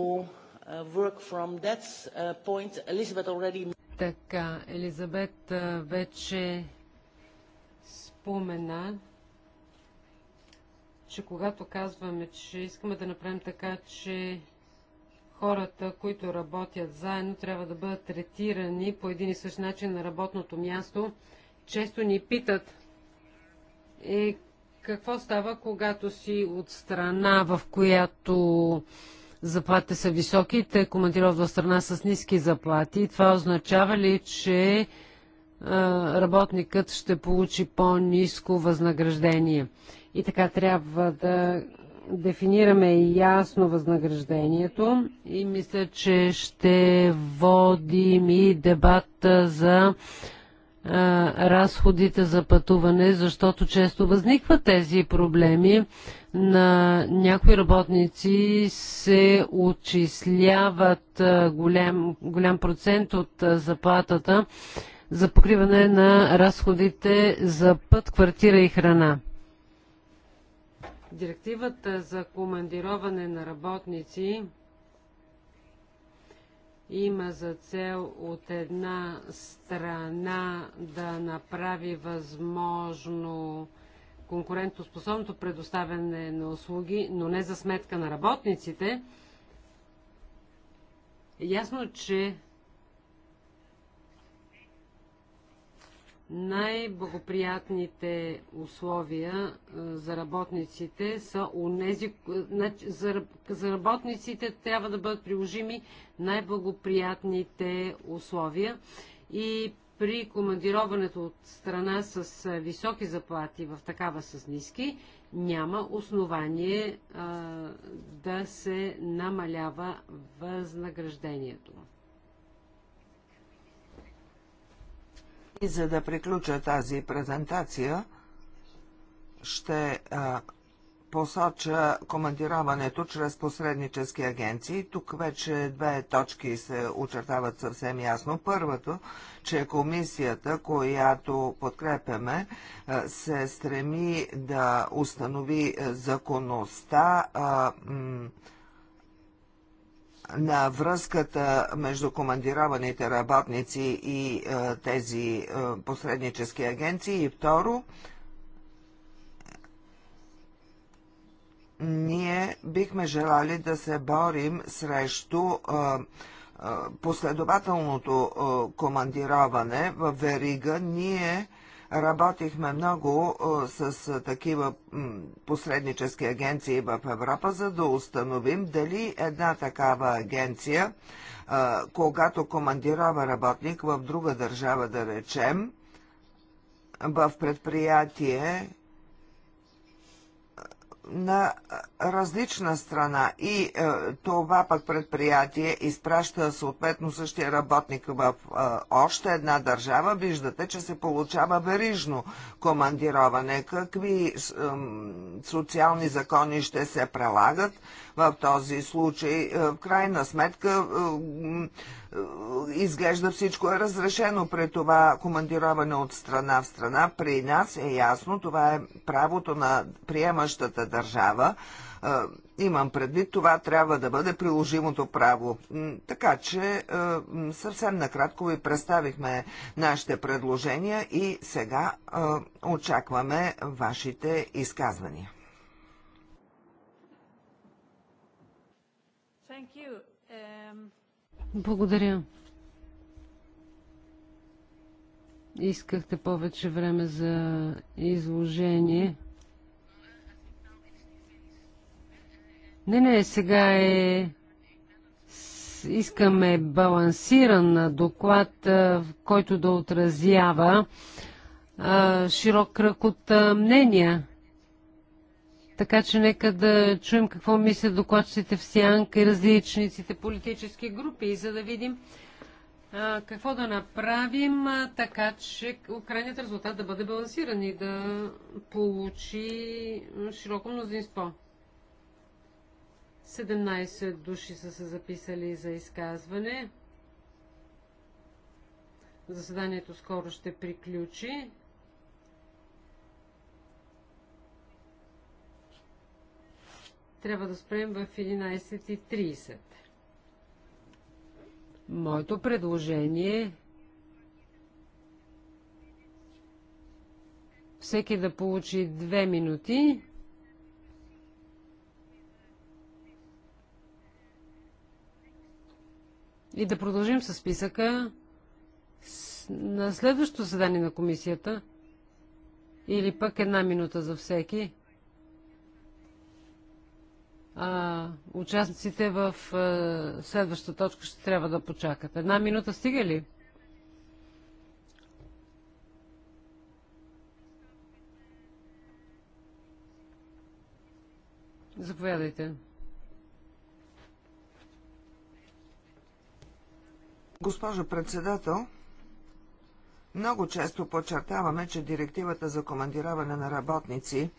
work from that point, Elizabeth already... Така, Елизабет вече спомена, че когато казваме, че искаме да направим така, че хората, които работят заедно, трябва да бъдат третирани по един и същ начин на работното място. Често ни питат, е, какво става, когато си от страна, в която заплатите са високи, те командироват в страна с ниски заплати. Това означава ли, че работникът ще получи по-низко възнаграждение? И така трябва да дефинираме ясно възнаграждението и мисля, че ще водим и дебата за разходите за пътуване, защото често възникват тези проблеми. На някои работници се отчисляват голям, голям процент от заплатата за покриване на разходите за път, квартира и храна. Директивата за командироване на работници има за цел от една страна да направи възможно конкурентоспособното предоставяне на услуги, но не за сметка на работниците, ясно, че най-благоприятните условия за работниците са унези, за работниците трябва да бъдат приложими най-благоприятните условия и при командироването от страна с високи заплати в такава с ниски, няма основание а, да се намалява възнаграждението. И за да приключа тази презентация, ще а, посоча командироването чрез посреднически агенции. Тук вече две точки се очертават съвсем ясно. Първото, че комисията, която подкрепяме, се стреми да установи законността, а, на връзката между командированите работници и е, тези е, посреднически агенции. И второ, ние бихме желали да се борим срещу е, е последователното е, командироване в верига. Ние Работихме много с такива посреднически агенции в Европа, за да установим дали една такава агенция, когато командирова работник в друга държава, да речем, в предприятие, на различна страна и е, това пък предприятие изпраща съответно същия работник в е, още една държава, виждате, че се получава верижно командироване. Какви е, социални закони ще се прилагат? в този случай. Е, в крайна сметка е, е, изглежда всичко е разрешено при това командироване от страна в страна. При нас е ясно, това е правото на приемащата държава. Имам предвид, това трябва да бъде приложимото право. Така че съвсем накратко ви представихме нашите предложения и сега очакваме вашите изказвания. Благодаря. Искахте повече време за изложение. Не, не, сега е... Искаме балансиран доклад, в който да отразява широк кръг от мнения. Така че нека да чуем какво мислят докладчиците в Сянка и различниците политически групи, за да видим а, какво да направим, а, така че крайният резултат да бъде балансиран и да получи широко мнозинство. 17 души са се записали за изказване. Заседанието скоро ще приключи. трябва да спрем в 11.30. Моето предложение е всеки да получи две минути. И да продължим с списъка на следващото задание на комисията. Или пък една минута за всеки а, участниците в а, следващата точка ще трябва да почакат. Една минута стига ли? Заповядайте. Госпожо председател, много често подчертаваме, че директивата за командираване на работници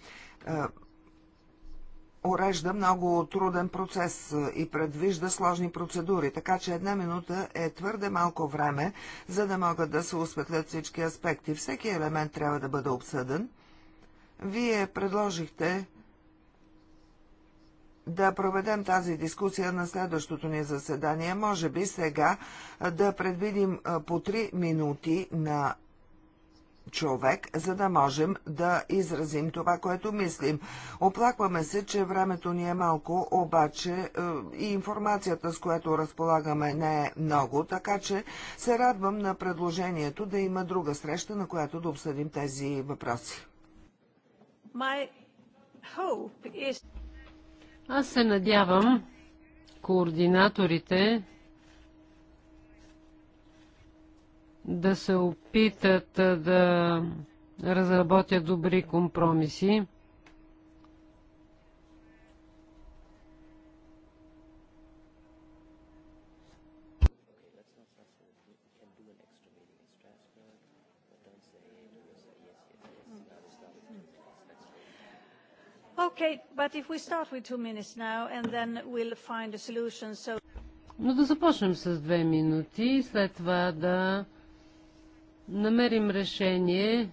урежда много труден процес и предвижда сложни процедури, така че една минута е твърде малко време, за да могат да се осветлят всички аспекти. Всеки елемент трябва да бъде обсъден. Вие предложихте да проведем тази дискусия на следващото ни заседание. Може би сега да предвидим по 3 минути на човек, за да можем да изразим това, което мислим. Оплакваме се, че времето ни е малко, обаче е, и информацията, с която разполагаме, не е много, така че се радвам на предложението да има друга среща, на която да обсъдим тези въпроси. Аз се надявам координаторите да се опитат да разработят добри компромиси. Okay, but if we start with two minutes now and then we'll find a solution, so... Но да започнем с две минути, след това да намерим решение.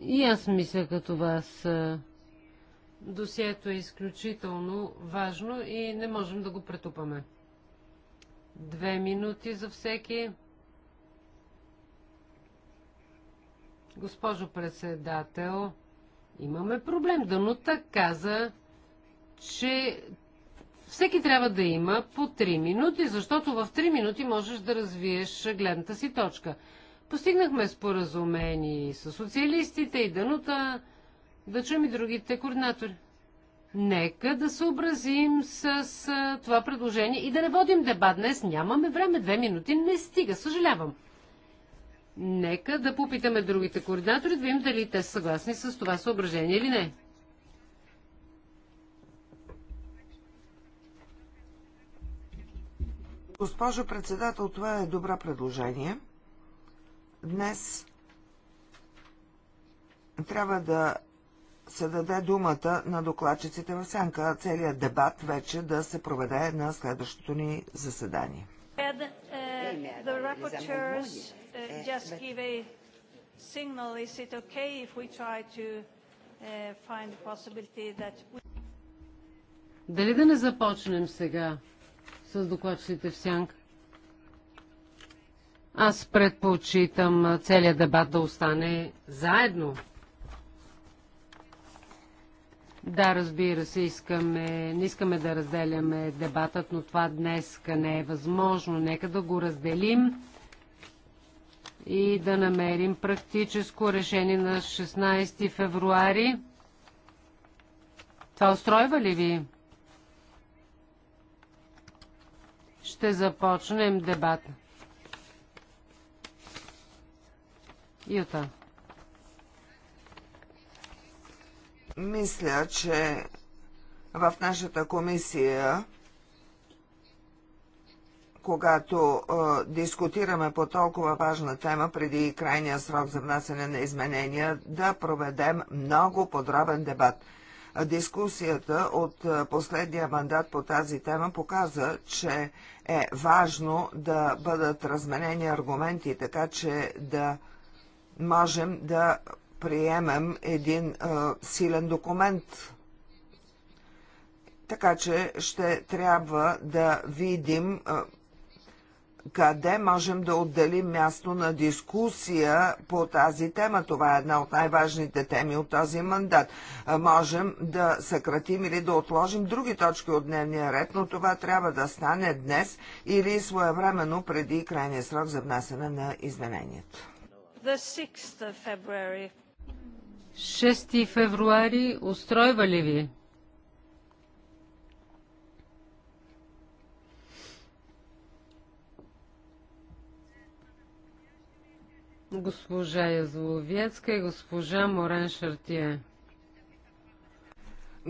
И аз мисля като вас. Досието е изключително важно и не можем да го претупаме. Две минути за всеки. Госпожо председател, имаме проблем. Данута каза, че всеки трябва да има по 3 минути, защото в 3 минути можеш да развиеш гледната си точка. Постигнахме споразумени с социалистите и дънута, да чуем и другите координатори. Нека да съобразим с, с това предложение и да не водим дебат. Днес нямаме време, две минути не стига, съжалявам. Нека да попитаме другите координатори, да видим дали те са съгласни с това съображение или не. Госпожо председател, това е добра предложение. Днес трябва да се даде думата на докладчиците в сянка, целият дебат вече да се проведе на следващото ни заседание. Uh, uh, uh, Дали да не започнем сега? с докладчите в сянка. Аз предпочитам целият дебат да остане заедно. Да, разбира се, искаме, не искаме да разделяме дебатът, но това днес не е възможно. Нека да го разделим и да намерим практическо решение на 16 февруари. Това устройва ли ви? ще започнем дебат. Юта. Мисля, че в нашата комисия когато е, дискутираме по толкова важна тема преди крайния срок за внасяне на изменения, да проведем много подробен дебат. Дискусията от последния мандат по тази тема показа, че е важно да бъдат разменени аргументи, така че да можем да приемем един е, силен документ. Така че ще трябва да видим къде можем да отделим място на дискусия по тази тема. Това е една от най-важните теми от този мандат. Можем да съкратим или да отложим други точки от дневния ред, но това трябва да стане днес или своевременно преди крайния срок за внасяне на изменението. 6 февруари устройва ли ви? госпожа Язловецка и госпожа Морен Шартие.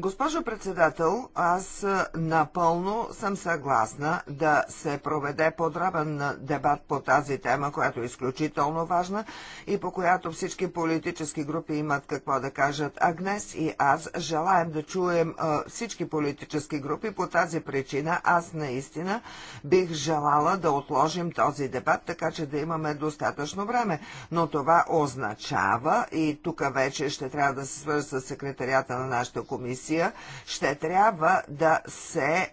Госпожо председател, аз напълно съм съгласна да се проведе подробен дебат по тази тема, която е изключително важна и по която всички политически групи имат какво да кажат. А днес и аз желаем да чуем всички политически групи. По тази причина аз наистина бих желала да отложим този дебат, така че да имаме достатъчно време. Но това означава, и тук вече ще трябва да се свържа с секретарията на нашата комисия, комисия ще трябва да се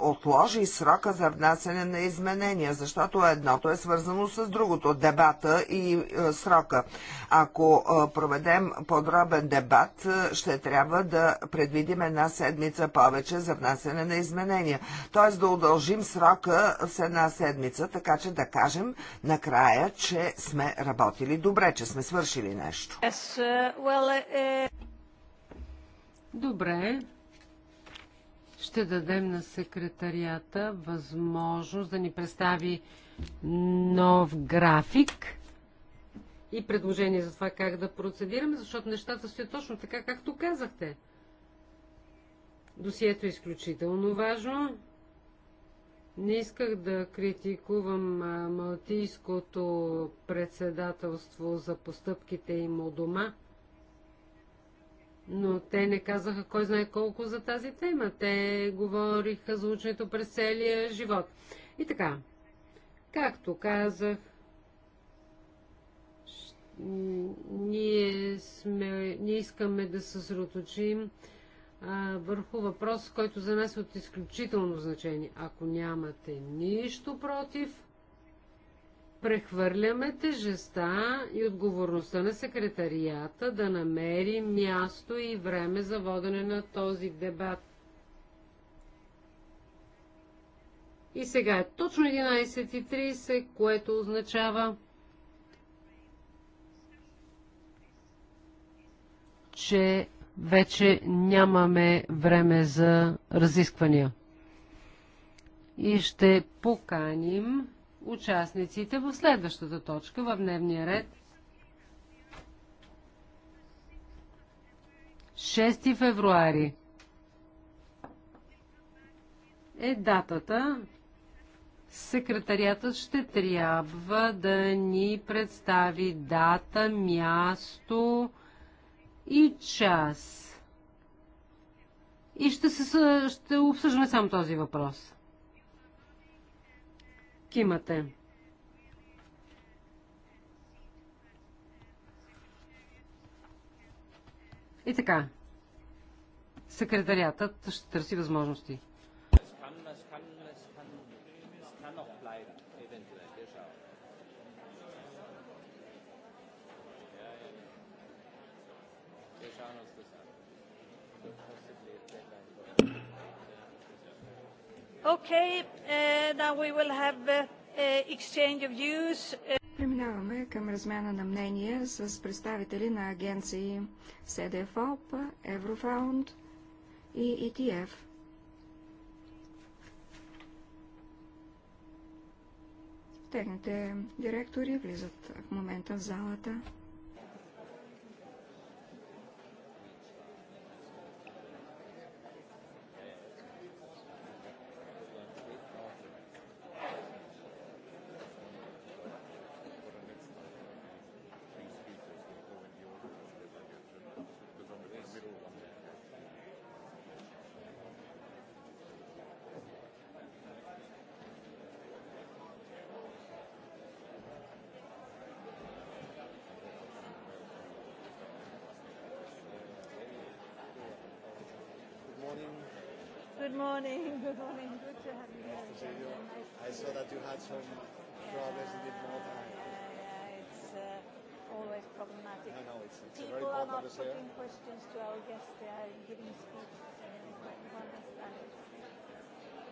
отложи срока за внасяне на изменения, защото едното е свързано с другото – дебата и срока. Ако проведем подробен дебат, ще трябва да предвидим една седмица повече за внасяне на изменения. Тоест да удължим срока с една седмица, така че да кажем накрая, че сме работили добре, че сме свършили нещо. Yes, uh, well, uh... Добре. Ще дадем на секретарията възможност да ни представи нов график и предложение за това как да процедираме, защото нещата стоят точно така, както казахте. Досието е изключително важно. Не исках да критикувам Малтийското председателство за постъпките им от дома – но те не казаха кой знае колко за тази тема. Те говориха за ученето през целия живот. И така, както казах, ние, сме, ние искаме да се съсредоточим върху въпрос, който за нас е от изключително значение. Ако нямате нищо против, прехвърляме тежеста и отговорността на секретарията да намери място и време за водене на този дебат. И сега е точно 11.30, което означава, че вече нямаме време за разисквания. И ще поканим участниците в следващата точка в дневния ред. 6 февруари е датата. Секретариатът ще трябва да ни представи дата, място и час. И ще, се, ще обсъждаме само този въпрос имате. И така. Секретариатът ще търси възможности. Okay, uh, now we will have uh, uh, exchange of views. Преминаваме към размяна на мнения с представители на агенции CDFOP, Еврофаунд и ETF. Техните директори влизат в момента в залата. some brothers need more time. It's uh, always problematic. No, no, it's, it's People are not putting questions to our guests. They are giving speeches. and it's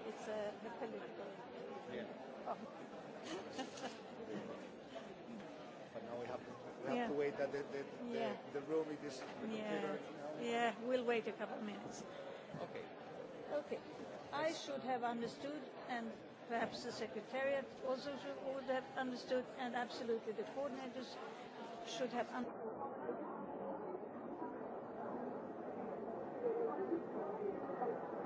It's a uh, political yeah. problem. but now we have to, we have yeah. to wait that the, the, the, yeah. the room it is the yeah. computer. You Yeah, we'll wait a couple of minutes. Okay. Okay. I should have understood and perhaps the secretariat also should would have understood, and absolutely the coordinators should have understood. Thank you.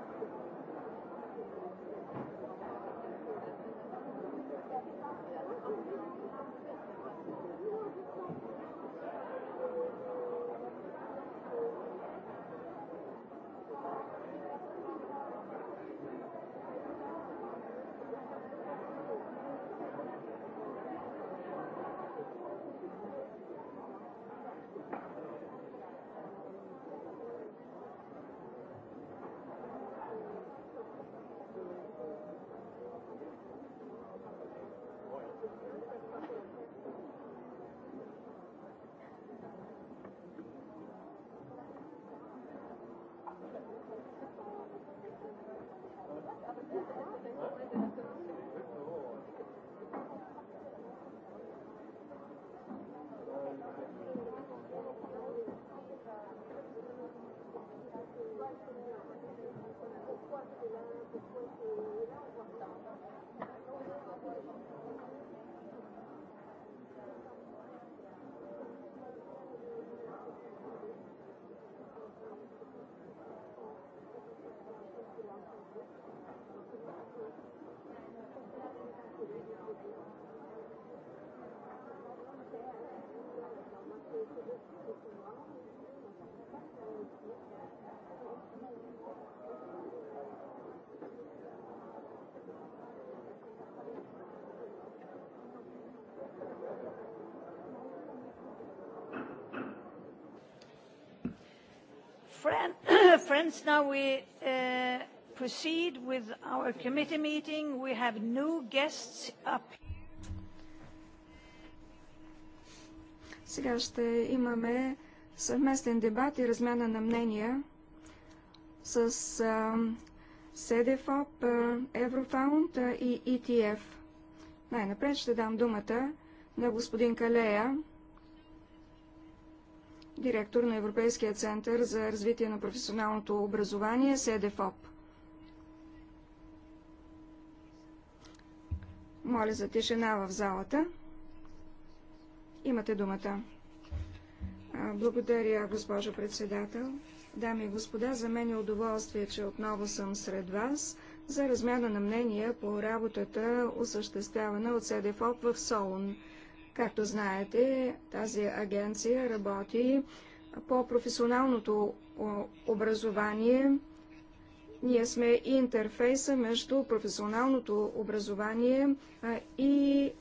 Friends, now we uh proceed with our committee meeting. We have new guests up. here. Сега ще имаме съвместен дебат и размяна на мнения с СДФОП, Еврофаунд и ETF. Най-напред ще дам думата на господин Калея, директор на Европейския център за развитие на професионалното образование, СДФОП. Моля за тишина в залата. Имате думата. Благодаря, госпожо председател. Дами и господа, за мен е удоволствие, че отново съм сред вас за размяна на мнения по работата, осъществявана от СДФОП в Солун. Както знаете, тази агенция работи по професионалното образование. Ние сме интерфейса между професионалното образование и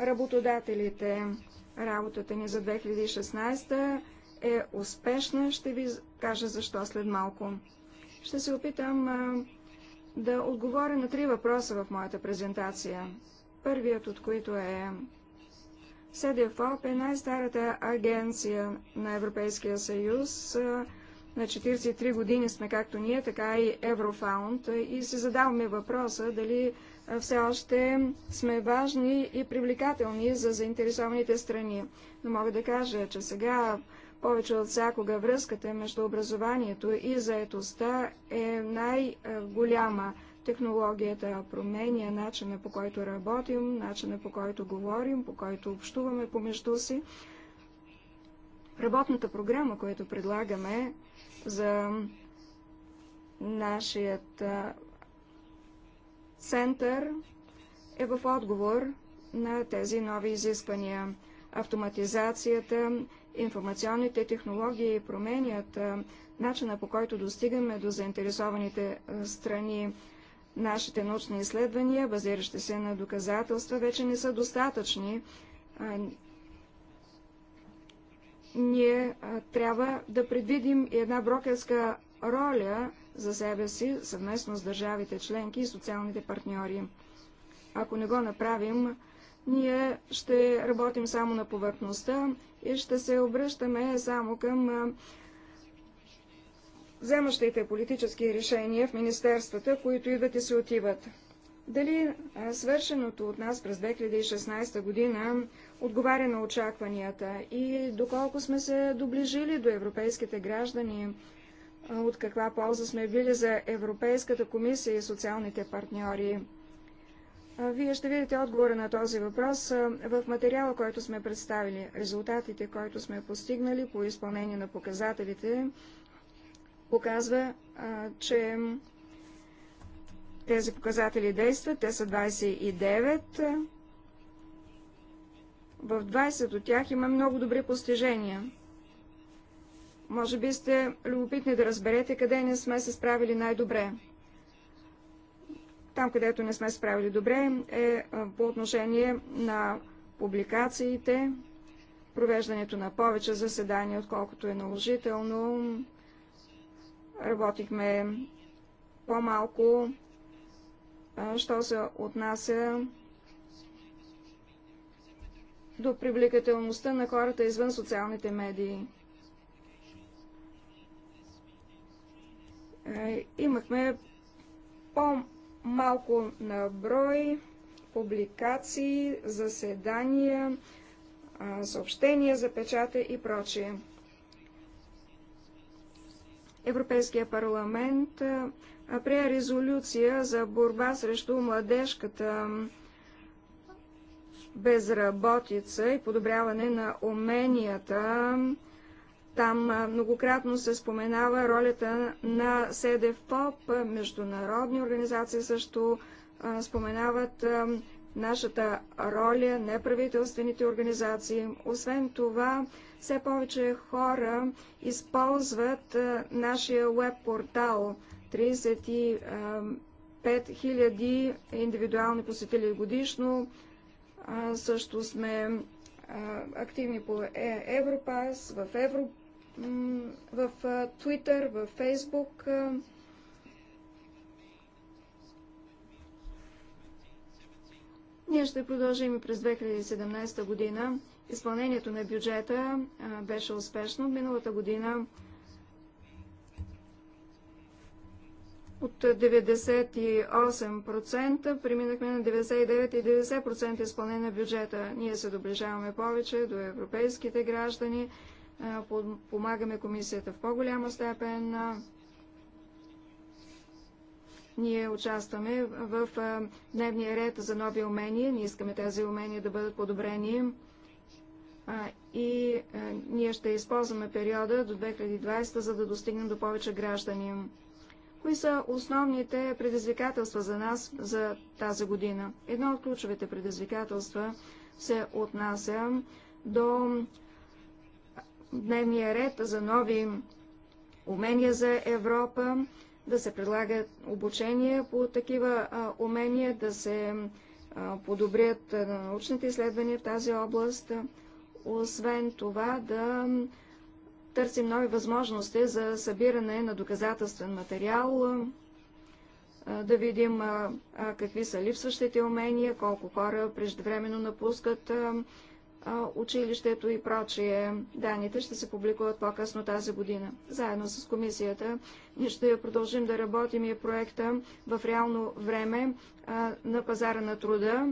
работодателите. Работата ни за 2016 е успешна. Ще ви кажа защо след малко. Ще се опитам а, да отговоря на три въпроса в моята презентация. Първият от които е СДФОП е най-старата агенция на Европейския съюз. А, на 43 години сме както ние, така и Еврофаунд и си задаваме въпроса дали все още сме важни и привлекателни за заинтересованите страни. Но мога да кажа, че сега повече от всякога връзката между образованието и заетостта е най-голяма. Технологията променя начина по който работим, начина по който говорим, по който общуваме помежду си. Работната програма, която предлагаме за нашият център, е в отговор на тези нови изисквания. Автоматизацията, информационните технологии променят начина по който достигаме до заинтересованите страни. Нашите научни изследвания, базиращи се на доказателства, вече не са достатъчни ние трябва да предвидим и една брокерска роля за себе си, съвместно с държавите членки и социалните партньори. Ако не го направим, ние ще работим само на повърхността и ще се обръщаме само към вземащите политически решения в министерствата, които идват и се отиват. Дали свършеното от нас през 2016 година отговаря на очакванията и доколко сме се доближили до европейските граждани, от каква полза сме били за Европейската комисия и социалните партньори. Вие ще видите отговора на този въпрос в материала, който сме представили, резултатите, които сме постигнали по изпълнение на показателите, показва, че тези показатели действат. Те са 29 в 20 от тях има много добри постижения. Може би сте любопитни да разберете къде не сме се справили най-добре. Там, където не сме справили добре, е, е по отношение на публикациите, провеждането на повече заседания, отколкото е наложително. Работихме по-малко, що се отнася до привлекателността на хората извън социалните медии. Е, имахме по-малко на брой публикации, заседания, съобщения за печата и прочее. Европейския парламент прие резолюция за борба срещу младежката безработица и подобряване на уменията. Там многократно се споменава ролята на ПОП, международни организации също споменават нашата роля, неправителствените организации. Освен това, все повече хора използват нашия веб-портал. 35 000 индивидуални посетители годишно, също сме активни по е, Европас, в, Евро, в Twitter, в Фейсбук. Ние ще продължим и през 2017 година. Изпълнението на бюджета беше успешно. Миналата година От 98% преминахме на 99 и 90% изпълнение на бюджета. Ние се доближаваме повече до европейските граждани, помагаме комисията в по-голяма степен. Ние участваме в дневния ред за нови умения. Ние искаме тези умения да бъдат подобрени и ние ще използваме периода до 2020, за да достигнем до повече граждани. Кои са основните предизвикателства за нас за тази година? Едно от ключовите предизвикателства се отнася до дневния ред за нови умения за Европа, да се предлага обучение по такива умения, да се подобрят научните изследвания в тази област, освен това да търсим нови възможности за събиране на доказателствен материал, да видим какви са липсващите умения, колко хора преждевременно напускат училището и прочие. Даните ще се публикуват по-късно тази година. Заедно с комисията ние ще продължим да работим и проекта в реално време на пазара на труда,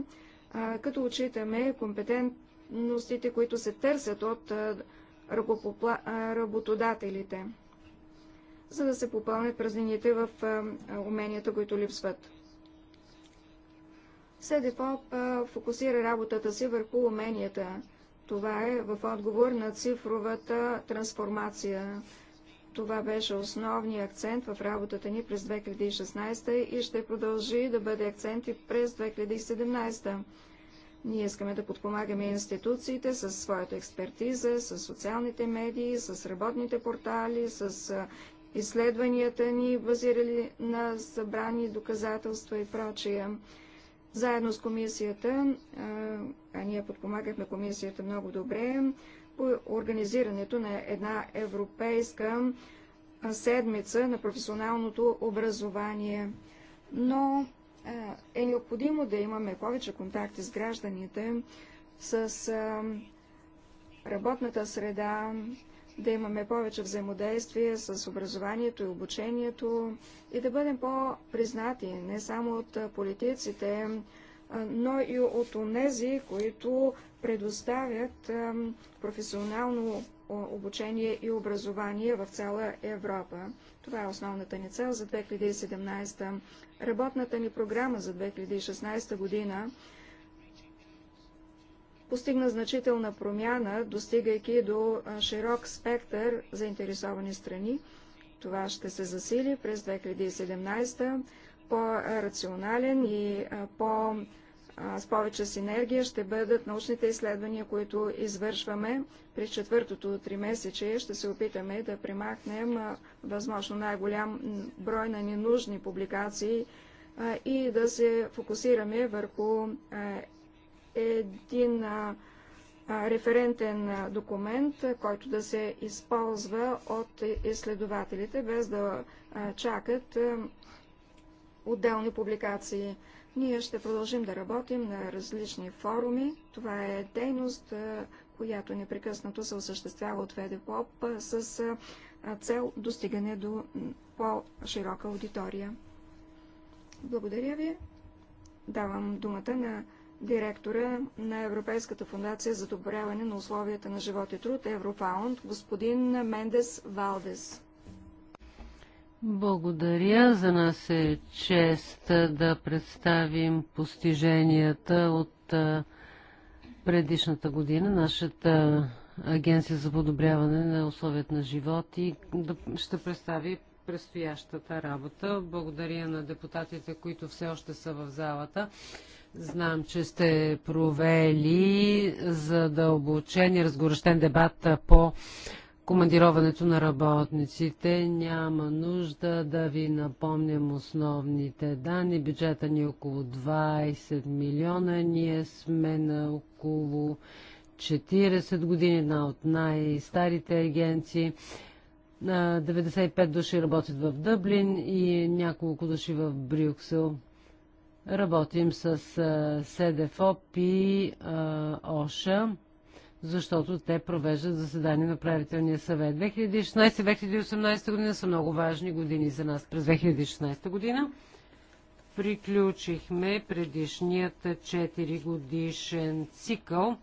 като учитаме компетентностите, които се търсят от работодателите, за да се попълнят празнините в уменията, които липсват. СДФОП фокусира работата си върху уменията. Това е в отговор на цифровата трансформация. Това беше основният акцент в работата ни през 2016 и ще продължи да бъде акцент и през 2017. Ние искаме да подпомагаме институциите с своята експертиза, с социалните медии, с работните портали, с изследванията ни, базирали на събрани доказателства и прочие. Заедно с комисията, а ние подпомагахме комисията много добре, по организирането на една европейска седмица на професионалното образование. Но е необходимо да имаме повече контакти с гражданите, с работната среда, да имаме повече взаимодействие с образованието и обучението и да бъдем по-признати не само от политиците, но и от онези, които предоставят професионално обучение и образование в цяла Европа. Това е основната ни цел за 2017. Работната ни програма за 2016 година постигна значителна промяна, достигайки до широк спектър заинтересовани страни. Това ще се засили през 2017 по-рационален и по-рационален с повече синергия ще бъдат научните изследвания, които извършваме при четвъртото три месече. Ще се опитаме да примахнем възможно най-голям брой на ненужни публикации и да се фокусираме върху един референтен документ, който да се използва от изследователите, без да чакат отделни публикации. Ние ще продължим да работим на различни форуми. Това е дейност, която непрекъснато се осъществява от ВДПОП с цел достигане до по-широка аудитория. Благодаря ви. Давам думата на директора на Европейската фундация за добряване на условията на живот и труд Еврофаунд, господин Мендес Валдес. Благодаря. За нас е чест да представим постиженията от предишната година. Нашата агенция за подобряване на условията на живот и ще представи предстоящата работа. Благодаря на депутатите, които все още са в залата. Знам, че сте провели задълбочен и разгорещен дебат по командироването на работниците. Няма нужда да ви напомням основните данни. Бюджета ни е около 20 милиона. Ние сме на около 40 години, една от най-старите агенции. 95 души работят в Дъблин и няколко души в Брюксел. Работим с СДФОП и ОША защото те провеждат заседание на правителния съвет. 2016-2018 година са много важни години за нас. През 2016 година приключихме предишният 4 годишен цикъл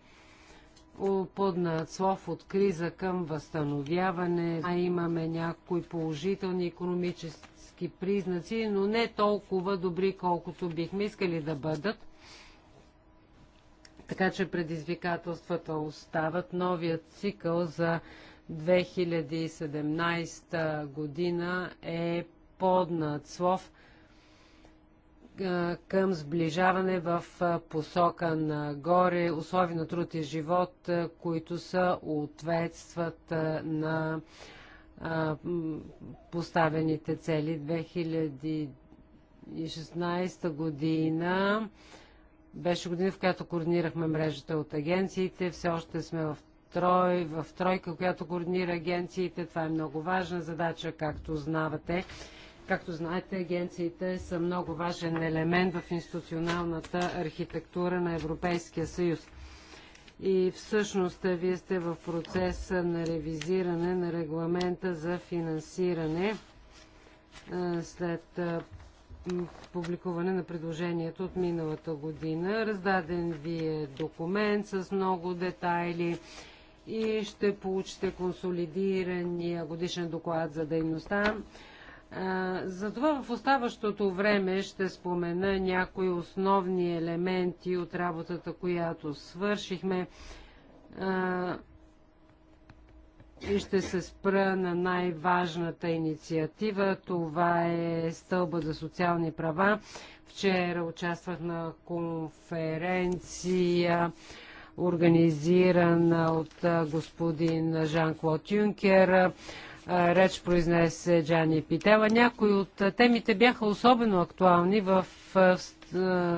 под надслов от криза към възстановяване. А имаме някои положителни економически признаци, но не толкова добри, колкото бихме искали да бъдат. Така че предизвикателствата остават. Новият цикъл за 2017 година е под надслов към сближаване в посока нагоре, условия на труд и живот, които са ответстват на поставените цели 2016 година беше година, в която координирахме мрежата от агенциите. Все още сме в, трой, в тройка, която координира агенциите. Това е много важна задача, както знавате. Както знаете, агенциите са много важен елемент в институционалната архитектура на Европейския съюз. И всъщност е, вие сте в процеса на ревизиране на регламента за финансиране е, след е, публикуване на предложението от миналата година. Раздаден ви е документ с много детайли и ще получите консолидирания годишен доклад за дейността. Затова в оставащото време ще спомена някои основни елементи от работата, която свършихме и ще се спра на най-важната инициатива. Това е стълба за социални права. Вчера участвах на конференция организирана от господин Жан-Клод Юнкер. Реч произнесе Джани Питела. Някои от темите бяха особено актуални. В, в,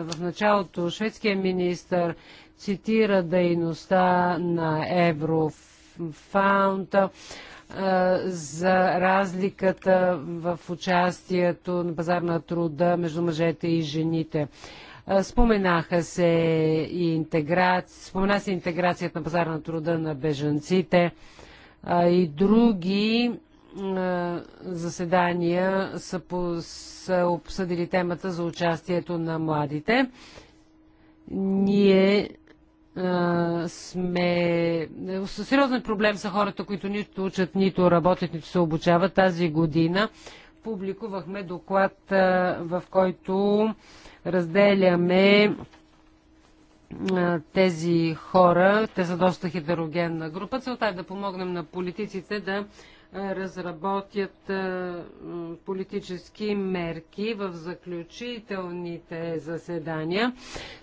в началото шведския министр цитира дейността на Евроф Фаунта за разликата в участието на пазар на труда между мъжете и жените. Споменаха се и интеграция, спомена се интеграцията на пазар на труда на бежанците и други заседания са, по, са обсъдили темата за участието на младите. Ние сме... Сериозен проблем са хората, които нито учат, нито работят, нито се обучават. Тази година публикувахме доклад, в който разделяме тези хора. Те са доста хетерогенна група. Целта е да помогнем на политиците да разработят политически мерки в заключителните заседания.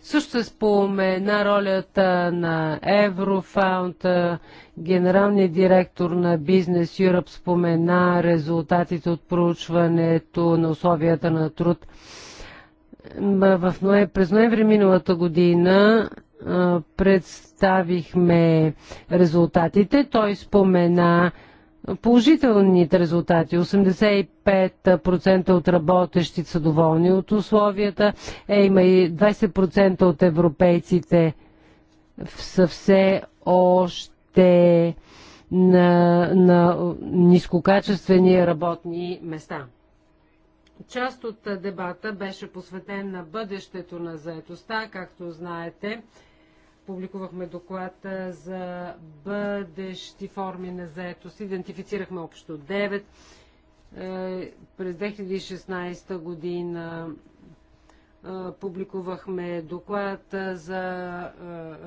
Също се спомена ролята на Еврофаунд, генералният директор на Бизнес Юръп спомена резултатите от проучването на условията на труд. В ноем, през ноември миналата година представихме резултатите. Той спомена положителните резултати. 85% от работещите са доволни от условията. Е, има и 20% от европейците са все още на, на нискокачествени работни места. Част от дебата беше посветен на бъдещето на заетостта, както знаете публикувахме доклад за бъдещи форми на заетост. Идентифицирахме общо 9. Е, през 2016 година публикувахме доклад за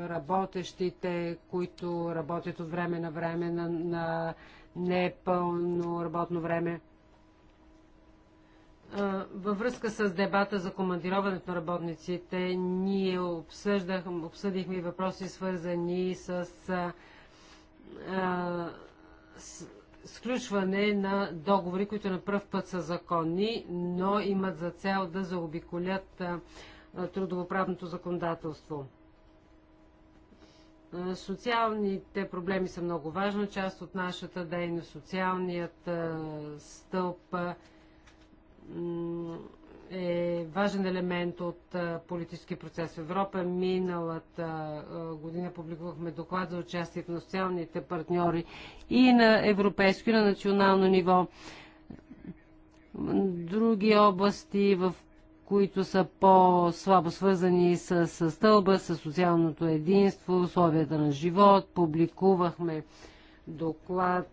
работещите, които работят от време на време на, на непълно работно време. Във връзка с дебата за командироването на работниците, ние обсъдихме въпроси свързани с а, с, сключване на договори, които на пръв път са законни, но имат за цел да заобиколят трудовоправното законодателство. социалните проблеми са много важна част от нашата дейност. Социалният стълб е важен елемент от политически процес в Европа. Миналата година публикувахме доклад за участието на социалните партньори и на европейско и на национално ниво. Други области, в които са по-слабо свързани с, стълба, с социалното единство, условията на живот. Публикувахме доклад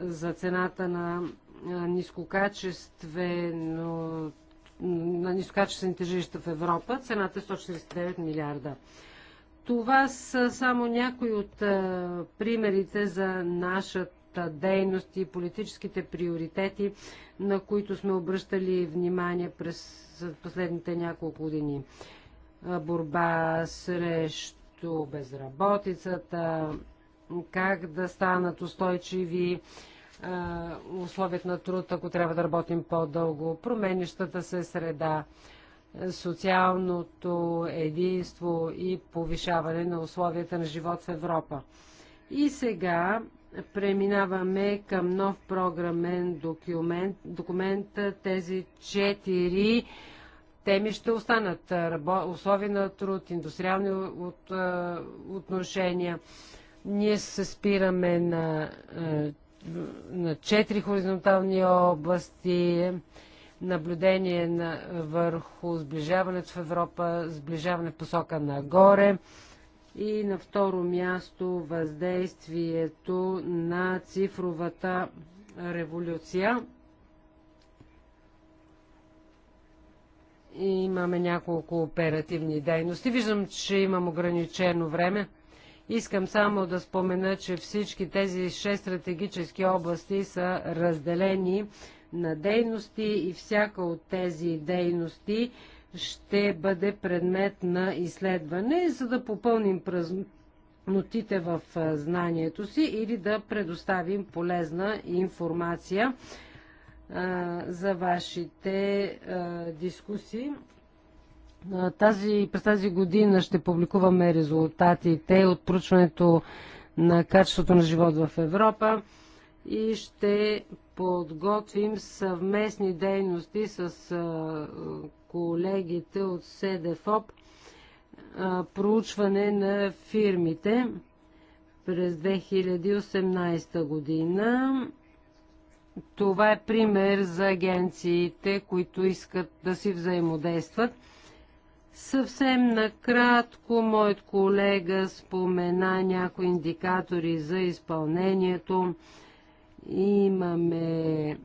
за цената на нискокачествено на нискокачествените жилища в Европа. Цената е 149 милиарда. Това са само някои от примерите за нашата дейност и политическите приоритети, на които сме обръщали внимание през последните няколко години. борба срещу безработицата, как да станат устойчиви условията на труд, ако трябва да работим по-дълго, променещата се среда, социалното единство и повишаване на условията на живот в Европа. И сега преминаваме към нов програмен документ. документ тези четири теми ще останат. условия на труд, индустриални отношения. Ние се спираме на на четири хоризонтални области, наблюдение на, върху сближаването в Европа, сближаване в посока нагоре и на второ място въздействието на цифровата революция. И имаме няколко оперативни дейности. Виждам, че имам ограничено време. Искам само да спомена, че всички тези шест стратегически области са разделени на дейности и всяка от тези дейности ще бъде предмет на изследване, за да попълним празнотите в знанието си или да предоставим полезна информация за вашите дискусии. Тази, през тази година ще публикуваме резултатите от проучването на качеството на живот в Европа и ще подготвим съвместни дейности с колегите от СДФОП проучване на фирмите през 2018 година. Това е пример за агенциите, които искат да си взаимодействат. Съвсем накратко моят колега спомена някои индикатори за изпълнението. Имаме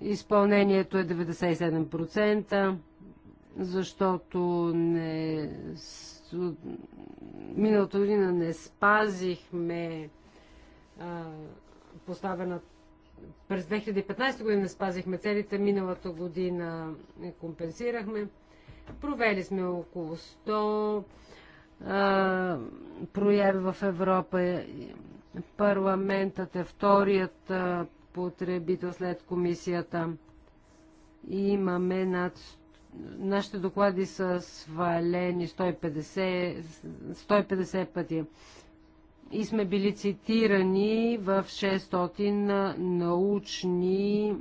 изпълнението е 97%, защото не, миналото година не спазихме поставена през 2015 година не спазихме целите, миналата година компенсирахме. Провели сме около 100 а, прояви в Европа. Парламентът е вторият а, потребител след комисията. И имаме над... Нашите доклади са свалени 150, 150 пъти и сме били цитирани в 600 научни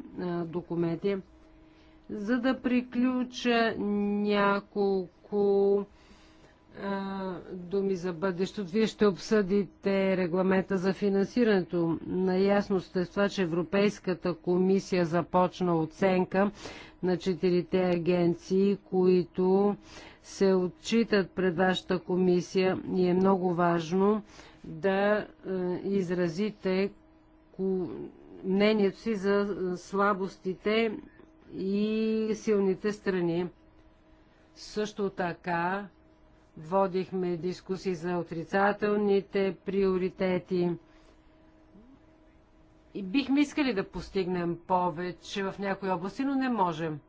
документи. За да приключа няколко думи за бъдещето. Вие ще обсъдите регламента за финансирането. Наясно сте с това, че Европейската комисия започна оценка на четирите агенции, които се отчитат пред вашата комисия и е много важно да е, изразите мнението си за е, слабостите и силните страни. Също така водихме дискусии за отрицателните приоритети. И бихме искали да постигнем повече в някои области, но не можем.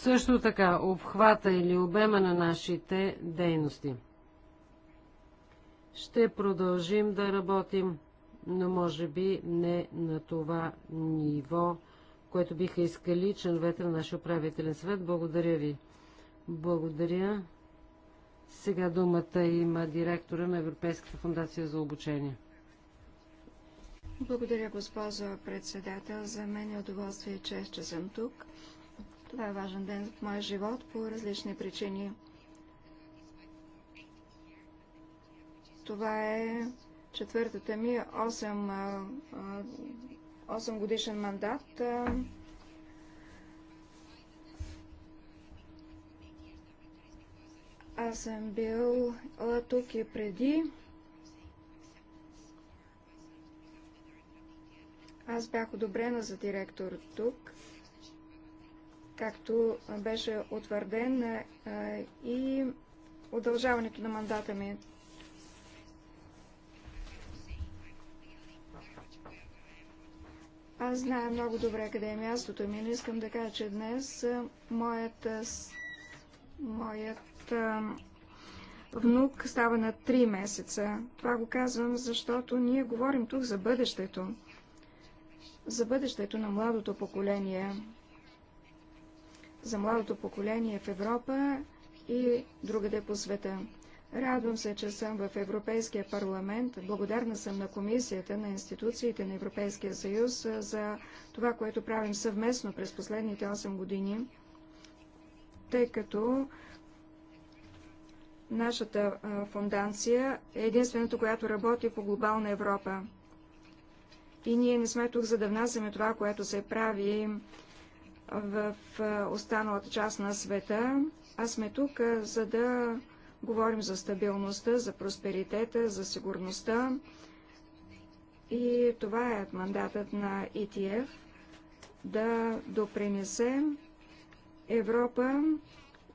Също така, обхвата или обема на нашите дейности. Ще продължим да работим, но може би не на това ниво, което биха искали членовете на нашия управителен съвет. Благодаря ви. Благодаря. Сега думата има директора на Европейската фундация за обучение. Благодаря, госпожо председател. За мен е удоволствие и чест, че съм тук. Това е важен ден в моя живот по различни причини. Това е четвъртата ми 8, 8 годишен мандат. Аз съм бил тук и преди. Аз бях одобрена за директор тук както беше утвърден и удължаването на мандата ми. Аз знам много добре къде е мястото ми, но искам да кажа, че днес моят, моят внук става на 3 месеца. Това го казвам, защото ние говорим тук за бъдещето. За бъдещето на младото поколение за младото поколение в Европа и другаде по света. Радвам се, че съм в Европейския парламент. Благодарна съм на комисията, на институциите на Европейския съюз за това, което правим съвместно през последните 8 години, тъй като нашата фундация е единствената, която работи по глобална Европа. И ние не сме тук, за да внасяме това, което се прави в останалата част на света, а сме тук, за да говорим за стабилността, за просперитета, за сигурността. И това е мандатът на ETF да допринесе Европа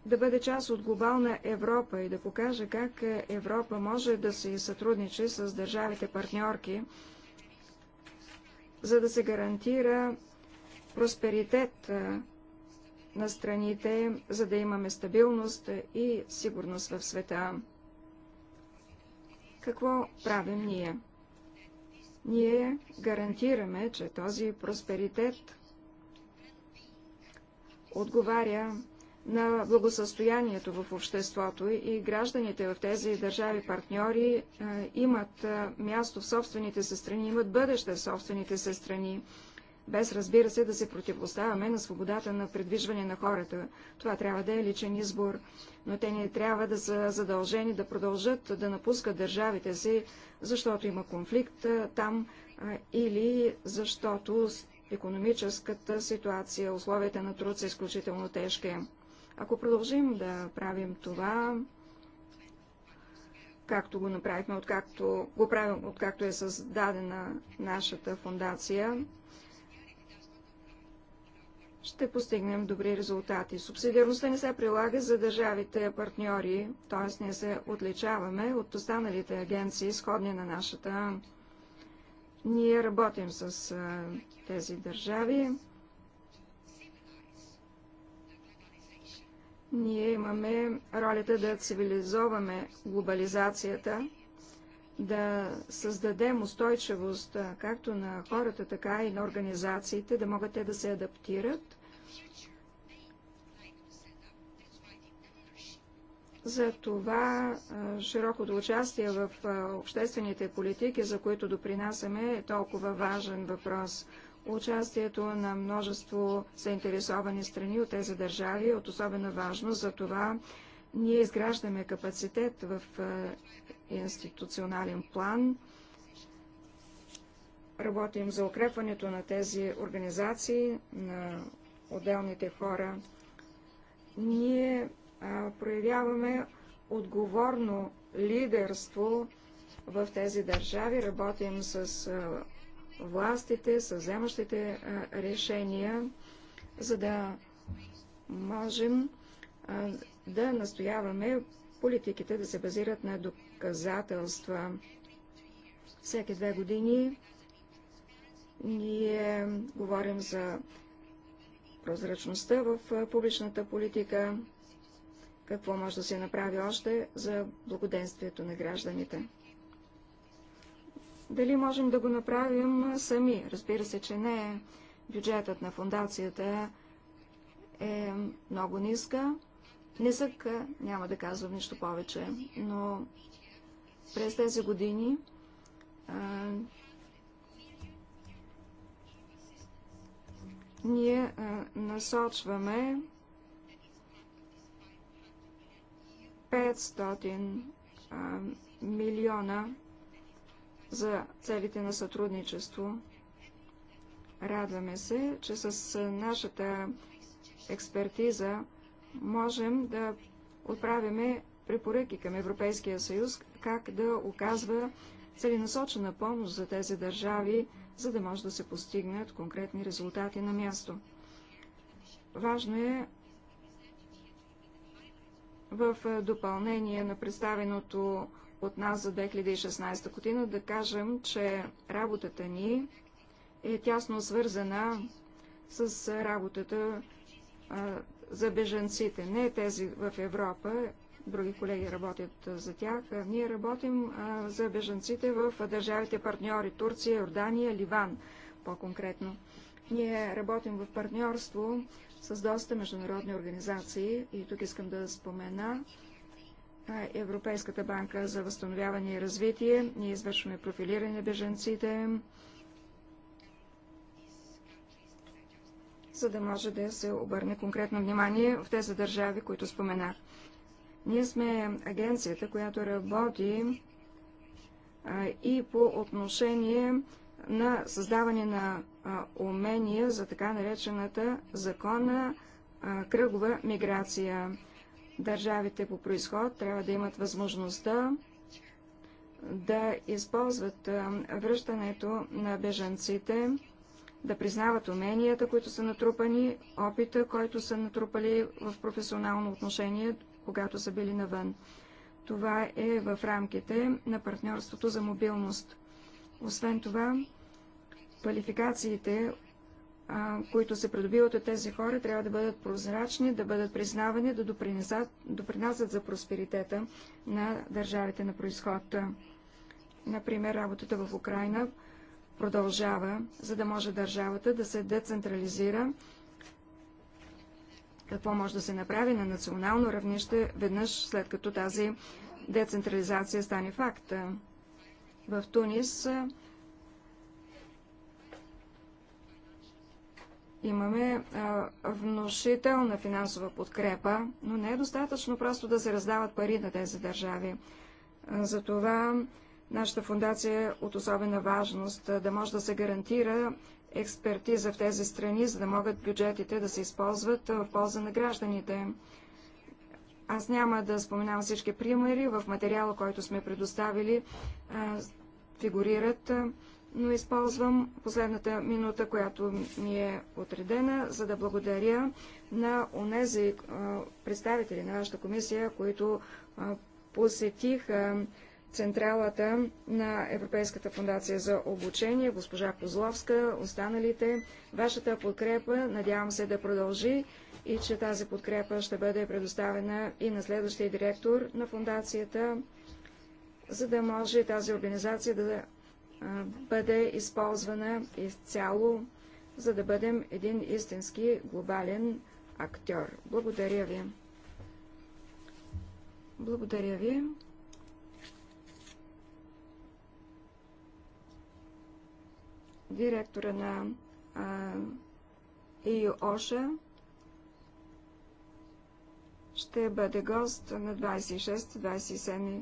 да бъде част от глобална Европа и да покаже как Европа може да се сътрудничи с държавите партньорки, за да се гарантира просперитет на страните, за да имаме стабилност и сигурност в света. Какво правим ние? Ние гарантираме, че този просперитет отговаря на благосъстоянието в обществото и гражданите в тези държави партньори имат място в собствените се страни, имат бъдеще в собствените се страни без разбира се да се противоставяме на свободата на предвижване на хората. Това трябва да е личен избор, но те не трябва да са задължени да продължат да напускат държавите си, защото има конфликт там или защото економическата ситуация, условията на труд са изключително тежки. Ако продължим да правим това, както го направихме, откакто, го правим, откакто е създадена нашата фундация, ще постигнем добри резултати. Субсидиарността не се прилага за държавите партньори, т.е. ние се отличаваме от останалите агенции, сходни на нашата. Ние работим с а, тези държави. Ние имаме ролята да цивилизоваме глобализацията да създадем устойчивост както на хората, така и на организациите, да могат те да се адаптират. За това широкото участие в обществените политики, за които допринасяме, е толкова важен въпрос. Участието на множество заинтересовани страни от тези държави е от особена важност. За това ние изграждаме капацитет в институционален план. Работим за укрепването на тези организации, на отделните хора. Ние а, проявяваме отговорно лидерство в тези държави. Работим с а, властите, с вземащите а, решения, за да можем а, да настояваме политиките да се базират на доказателства. Всеки две години ние говорим за прозрачността в публичната политика, какво може да се направи още за благоденствието на гражданите. Дали можем да го направим сами? Разбира се, че не. Бюджетът на фундацията е много ниска. Нисък, няма да казвам нищо повече, но през тези години а, ние а, насочваме 500 а, милиона за целите на сътрудничество. Радваме се, че с нашата експертиза можем да отправяме препоръки към Европейския съюз как да оказва целенасочена помощ за тези държави, за да може да се постигнат конкретни резултати на място. Важно е в допълнение на представеното от нас за 2016 година да кажем, че работата ни е тясно свързана с работата за беженците. Не тези в Европа, други колеги работят за тях. Ние работим за бежанците в държавите партньори Турция, Йордания, Ливан по-конкретно. Ние работим в партньорство с доста международни организации и тук искам да спомена Европейската банка за възстановяване и развитие. Ние извършваме профилиране на беженците, за да може да се обърне конкретно внимание в тези държави, които споменах. Ние сме агенцията, която работи и по отношение на създаване на умения за така наречената закона кръгова миграция. Държавите по происход трябва да имат възможността да използват връщането на бежанците, да признават уменията, които са натрупани, опита, който са натрупали в професионално отношение когато са били навън. Това е в рамките на партньорството за мобилност. Освен това, квалификациите, а, които се придобиват от тези хора, трябва да бъдат прозрачни, да бъдат признавани, да допринесат, допринасят за просперитета на държавите на происход. Например, работата в Украина продължава, за да може държавата да се децентрализира какво може да се направи на национално равнище, веднъж след като тази децентрализация стане факт. В Тунис имаме внушителна финансова подкрепа, но не е достатъчно просто да се раздават пари на тези държави. Затова Нашата фундация е от особена важност да може да се гарантира експертиза в тези страни, за да могат бюджетите да се използват в полза на гражданите. Аз няма да споменавам всички примери в материала, който сме предоставили, фигурират, но използвам последната минута, която ми е отредена, за да благодаря на онези представители на вашата комисия, които посетиха централата на Европейската фундация за обучение, госпожа Козловска, останалите. Вашата подкрепа, надявам се да продължи и че тази подкрепа ще бъде предоставена и на следващия директор на фундацията, за да може тази организация да бъде използвана изцяло, за да бъдем един истински глобален актьор. Благодаря ви. Благодаря ви. директора на ИО ОША, ще бъде гост на 26-27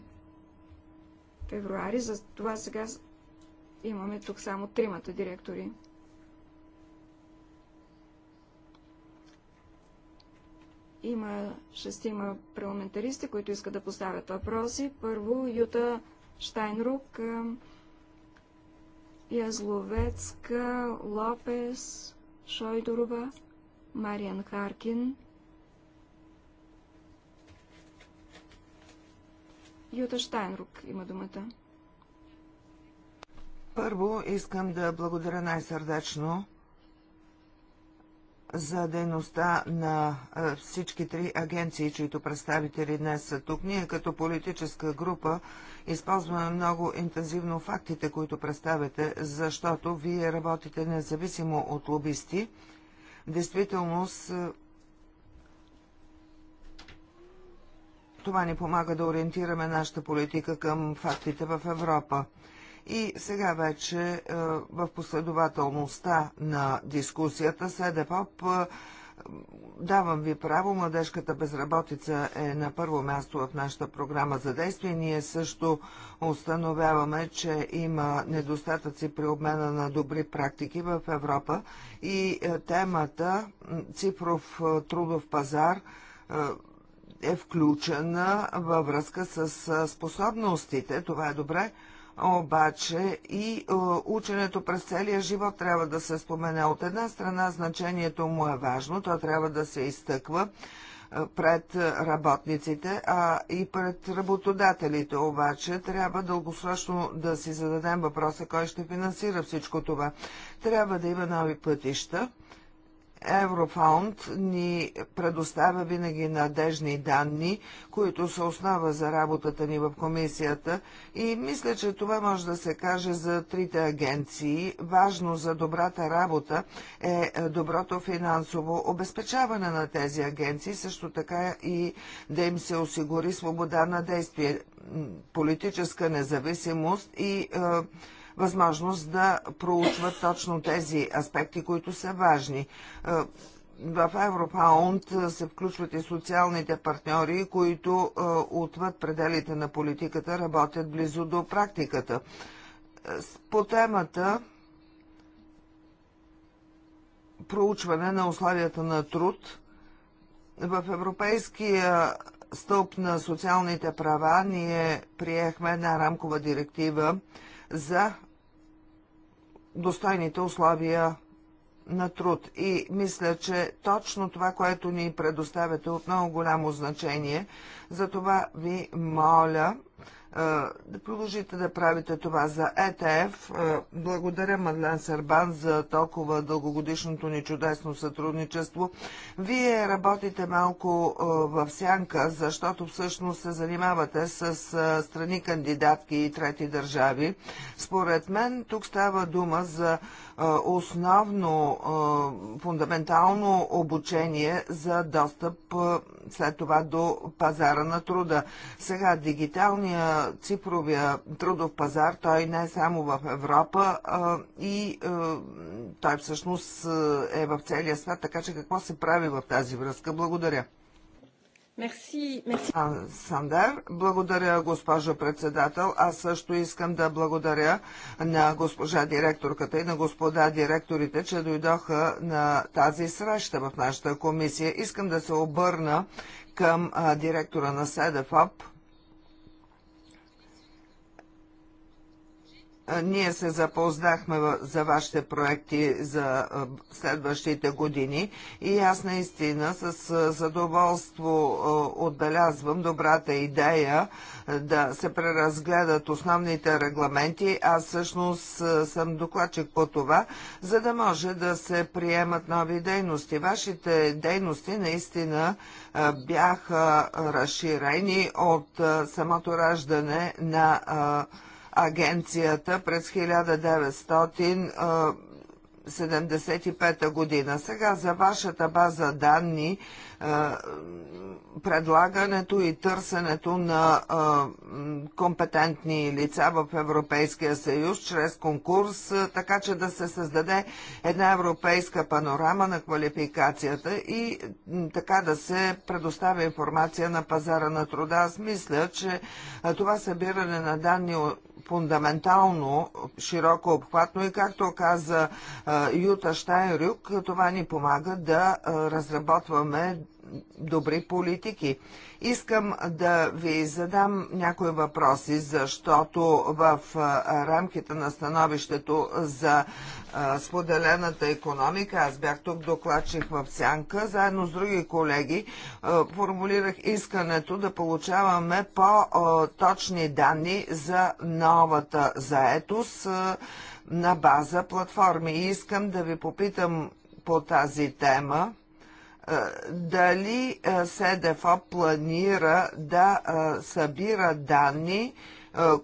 февруари. За това сега имаме тук само тримата директори. Има шестима парламентаристи, които искат да поставят въпроси. Първо Юта Штайнрук, Язловецка, Лопес, Шойдорова, Мариан Харкин, Юта Штайнрук има думата. Първо искам да благодаря най-сърдечно за дейността на всички три агенции, чието представители днес са тук. Ние като политическа група използваме много интензивно фактите, които представяте, защото вие работите независимо от лобисти. Действителност, това ни помага да ориентираме нашата политика към фактите в Европа. И сега вече е, в последователността на дискусията СДПОП е, Давам ви право, младежката безработица е на първо място в нашата програма за действие. Ние също установяваме, че има недостатъци при обмена на добри практики в Европа и е, темата цифров е, трудов пазар е, е включена във връзка с способностите. Това е добре обаче и е, ученето през целия живот трябва да се спомене. От една страна значението му е важно, то трябва да се изтъква е, пред работниците, а и пред работодателите обаче трябва дългосрочно да си зададем въпроса, кой ще финансира всичко това. Трябва да има нови пътища, Еврофаунд ни предоставя винаги надежни данни, които са основа за работата ни в комисията и мисля, че това може да се каже за трите агенции. Важно за добрата работа е доброто финансово обезпечаване на тези агенции, също така и да им се осигури свобода на действие, политическа независимост и е, възможност да проучват точно тези аспекти, които са важни е, в Европаунд е, се включват и социалните партньори, които е, отвъд пределите на политиката работят близо до практиката. По темата проучване на условията на труд в Европейския стълб на социалните права ние приехме една рамкова директива за достойните условия на труд. И мисля, че точно това, което ни предоставяте, е от много голямо значение. за това ви моля да продължите да правите това за ЕТФ. Благодаря, Мадлен Сербан, за толкова дългогодишното ни чудесно сътрудничество. Вие работите малко в сянка, защото всъщност се занимавате с страни кандидатки и трети държави. Според мен тук става дума за основно фундаментално обучение за достъп след това до пазара на труда. Сега дигиталния цифровия трудов пазар, той не е само в Европа и той всъщност е в целия свят, така че какво се прави в тази връзка? Благодаря. Мерси, мерси. Сандер, благодаря госпожо председател. Аз също искам да благодаря на госпожа директорката и на господа директорите, че дойдоха на тази среща в нашата комисия. Искам да се обърна към а, директора на СЕДЕФОП. ние се запознахме за вашите проекти за следващите години и аз наистина с задоволство отбелязвам добрата идея да се преразгледат основните регламенти. Аз всъщност съм докладчик по това, за да може да се приемат нови дейности. Вашите дейности наистина бяха разширени от самото раждане на агенцията през 1975 година. Сега за вашата база данни предлагането и търсенето на компетентни лица в Европейския съюз чрез конкурс, така че да се създаде една европейска панорама на квалификацията и така да се предоставя информация на пазара на труда. Аз мисля, че това събиране на данни фундаментално, широко обхватно и както каза Юта Штайнрюк, това ни помага да разработваме добри политики. Искам да ви задам някои въпроси, защото в рамките на становището за споделената економика, аз бях тук докладчих в Сянка, заедно с други колеги формулирах искането да получаваме по-точни данни за новата заетост на база платформи. И искам да ви попитам по тази тема дали СДФО планира да събира данни,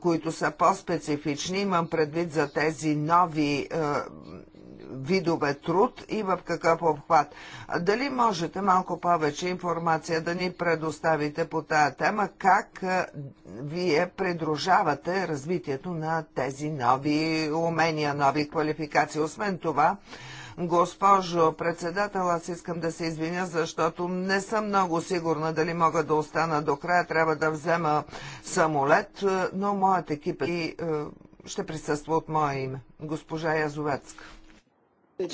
които са по-специфични, имам предвид за тези нови видове труд и в какъв обхват. Дали можете малко повече информация да ни предоставите по тая тема, как вие придружавате развитието на тези нови умения, нови квалификации? Освен това, Госпожо председател, аз искам да се извиня, защото не съм много сигурна дали мога да остана до края. Трябва да взема самолет, е, но моят екип е и, е, ще присъства от мое име. Госпожа Язовецка. Е,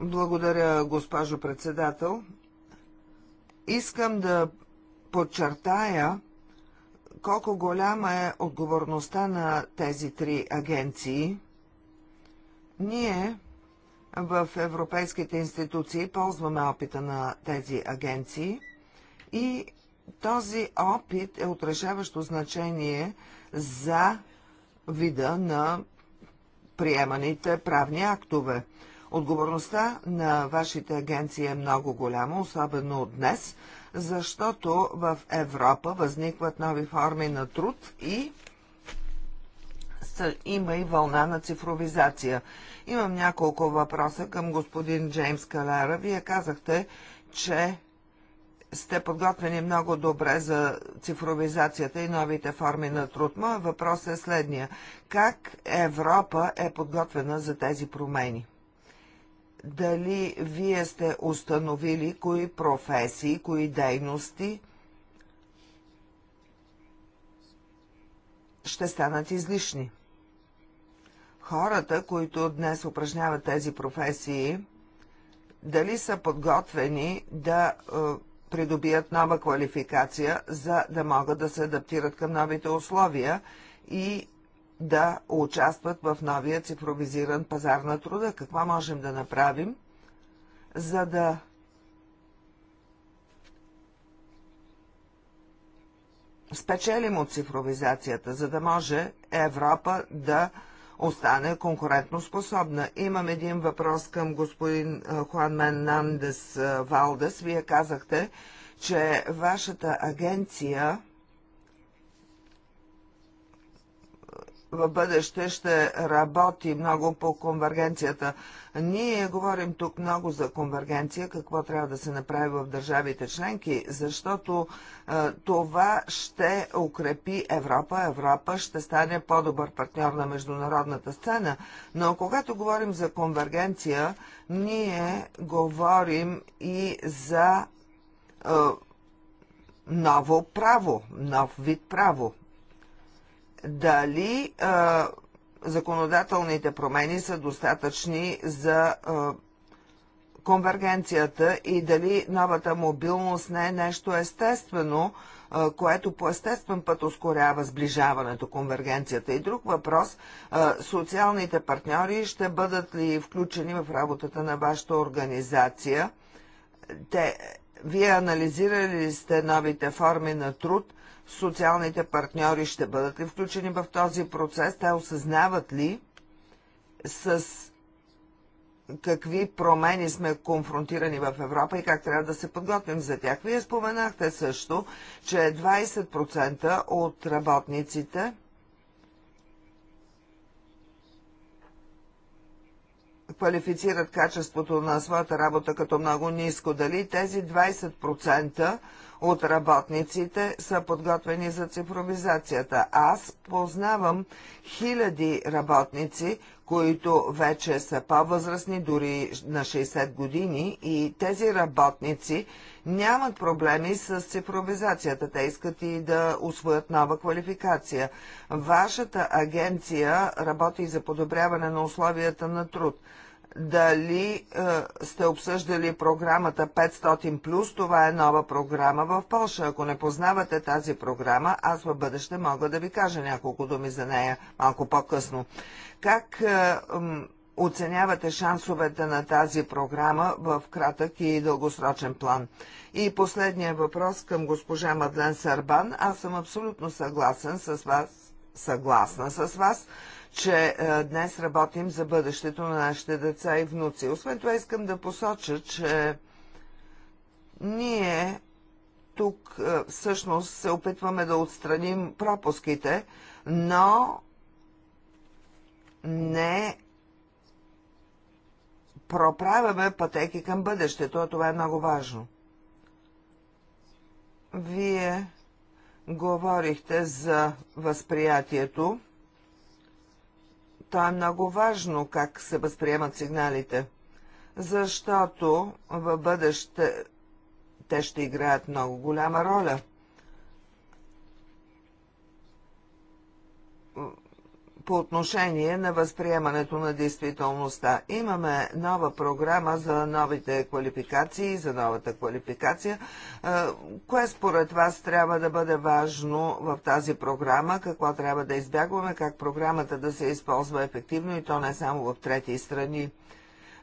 Благодаря, госпожо председател. Искам да подчертая, колко голяма е отговорността на тези три агенции. Ние в европейските институции ползваме опита на тези агенции и този опит е отрешаващо значение за вида на приеманите правни актове. Отговорността на вашите агенции е много голяма, особено от днес, защото в Европа възникват нови форми на труд и има и вълна на цифровизация. Имам няколко въпроса към господин Джеймс Калера. Вие казахте, че сте подготвени много добре за цифровизацията и новите форми на труд. Моя въпрос е следния. Как Европа е подготвена за тези промени? Дали вие сте установили кои професии, кои дейности ще станат излишни? хората, които днес упражняват тези професии, дали са подготвени да е, придобият нова квалификация, за да могат да се адаптират към новите условия и да участват в новия цифровизиран пазар на труда. Какво можем да направим, за да спечелим от цифровизацията, за да може Европа да остане конкурентоспособна. Имам един въпрос към господин Хуан Менандес Валдес. Вие казахте, че вашата агенция в бъдеще ще работи много по конвергенцията. Ние говорим тук много за конвергенция, какво трябва да се направи в държавите членки, защото е, това ще укрепи Европа. Европа ще стане по-добър партньор на международната сцена. Но когато говорим за конвергенция, ние говорим и за е, ново право, нов вид право, дали а, законодателните промени са достатъчни за а, конвергенцията и дали новата мобилност не е нещо естествено, а, което по естествен път ускорява сближаването, конвергенцията. И друг въпрос, а, социалните партньори ще бъдат ли включени в работата на вашата организация? Те, вие анализирали ли сте новите форми на труд социалните партньори ще бъдат ли включени в този процес? Те осъзнават ли с какви промени сме конфронтирани в Европа и как трябва да се подготвим за тях. Вие споменахте също, че 20% от работниците квалифицират качеството на своята работа като много ниско. Дали тези 20% от работниците са подготвени за цифровизацията. Аз познавам хиляди работници, които вече са по-възрастни, дори на 60 години, и тези работници нямат проблеми с цифровизацията. Те искат и да усвоят нова квалификация. Вашата агенция работи за подобряване на условията на труд дали е, сте обсъждали програмата 500+, това е нова програма в Польша. Ако не познавате тази програма, аз в бъдеще мога да ви кажа няколко думи за нея малко по-късно. Как е, е, оценявате шансовете на тази програма в кратък и дългосрочен план? И последния въпрос към госпожа Мадлен Сарбан. Аз съм абсолютно съгласен с вас, съгласна с вас, че е, днес работим за бъдещето на нашите деца и внуци. Освен това искам да посоча, че ние тук е, всъщност се опитваме да отстраним пропуските, но не проправяме пътеки към бъдещето, а това е много важно. Вие говорихте за възприятието. То е много важно как се възприемат сигналите, защото в бъдеще те ще играят много голяма роля по отношение на възприемането на действителността. Имаме нова програма за новите квалификации, за новата квалификация. Е, кое според вас трябва да бъде важно в тази програма? Какво трябва да избягваме? Как програмата да се използва ефективно и то не само в трети страни?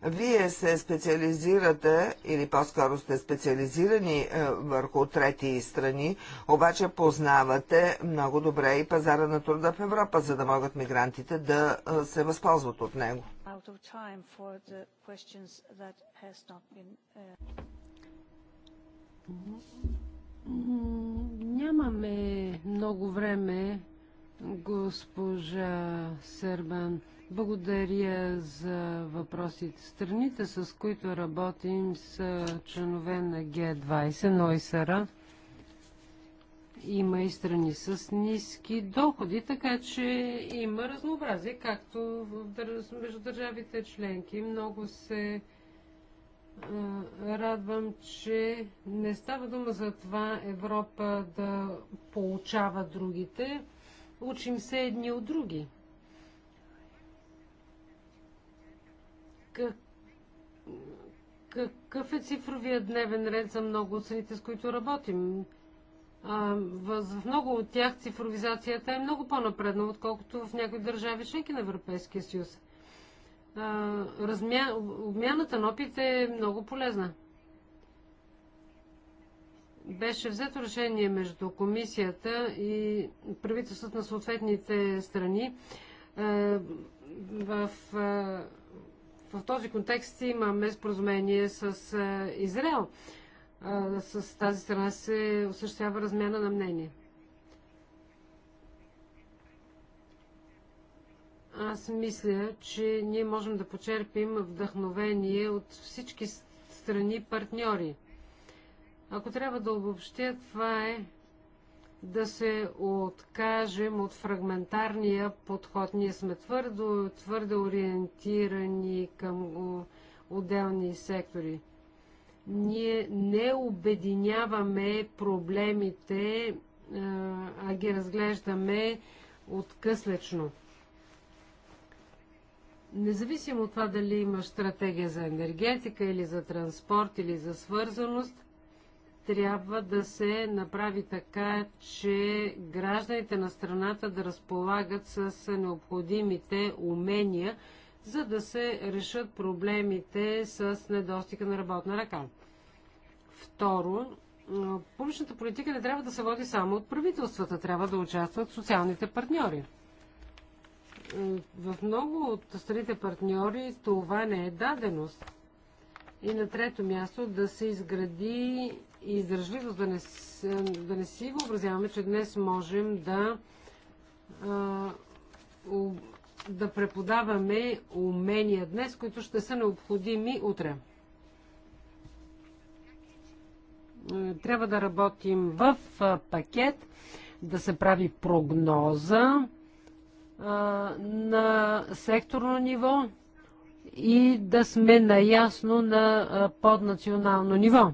Вие се специализирате или по-скоро сте специализирани е, върху трети страни, обаче познавате много добре и пазара на труда в Европа, за да могат мигрантите да е, се възползват от него. Нямаме много време, госпожа Сербан. Благодаря за въпросите. Страните, с които работим, са членове на Г20, НОИСАРА. Има и страни с ниски доходи, така че има разнообразие, както между държавите членки. Много се радвам, че не става дума за това Европа да получава другите. Учим се едни от други. какъв е цифровия дневен ред за много от страните, с които работим? в много от тях цифровизацията е много по-напредна, отколкото в някои държави, членки на Европейския съюз. размя... Обмяната на опит е много полезна. Беше взето решение между комисията и правителството на съответните страни в в този контекст имаме споразумение с е, Израел. С тази страна се осъществява размяна на мнение. Аз мисля, че ние можем да почерпим вдъхновение от всички страни партньори. Ако трябва да обобщя, това е да се откажем от фрагментарния подход. Ние сме твърдо, твърдо ориентирани към отделни сектори. Ние не обединяваме проблемите, а ги разглеждаме откъслечно. Независимо от това дали имаш стратегия за енергетика или за транспорт или за свързаност, трябва да се направи така, че гражданите на страната да разполагат с необходимите умения, за да се решат проблемите с недостига на работна ръка. Второ, публичната политика не трябва да се води само от правителствата, трябва да участват социалните партньори. В много от страните партньори това не е даденост. И на трето място да се изгради Издържливо да не, да не си въобразяваме, че днес можем да, да преподаваме умения днес, които ще са необходими утре. Е, трябва да работим в пакет, да се прави прогноза на секторно ниво и да сме наясно на поднационално ниво.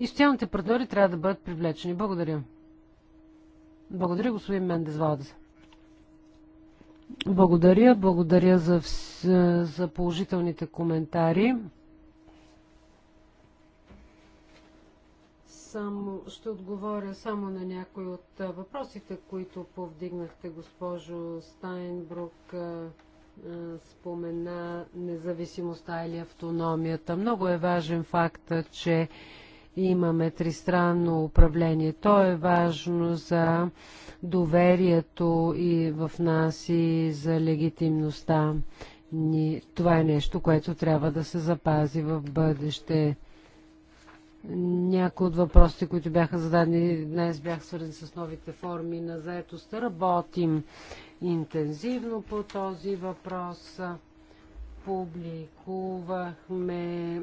И социалните партньори трябва да бъдат привлечени. Благодаря. Благодаря, господин Мендес Валдес. Благодаря. Благодаря за, за положителните коментари. Само, ще отговоря само на някои от въпросите, които повдигнахте, госпожо Стайнбрук. Спомена независимостта или автономията. Много е важен факт, че имаме тристранно управление. То е важно за доверието и в нас и за легитимността ни. Това е нещо, което трябва да се запази в бъдеще. Някои от въпросите, които бяха зададени днес, бях свързани с новите форми на заетост. Работим интензивно по този въпрос. Публикувахме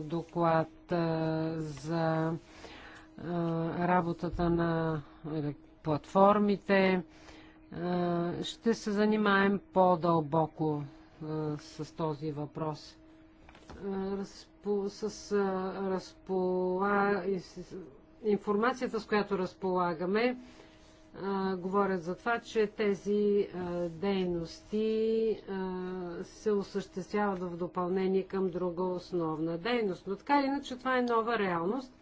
доклад а, за работата на платформите. Ще се занимаем по-дълбоко с този въпрос. Разпо, с, разпола, информацията, с която разполагаме, говорят за това, че тези дейности се осъществяват в допълнение към друга основна дейност. Но така или иначе това е нова реалност.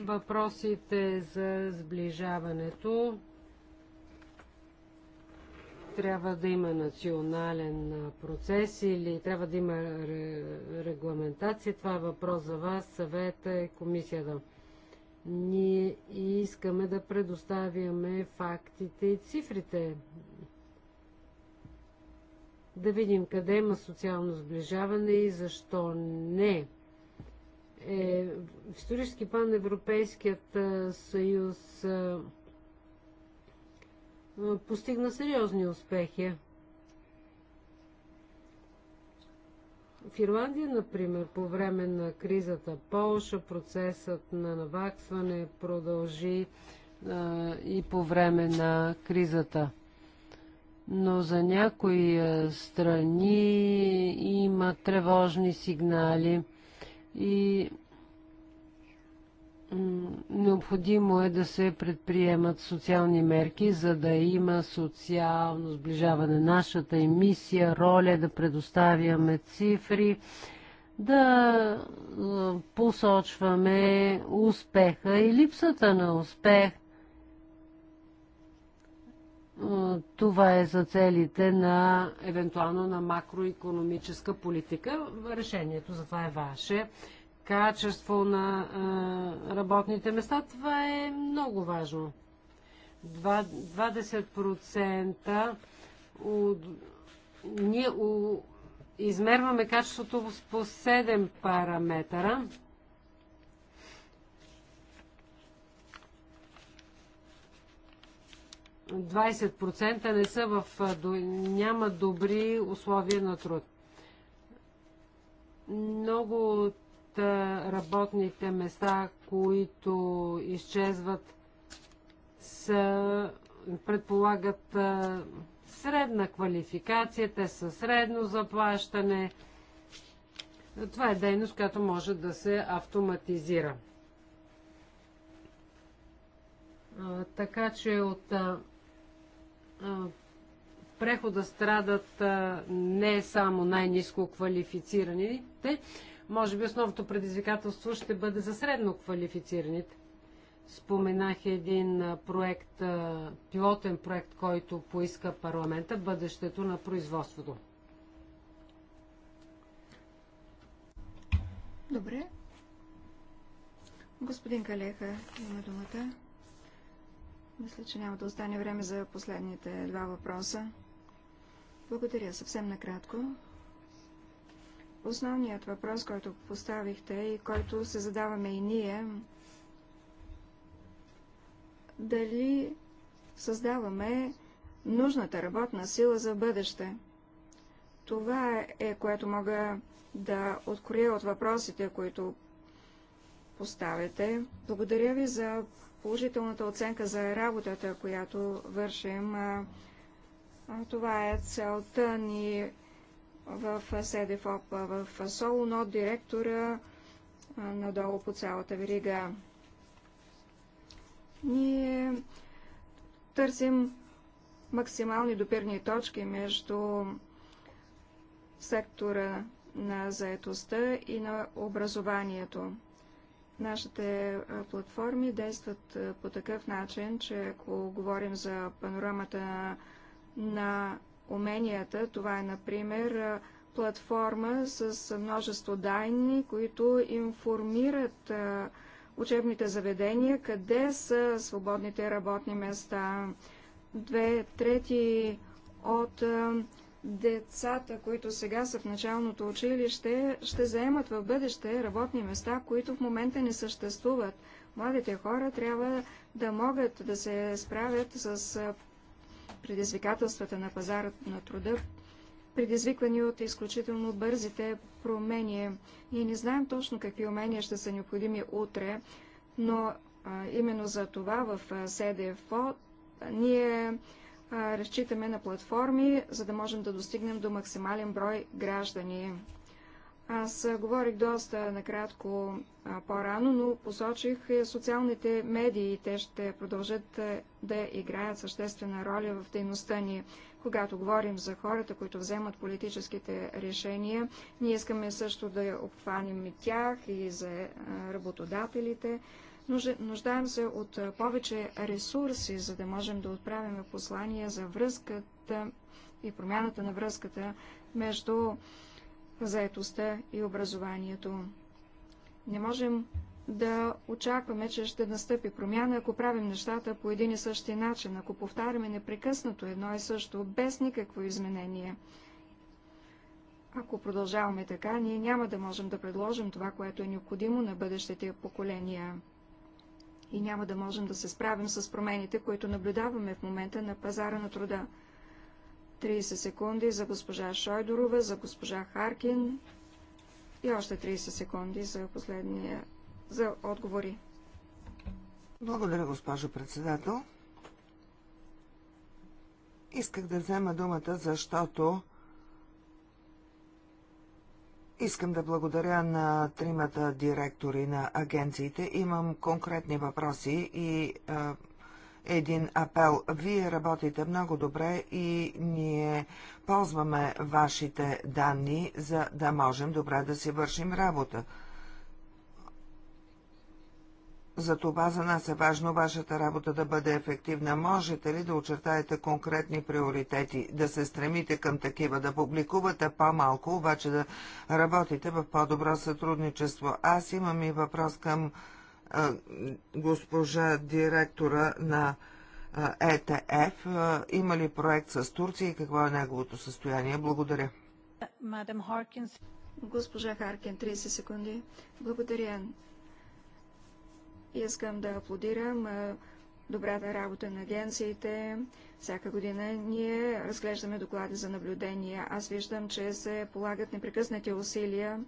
Въпросите за сближаването трябва да има национален процес или трябва да има регламентация. Това е въпрос за вас, съвета и комисията. Ние искаме да предоставяме фактите и цифрите. Да видим къде има социално сближаване и защо не. Е, в исторически план Европейският съюз е, постигна сериозни успехи. В Ирландия, например, по време на кризата Полша, процесът на наваксване продължи а, е, и по време на кризата. Но за някои е, страни има тревожни сигнали и Необходимо е да се предприемат социални мерки, за да има социално сближаване. Нашата емисия, роля е да предоставяме цифри, да посочваме успеха и липсата на успех. Това е за целите на евентуално на макроекономическа политика. Решението за това е ваше качество на а, работните места. Това е много важно. 20% от... ние у... измерваме качеството по 7 параметъра. не са в... няма добри условия на труд. Много от работните места, които изчезват, са, предполагат средна квалификация, те са средно заплащане. Това е дейност, която може да се автоматизира. така че от прехода страдат не само най-низко квалифицираните, може би основното предизвикателство ще бъде за средно квалифицираните. Споменах един проект, пилотен проект, който поиска парламента, бъдещето на производството. Добре. Господин Калеха има думата. Мисля, че няма да остане време за последните два въпроса. Благодаря съвсем накратко. Основният въпрос, който поставихте и който се задаваме и ние, дали създаваме нужната работна сила за бъдеще. Това е, което мога да откроя от въпросите, които поставяте. Благодаря ви за положителната оценка за работата, която вършим. Това е целта ни в СДФОП, в Солун от директора надолу по цялата верига. Ние търсим максимални допирни точки между сектора на заетостта и на образованието. Нашите платформи действат по такъв начин, че ако говорим за панорамата на уменията. Това е, например, платформа с множество данни, които информират учебните заведения, къде са свободните работни места. Две трети от децата, които сега са в началното училище, ще заемат в бъдеще работни места, които в момента не съществуват. Младите хора трябва да могат да се справят с предизвикателствата на пазара на труда, предизвиквани от изключително бързите промени. Ние не знаем точно какви умения ще са необходими утре, но а, именно за това в СДФО ние а, разчитаме на платформи, за да можем да достигнем до максимален брой граждани. Аз говорих доста накратко по-рано, но посочих социалните медии. Те ще продължат да играят съществена роля в дейността ни. Когато говорим за хората, които вземат политическите решения, ние искаме също да обхванем и тях и за работодателите. Нуждаем се от повече ресурси, за да можем да отправяме послания за връзката и промяната на връзката между заетостта и образованието. Не можем да очакваме, че ще настъпи промяна, ако правим нещата по един и същи начин, ако повтаряме непрекъснато едно и също, без никакво изменение. Ако продължаваме така, ние няма да можем да предложим това, което е необходимо на бъдещите поколения. И няма да можем да се справим с промените, които наблюдаваме в момента на пазара на труда. 30 секунди за госпожа Шойдорова, за госпожа Харкин и още 30 секунди за последния, за отговори. Благодаря, госпожо председател. Исках да взема думата, защото искам да благодаря на тримата директори на агенциите. Имам конкретни въпроси и един апел. Вие работите много добре и ние ползваме вашите данни, за да можем добре да си вършим работа. За това за нас е важно вашата работа да бъде ефективна. Можете ли да очертаете конкретни приоритети, да се стремите към такива, да публикувате по-малко, обаче да работите в по-добро сътрудничество? Аз имам и въпрос към госпожа директора на ЕТФ. Има ли проект с Турция и какво е неговото състояние? Благодаря. Мадам Харкинс. Госпожа Харкин, 30 секунди. Благодаря. Искам да аплодирам добрата работа на агенциите. Всяка година ние разглеждаме доклади за наблюдение. Аз виждам, че се полагат непрекъснати усилия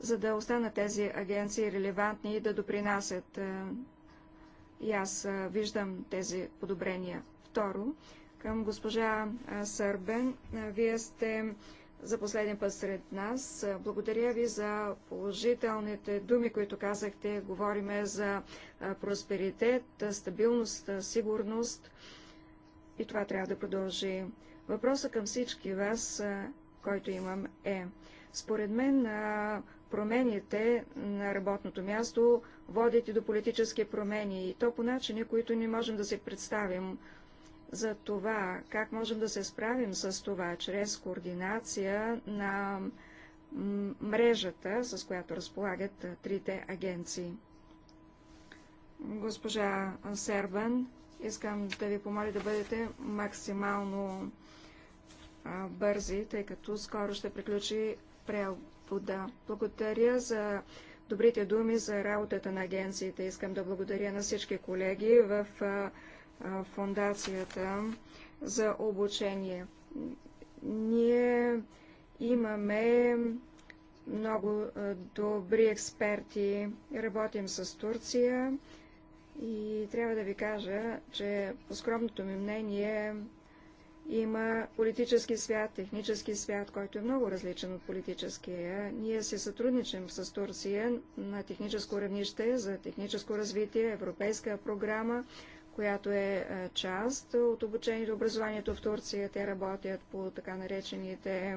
за да останат тези агенции релевантни и да допринасят. Е, и аз е, виждам тези подобрения. Второ, към госпожа е, Сърбен, вие сте за последен път сред нас. Благодаря ви за положителните думи, които казахте. Говориме за просперитет, стабилност, сигурност и това трябва да продължи. Въпросът към всички вас, който имам е, според мен промените на работното място водят и до политически промени, и то по начини, които не можем да си представим. За това, как можем да се справим с това, чрез координация на мрежата, с която разполагат трите агенции. Госпожа Сербан, искам да ви помоля да бъдете максимално бързи, тъй като скоро ще приключи господа. Благодаря за добрите думи за работата на агенцията. Искам да благодаря на всички колеги в фундацията за обучение. Ние имаме много добри експерти. Работим с Турция и трябва да ви кажа, че по скромното ми мнение има политически свят, технически свят, който е много различен от политическия. Ние се сътрудничим с Турция на техническо равнище за техническо развитие, европейска програма, която е, е част от обучението и образованието в Турция. Те работят по така наречените е,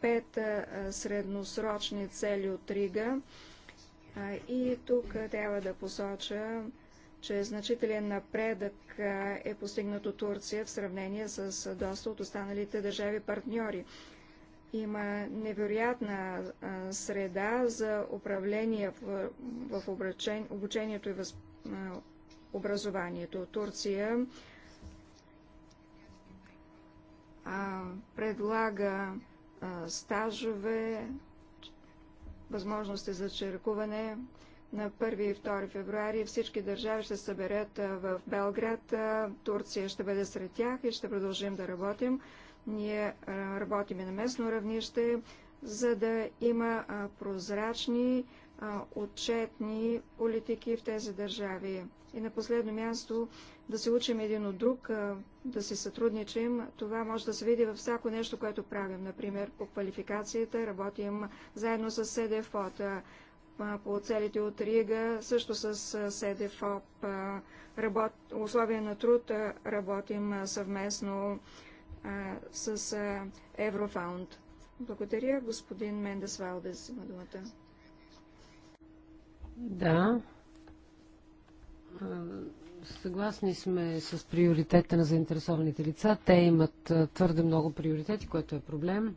пет е, средносрочни цели от Рига. И тук трябва да посоча че значителен напредък е постигнато Турция в сравнение с доста от останалите държави партньори. Има невероятна среда за управление в, обучението и образованието. Турция предлага стажове, възможности за черкуване, на 1 и 2 февруари всички държави ще съберат в Белград. Турция ще бъде сред тях и ще продължим да работим. Ние работим и на местно равнище, за да има прозрачни, отчетни политики в тези държави. И на последно място да се учим един от друг, да си сътрудничим. Това може да се види във всяко нещо, което правим. Например, по квалификацията работим заедно с СДФОТ по целите от Рига, също с СДФОП, работ... условия на труд работим съвместно с Еврофаунд. Благодаря, господин Мендес Валдес има думата. Да. Съгласни сме с приоритета на заинтересованите лица. Те имат твърде много приоритети, което е проблем.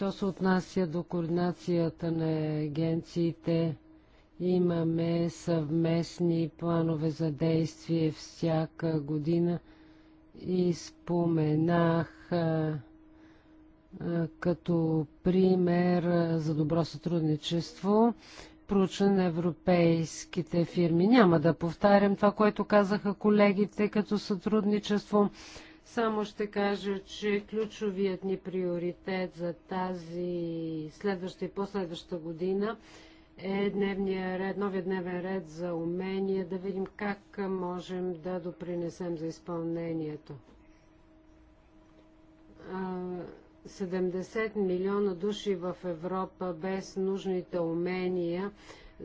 Що се отнася до координацията на агенциите, имаме съвместни планове за действие всяка година и споменах а, а, като пример а, за добро сътрудничество проучване на европейските фирми. Няма да повтарям това, което казаха колегите като сътрудничество само ще кажа, че ключовият ни приоритет за тази следваща и последваща година е дневния ред, новия дневен ред за умения, да видим как можем да допринесем за изпълнението. 70 милиона души в Европа без нужните умения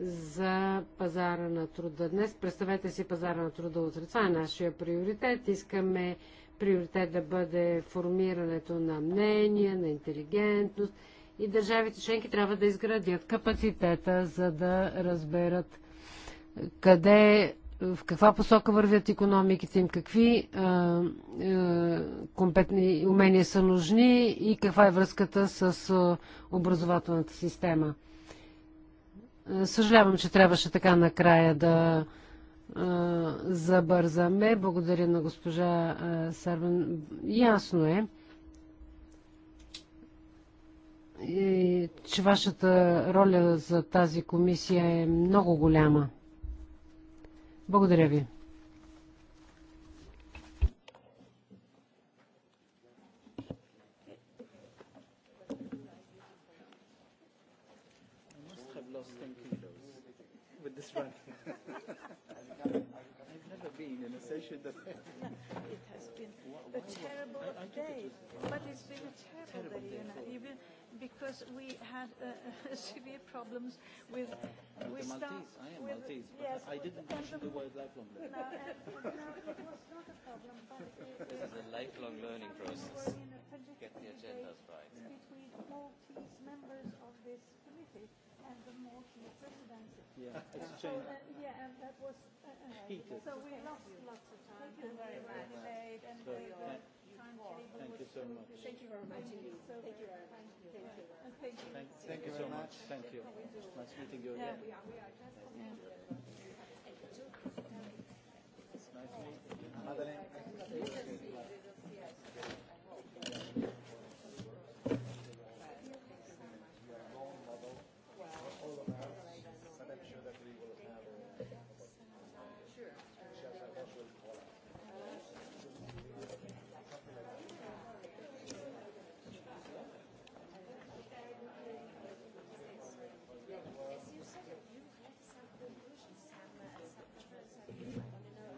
за пазара на труда. Днес представете си пазара на труда утре. Това е нашия приоритет. Искаме приоритет да бъде формирането на мнение, на интелигентност и държавите членки трябва да изградят капацитета, за да разберат къде, в каква посока вървят економиките им, какви а, а, компетни умения са нужни и каква е връзката с а, образователната система. Съжалявам, че трябваше така накрая да забързаме. Благодаря на госпожа Сървен. Ясно е, че вашата роля за тази комисия е много голяма. Благодаря ви. Day. But it's been a terrible, terrible day, you know, even because we had uh, severe problems with and the Maltese. I am with, Maltese, but yes, I didn't mention the, the word lifelong learning. No, no, it was not a problem, but it, this is a lifelong learning process. Get the agendas right. Between Maltese members of this committee and the Maltese presidency. Yeah, it's So, yeah, and that was. Uh, so we lost lots of time. Thank you very much. And, uh, Thank you so much. Thank you very much indeed. Thank you Thank you. Thank you. Thank, you so much. Thank you. Nice meeting you again. Yeah, we are, we are just yeah. It's nice meeting you. Madeleine.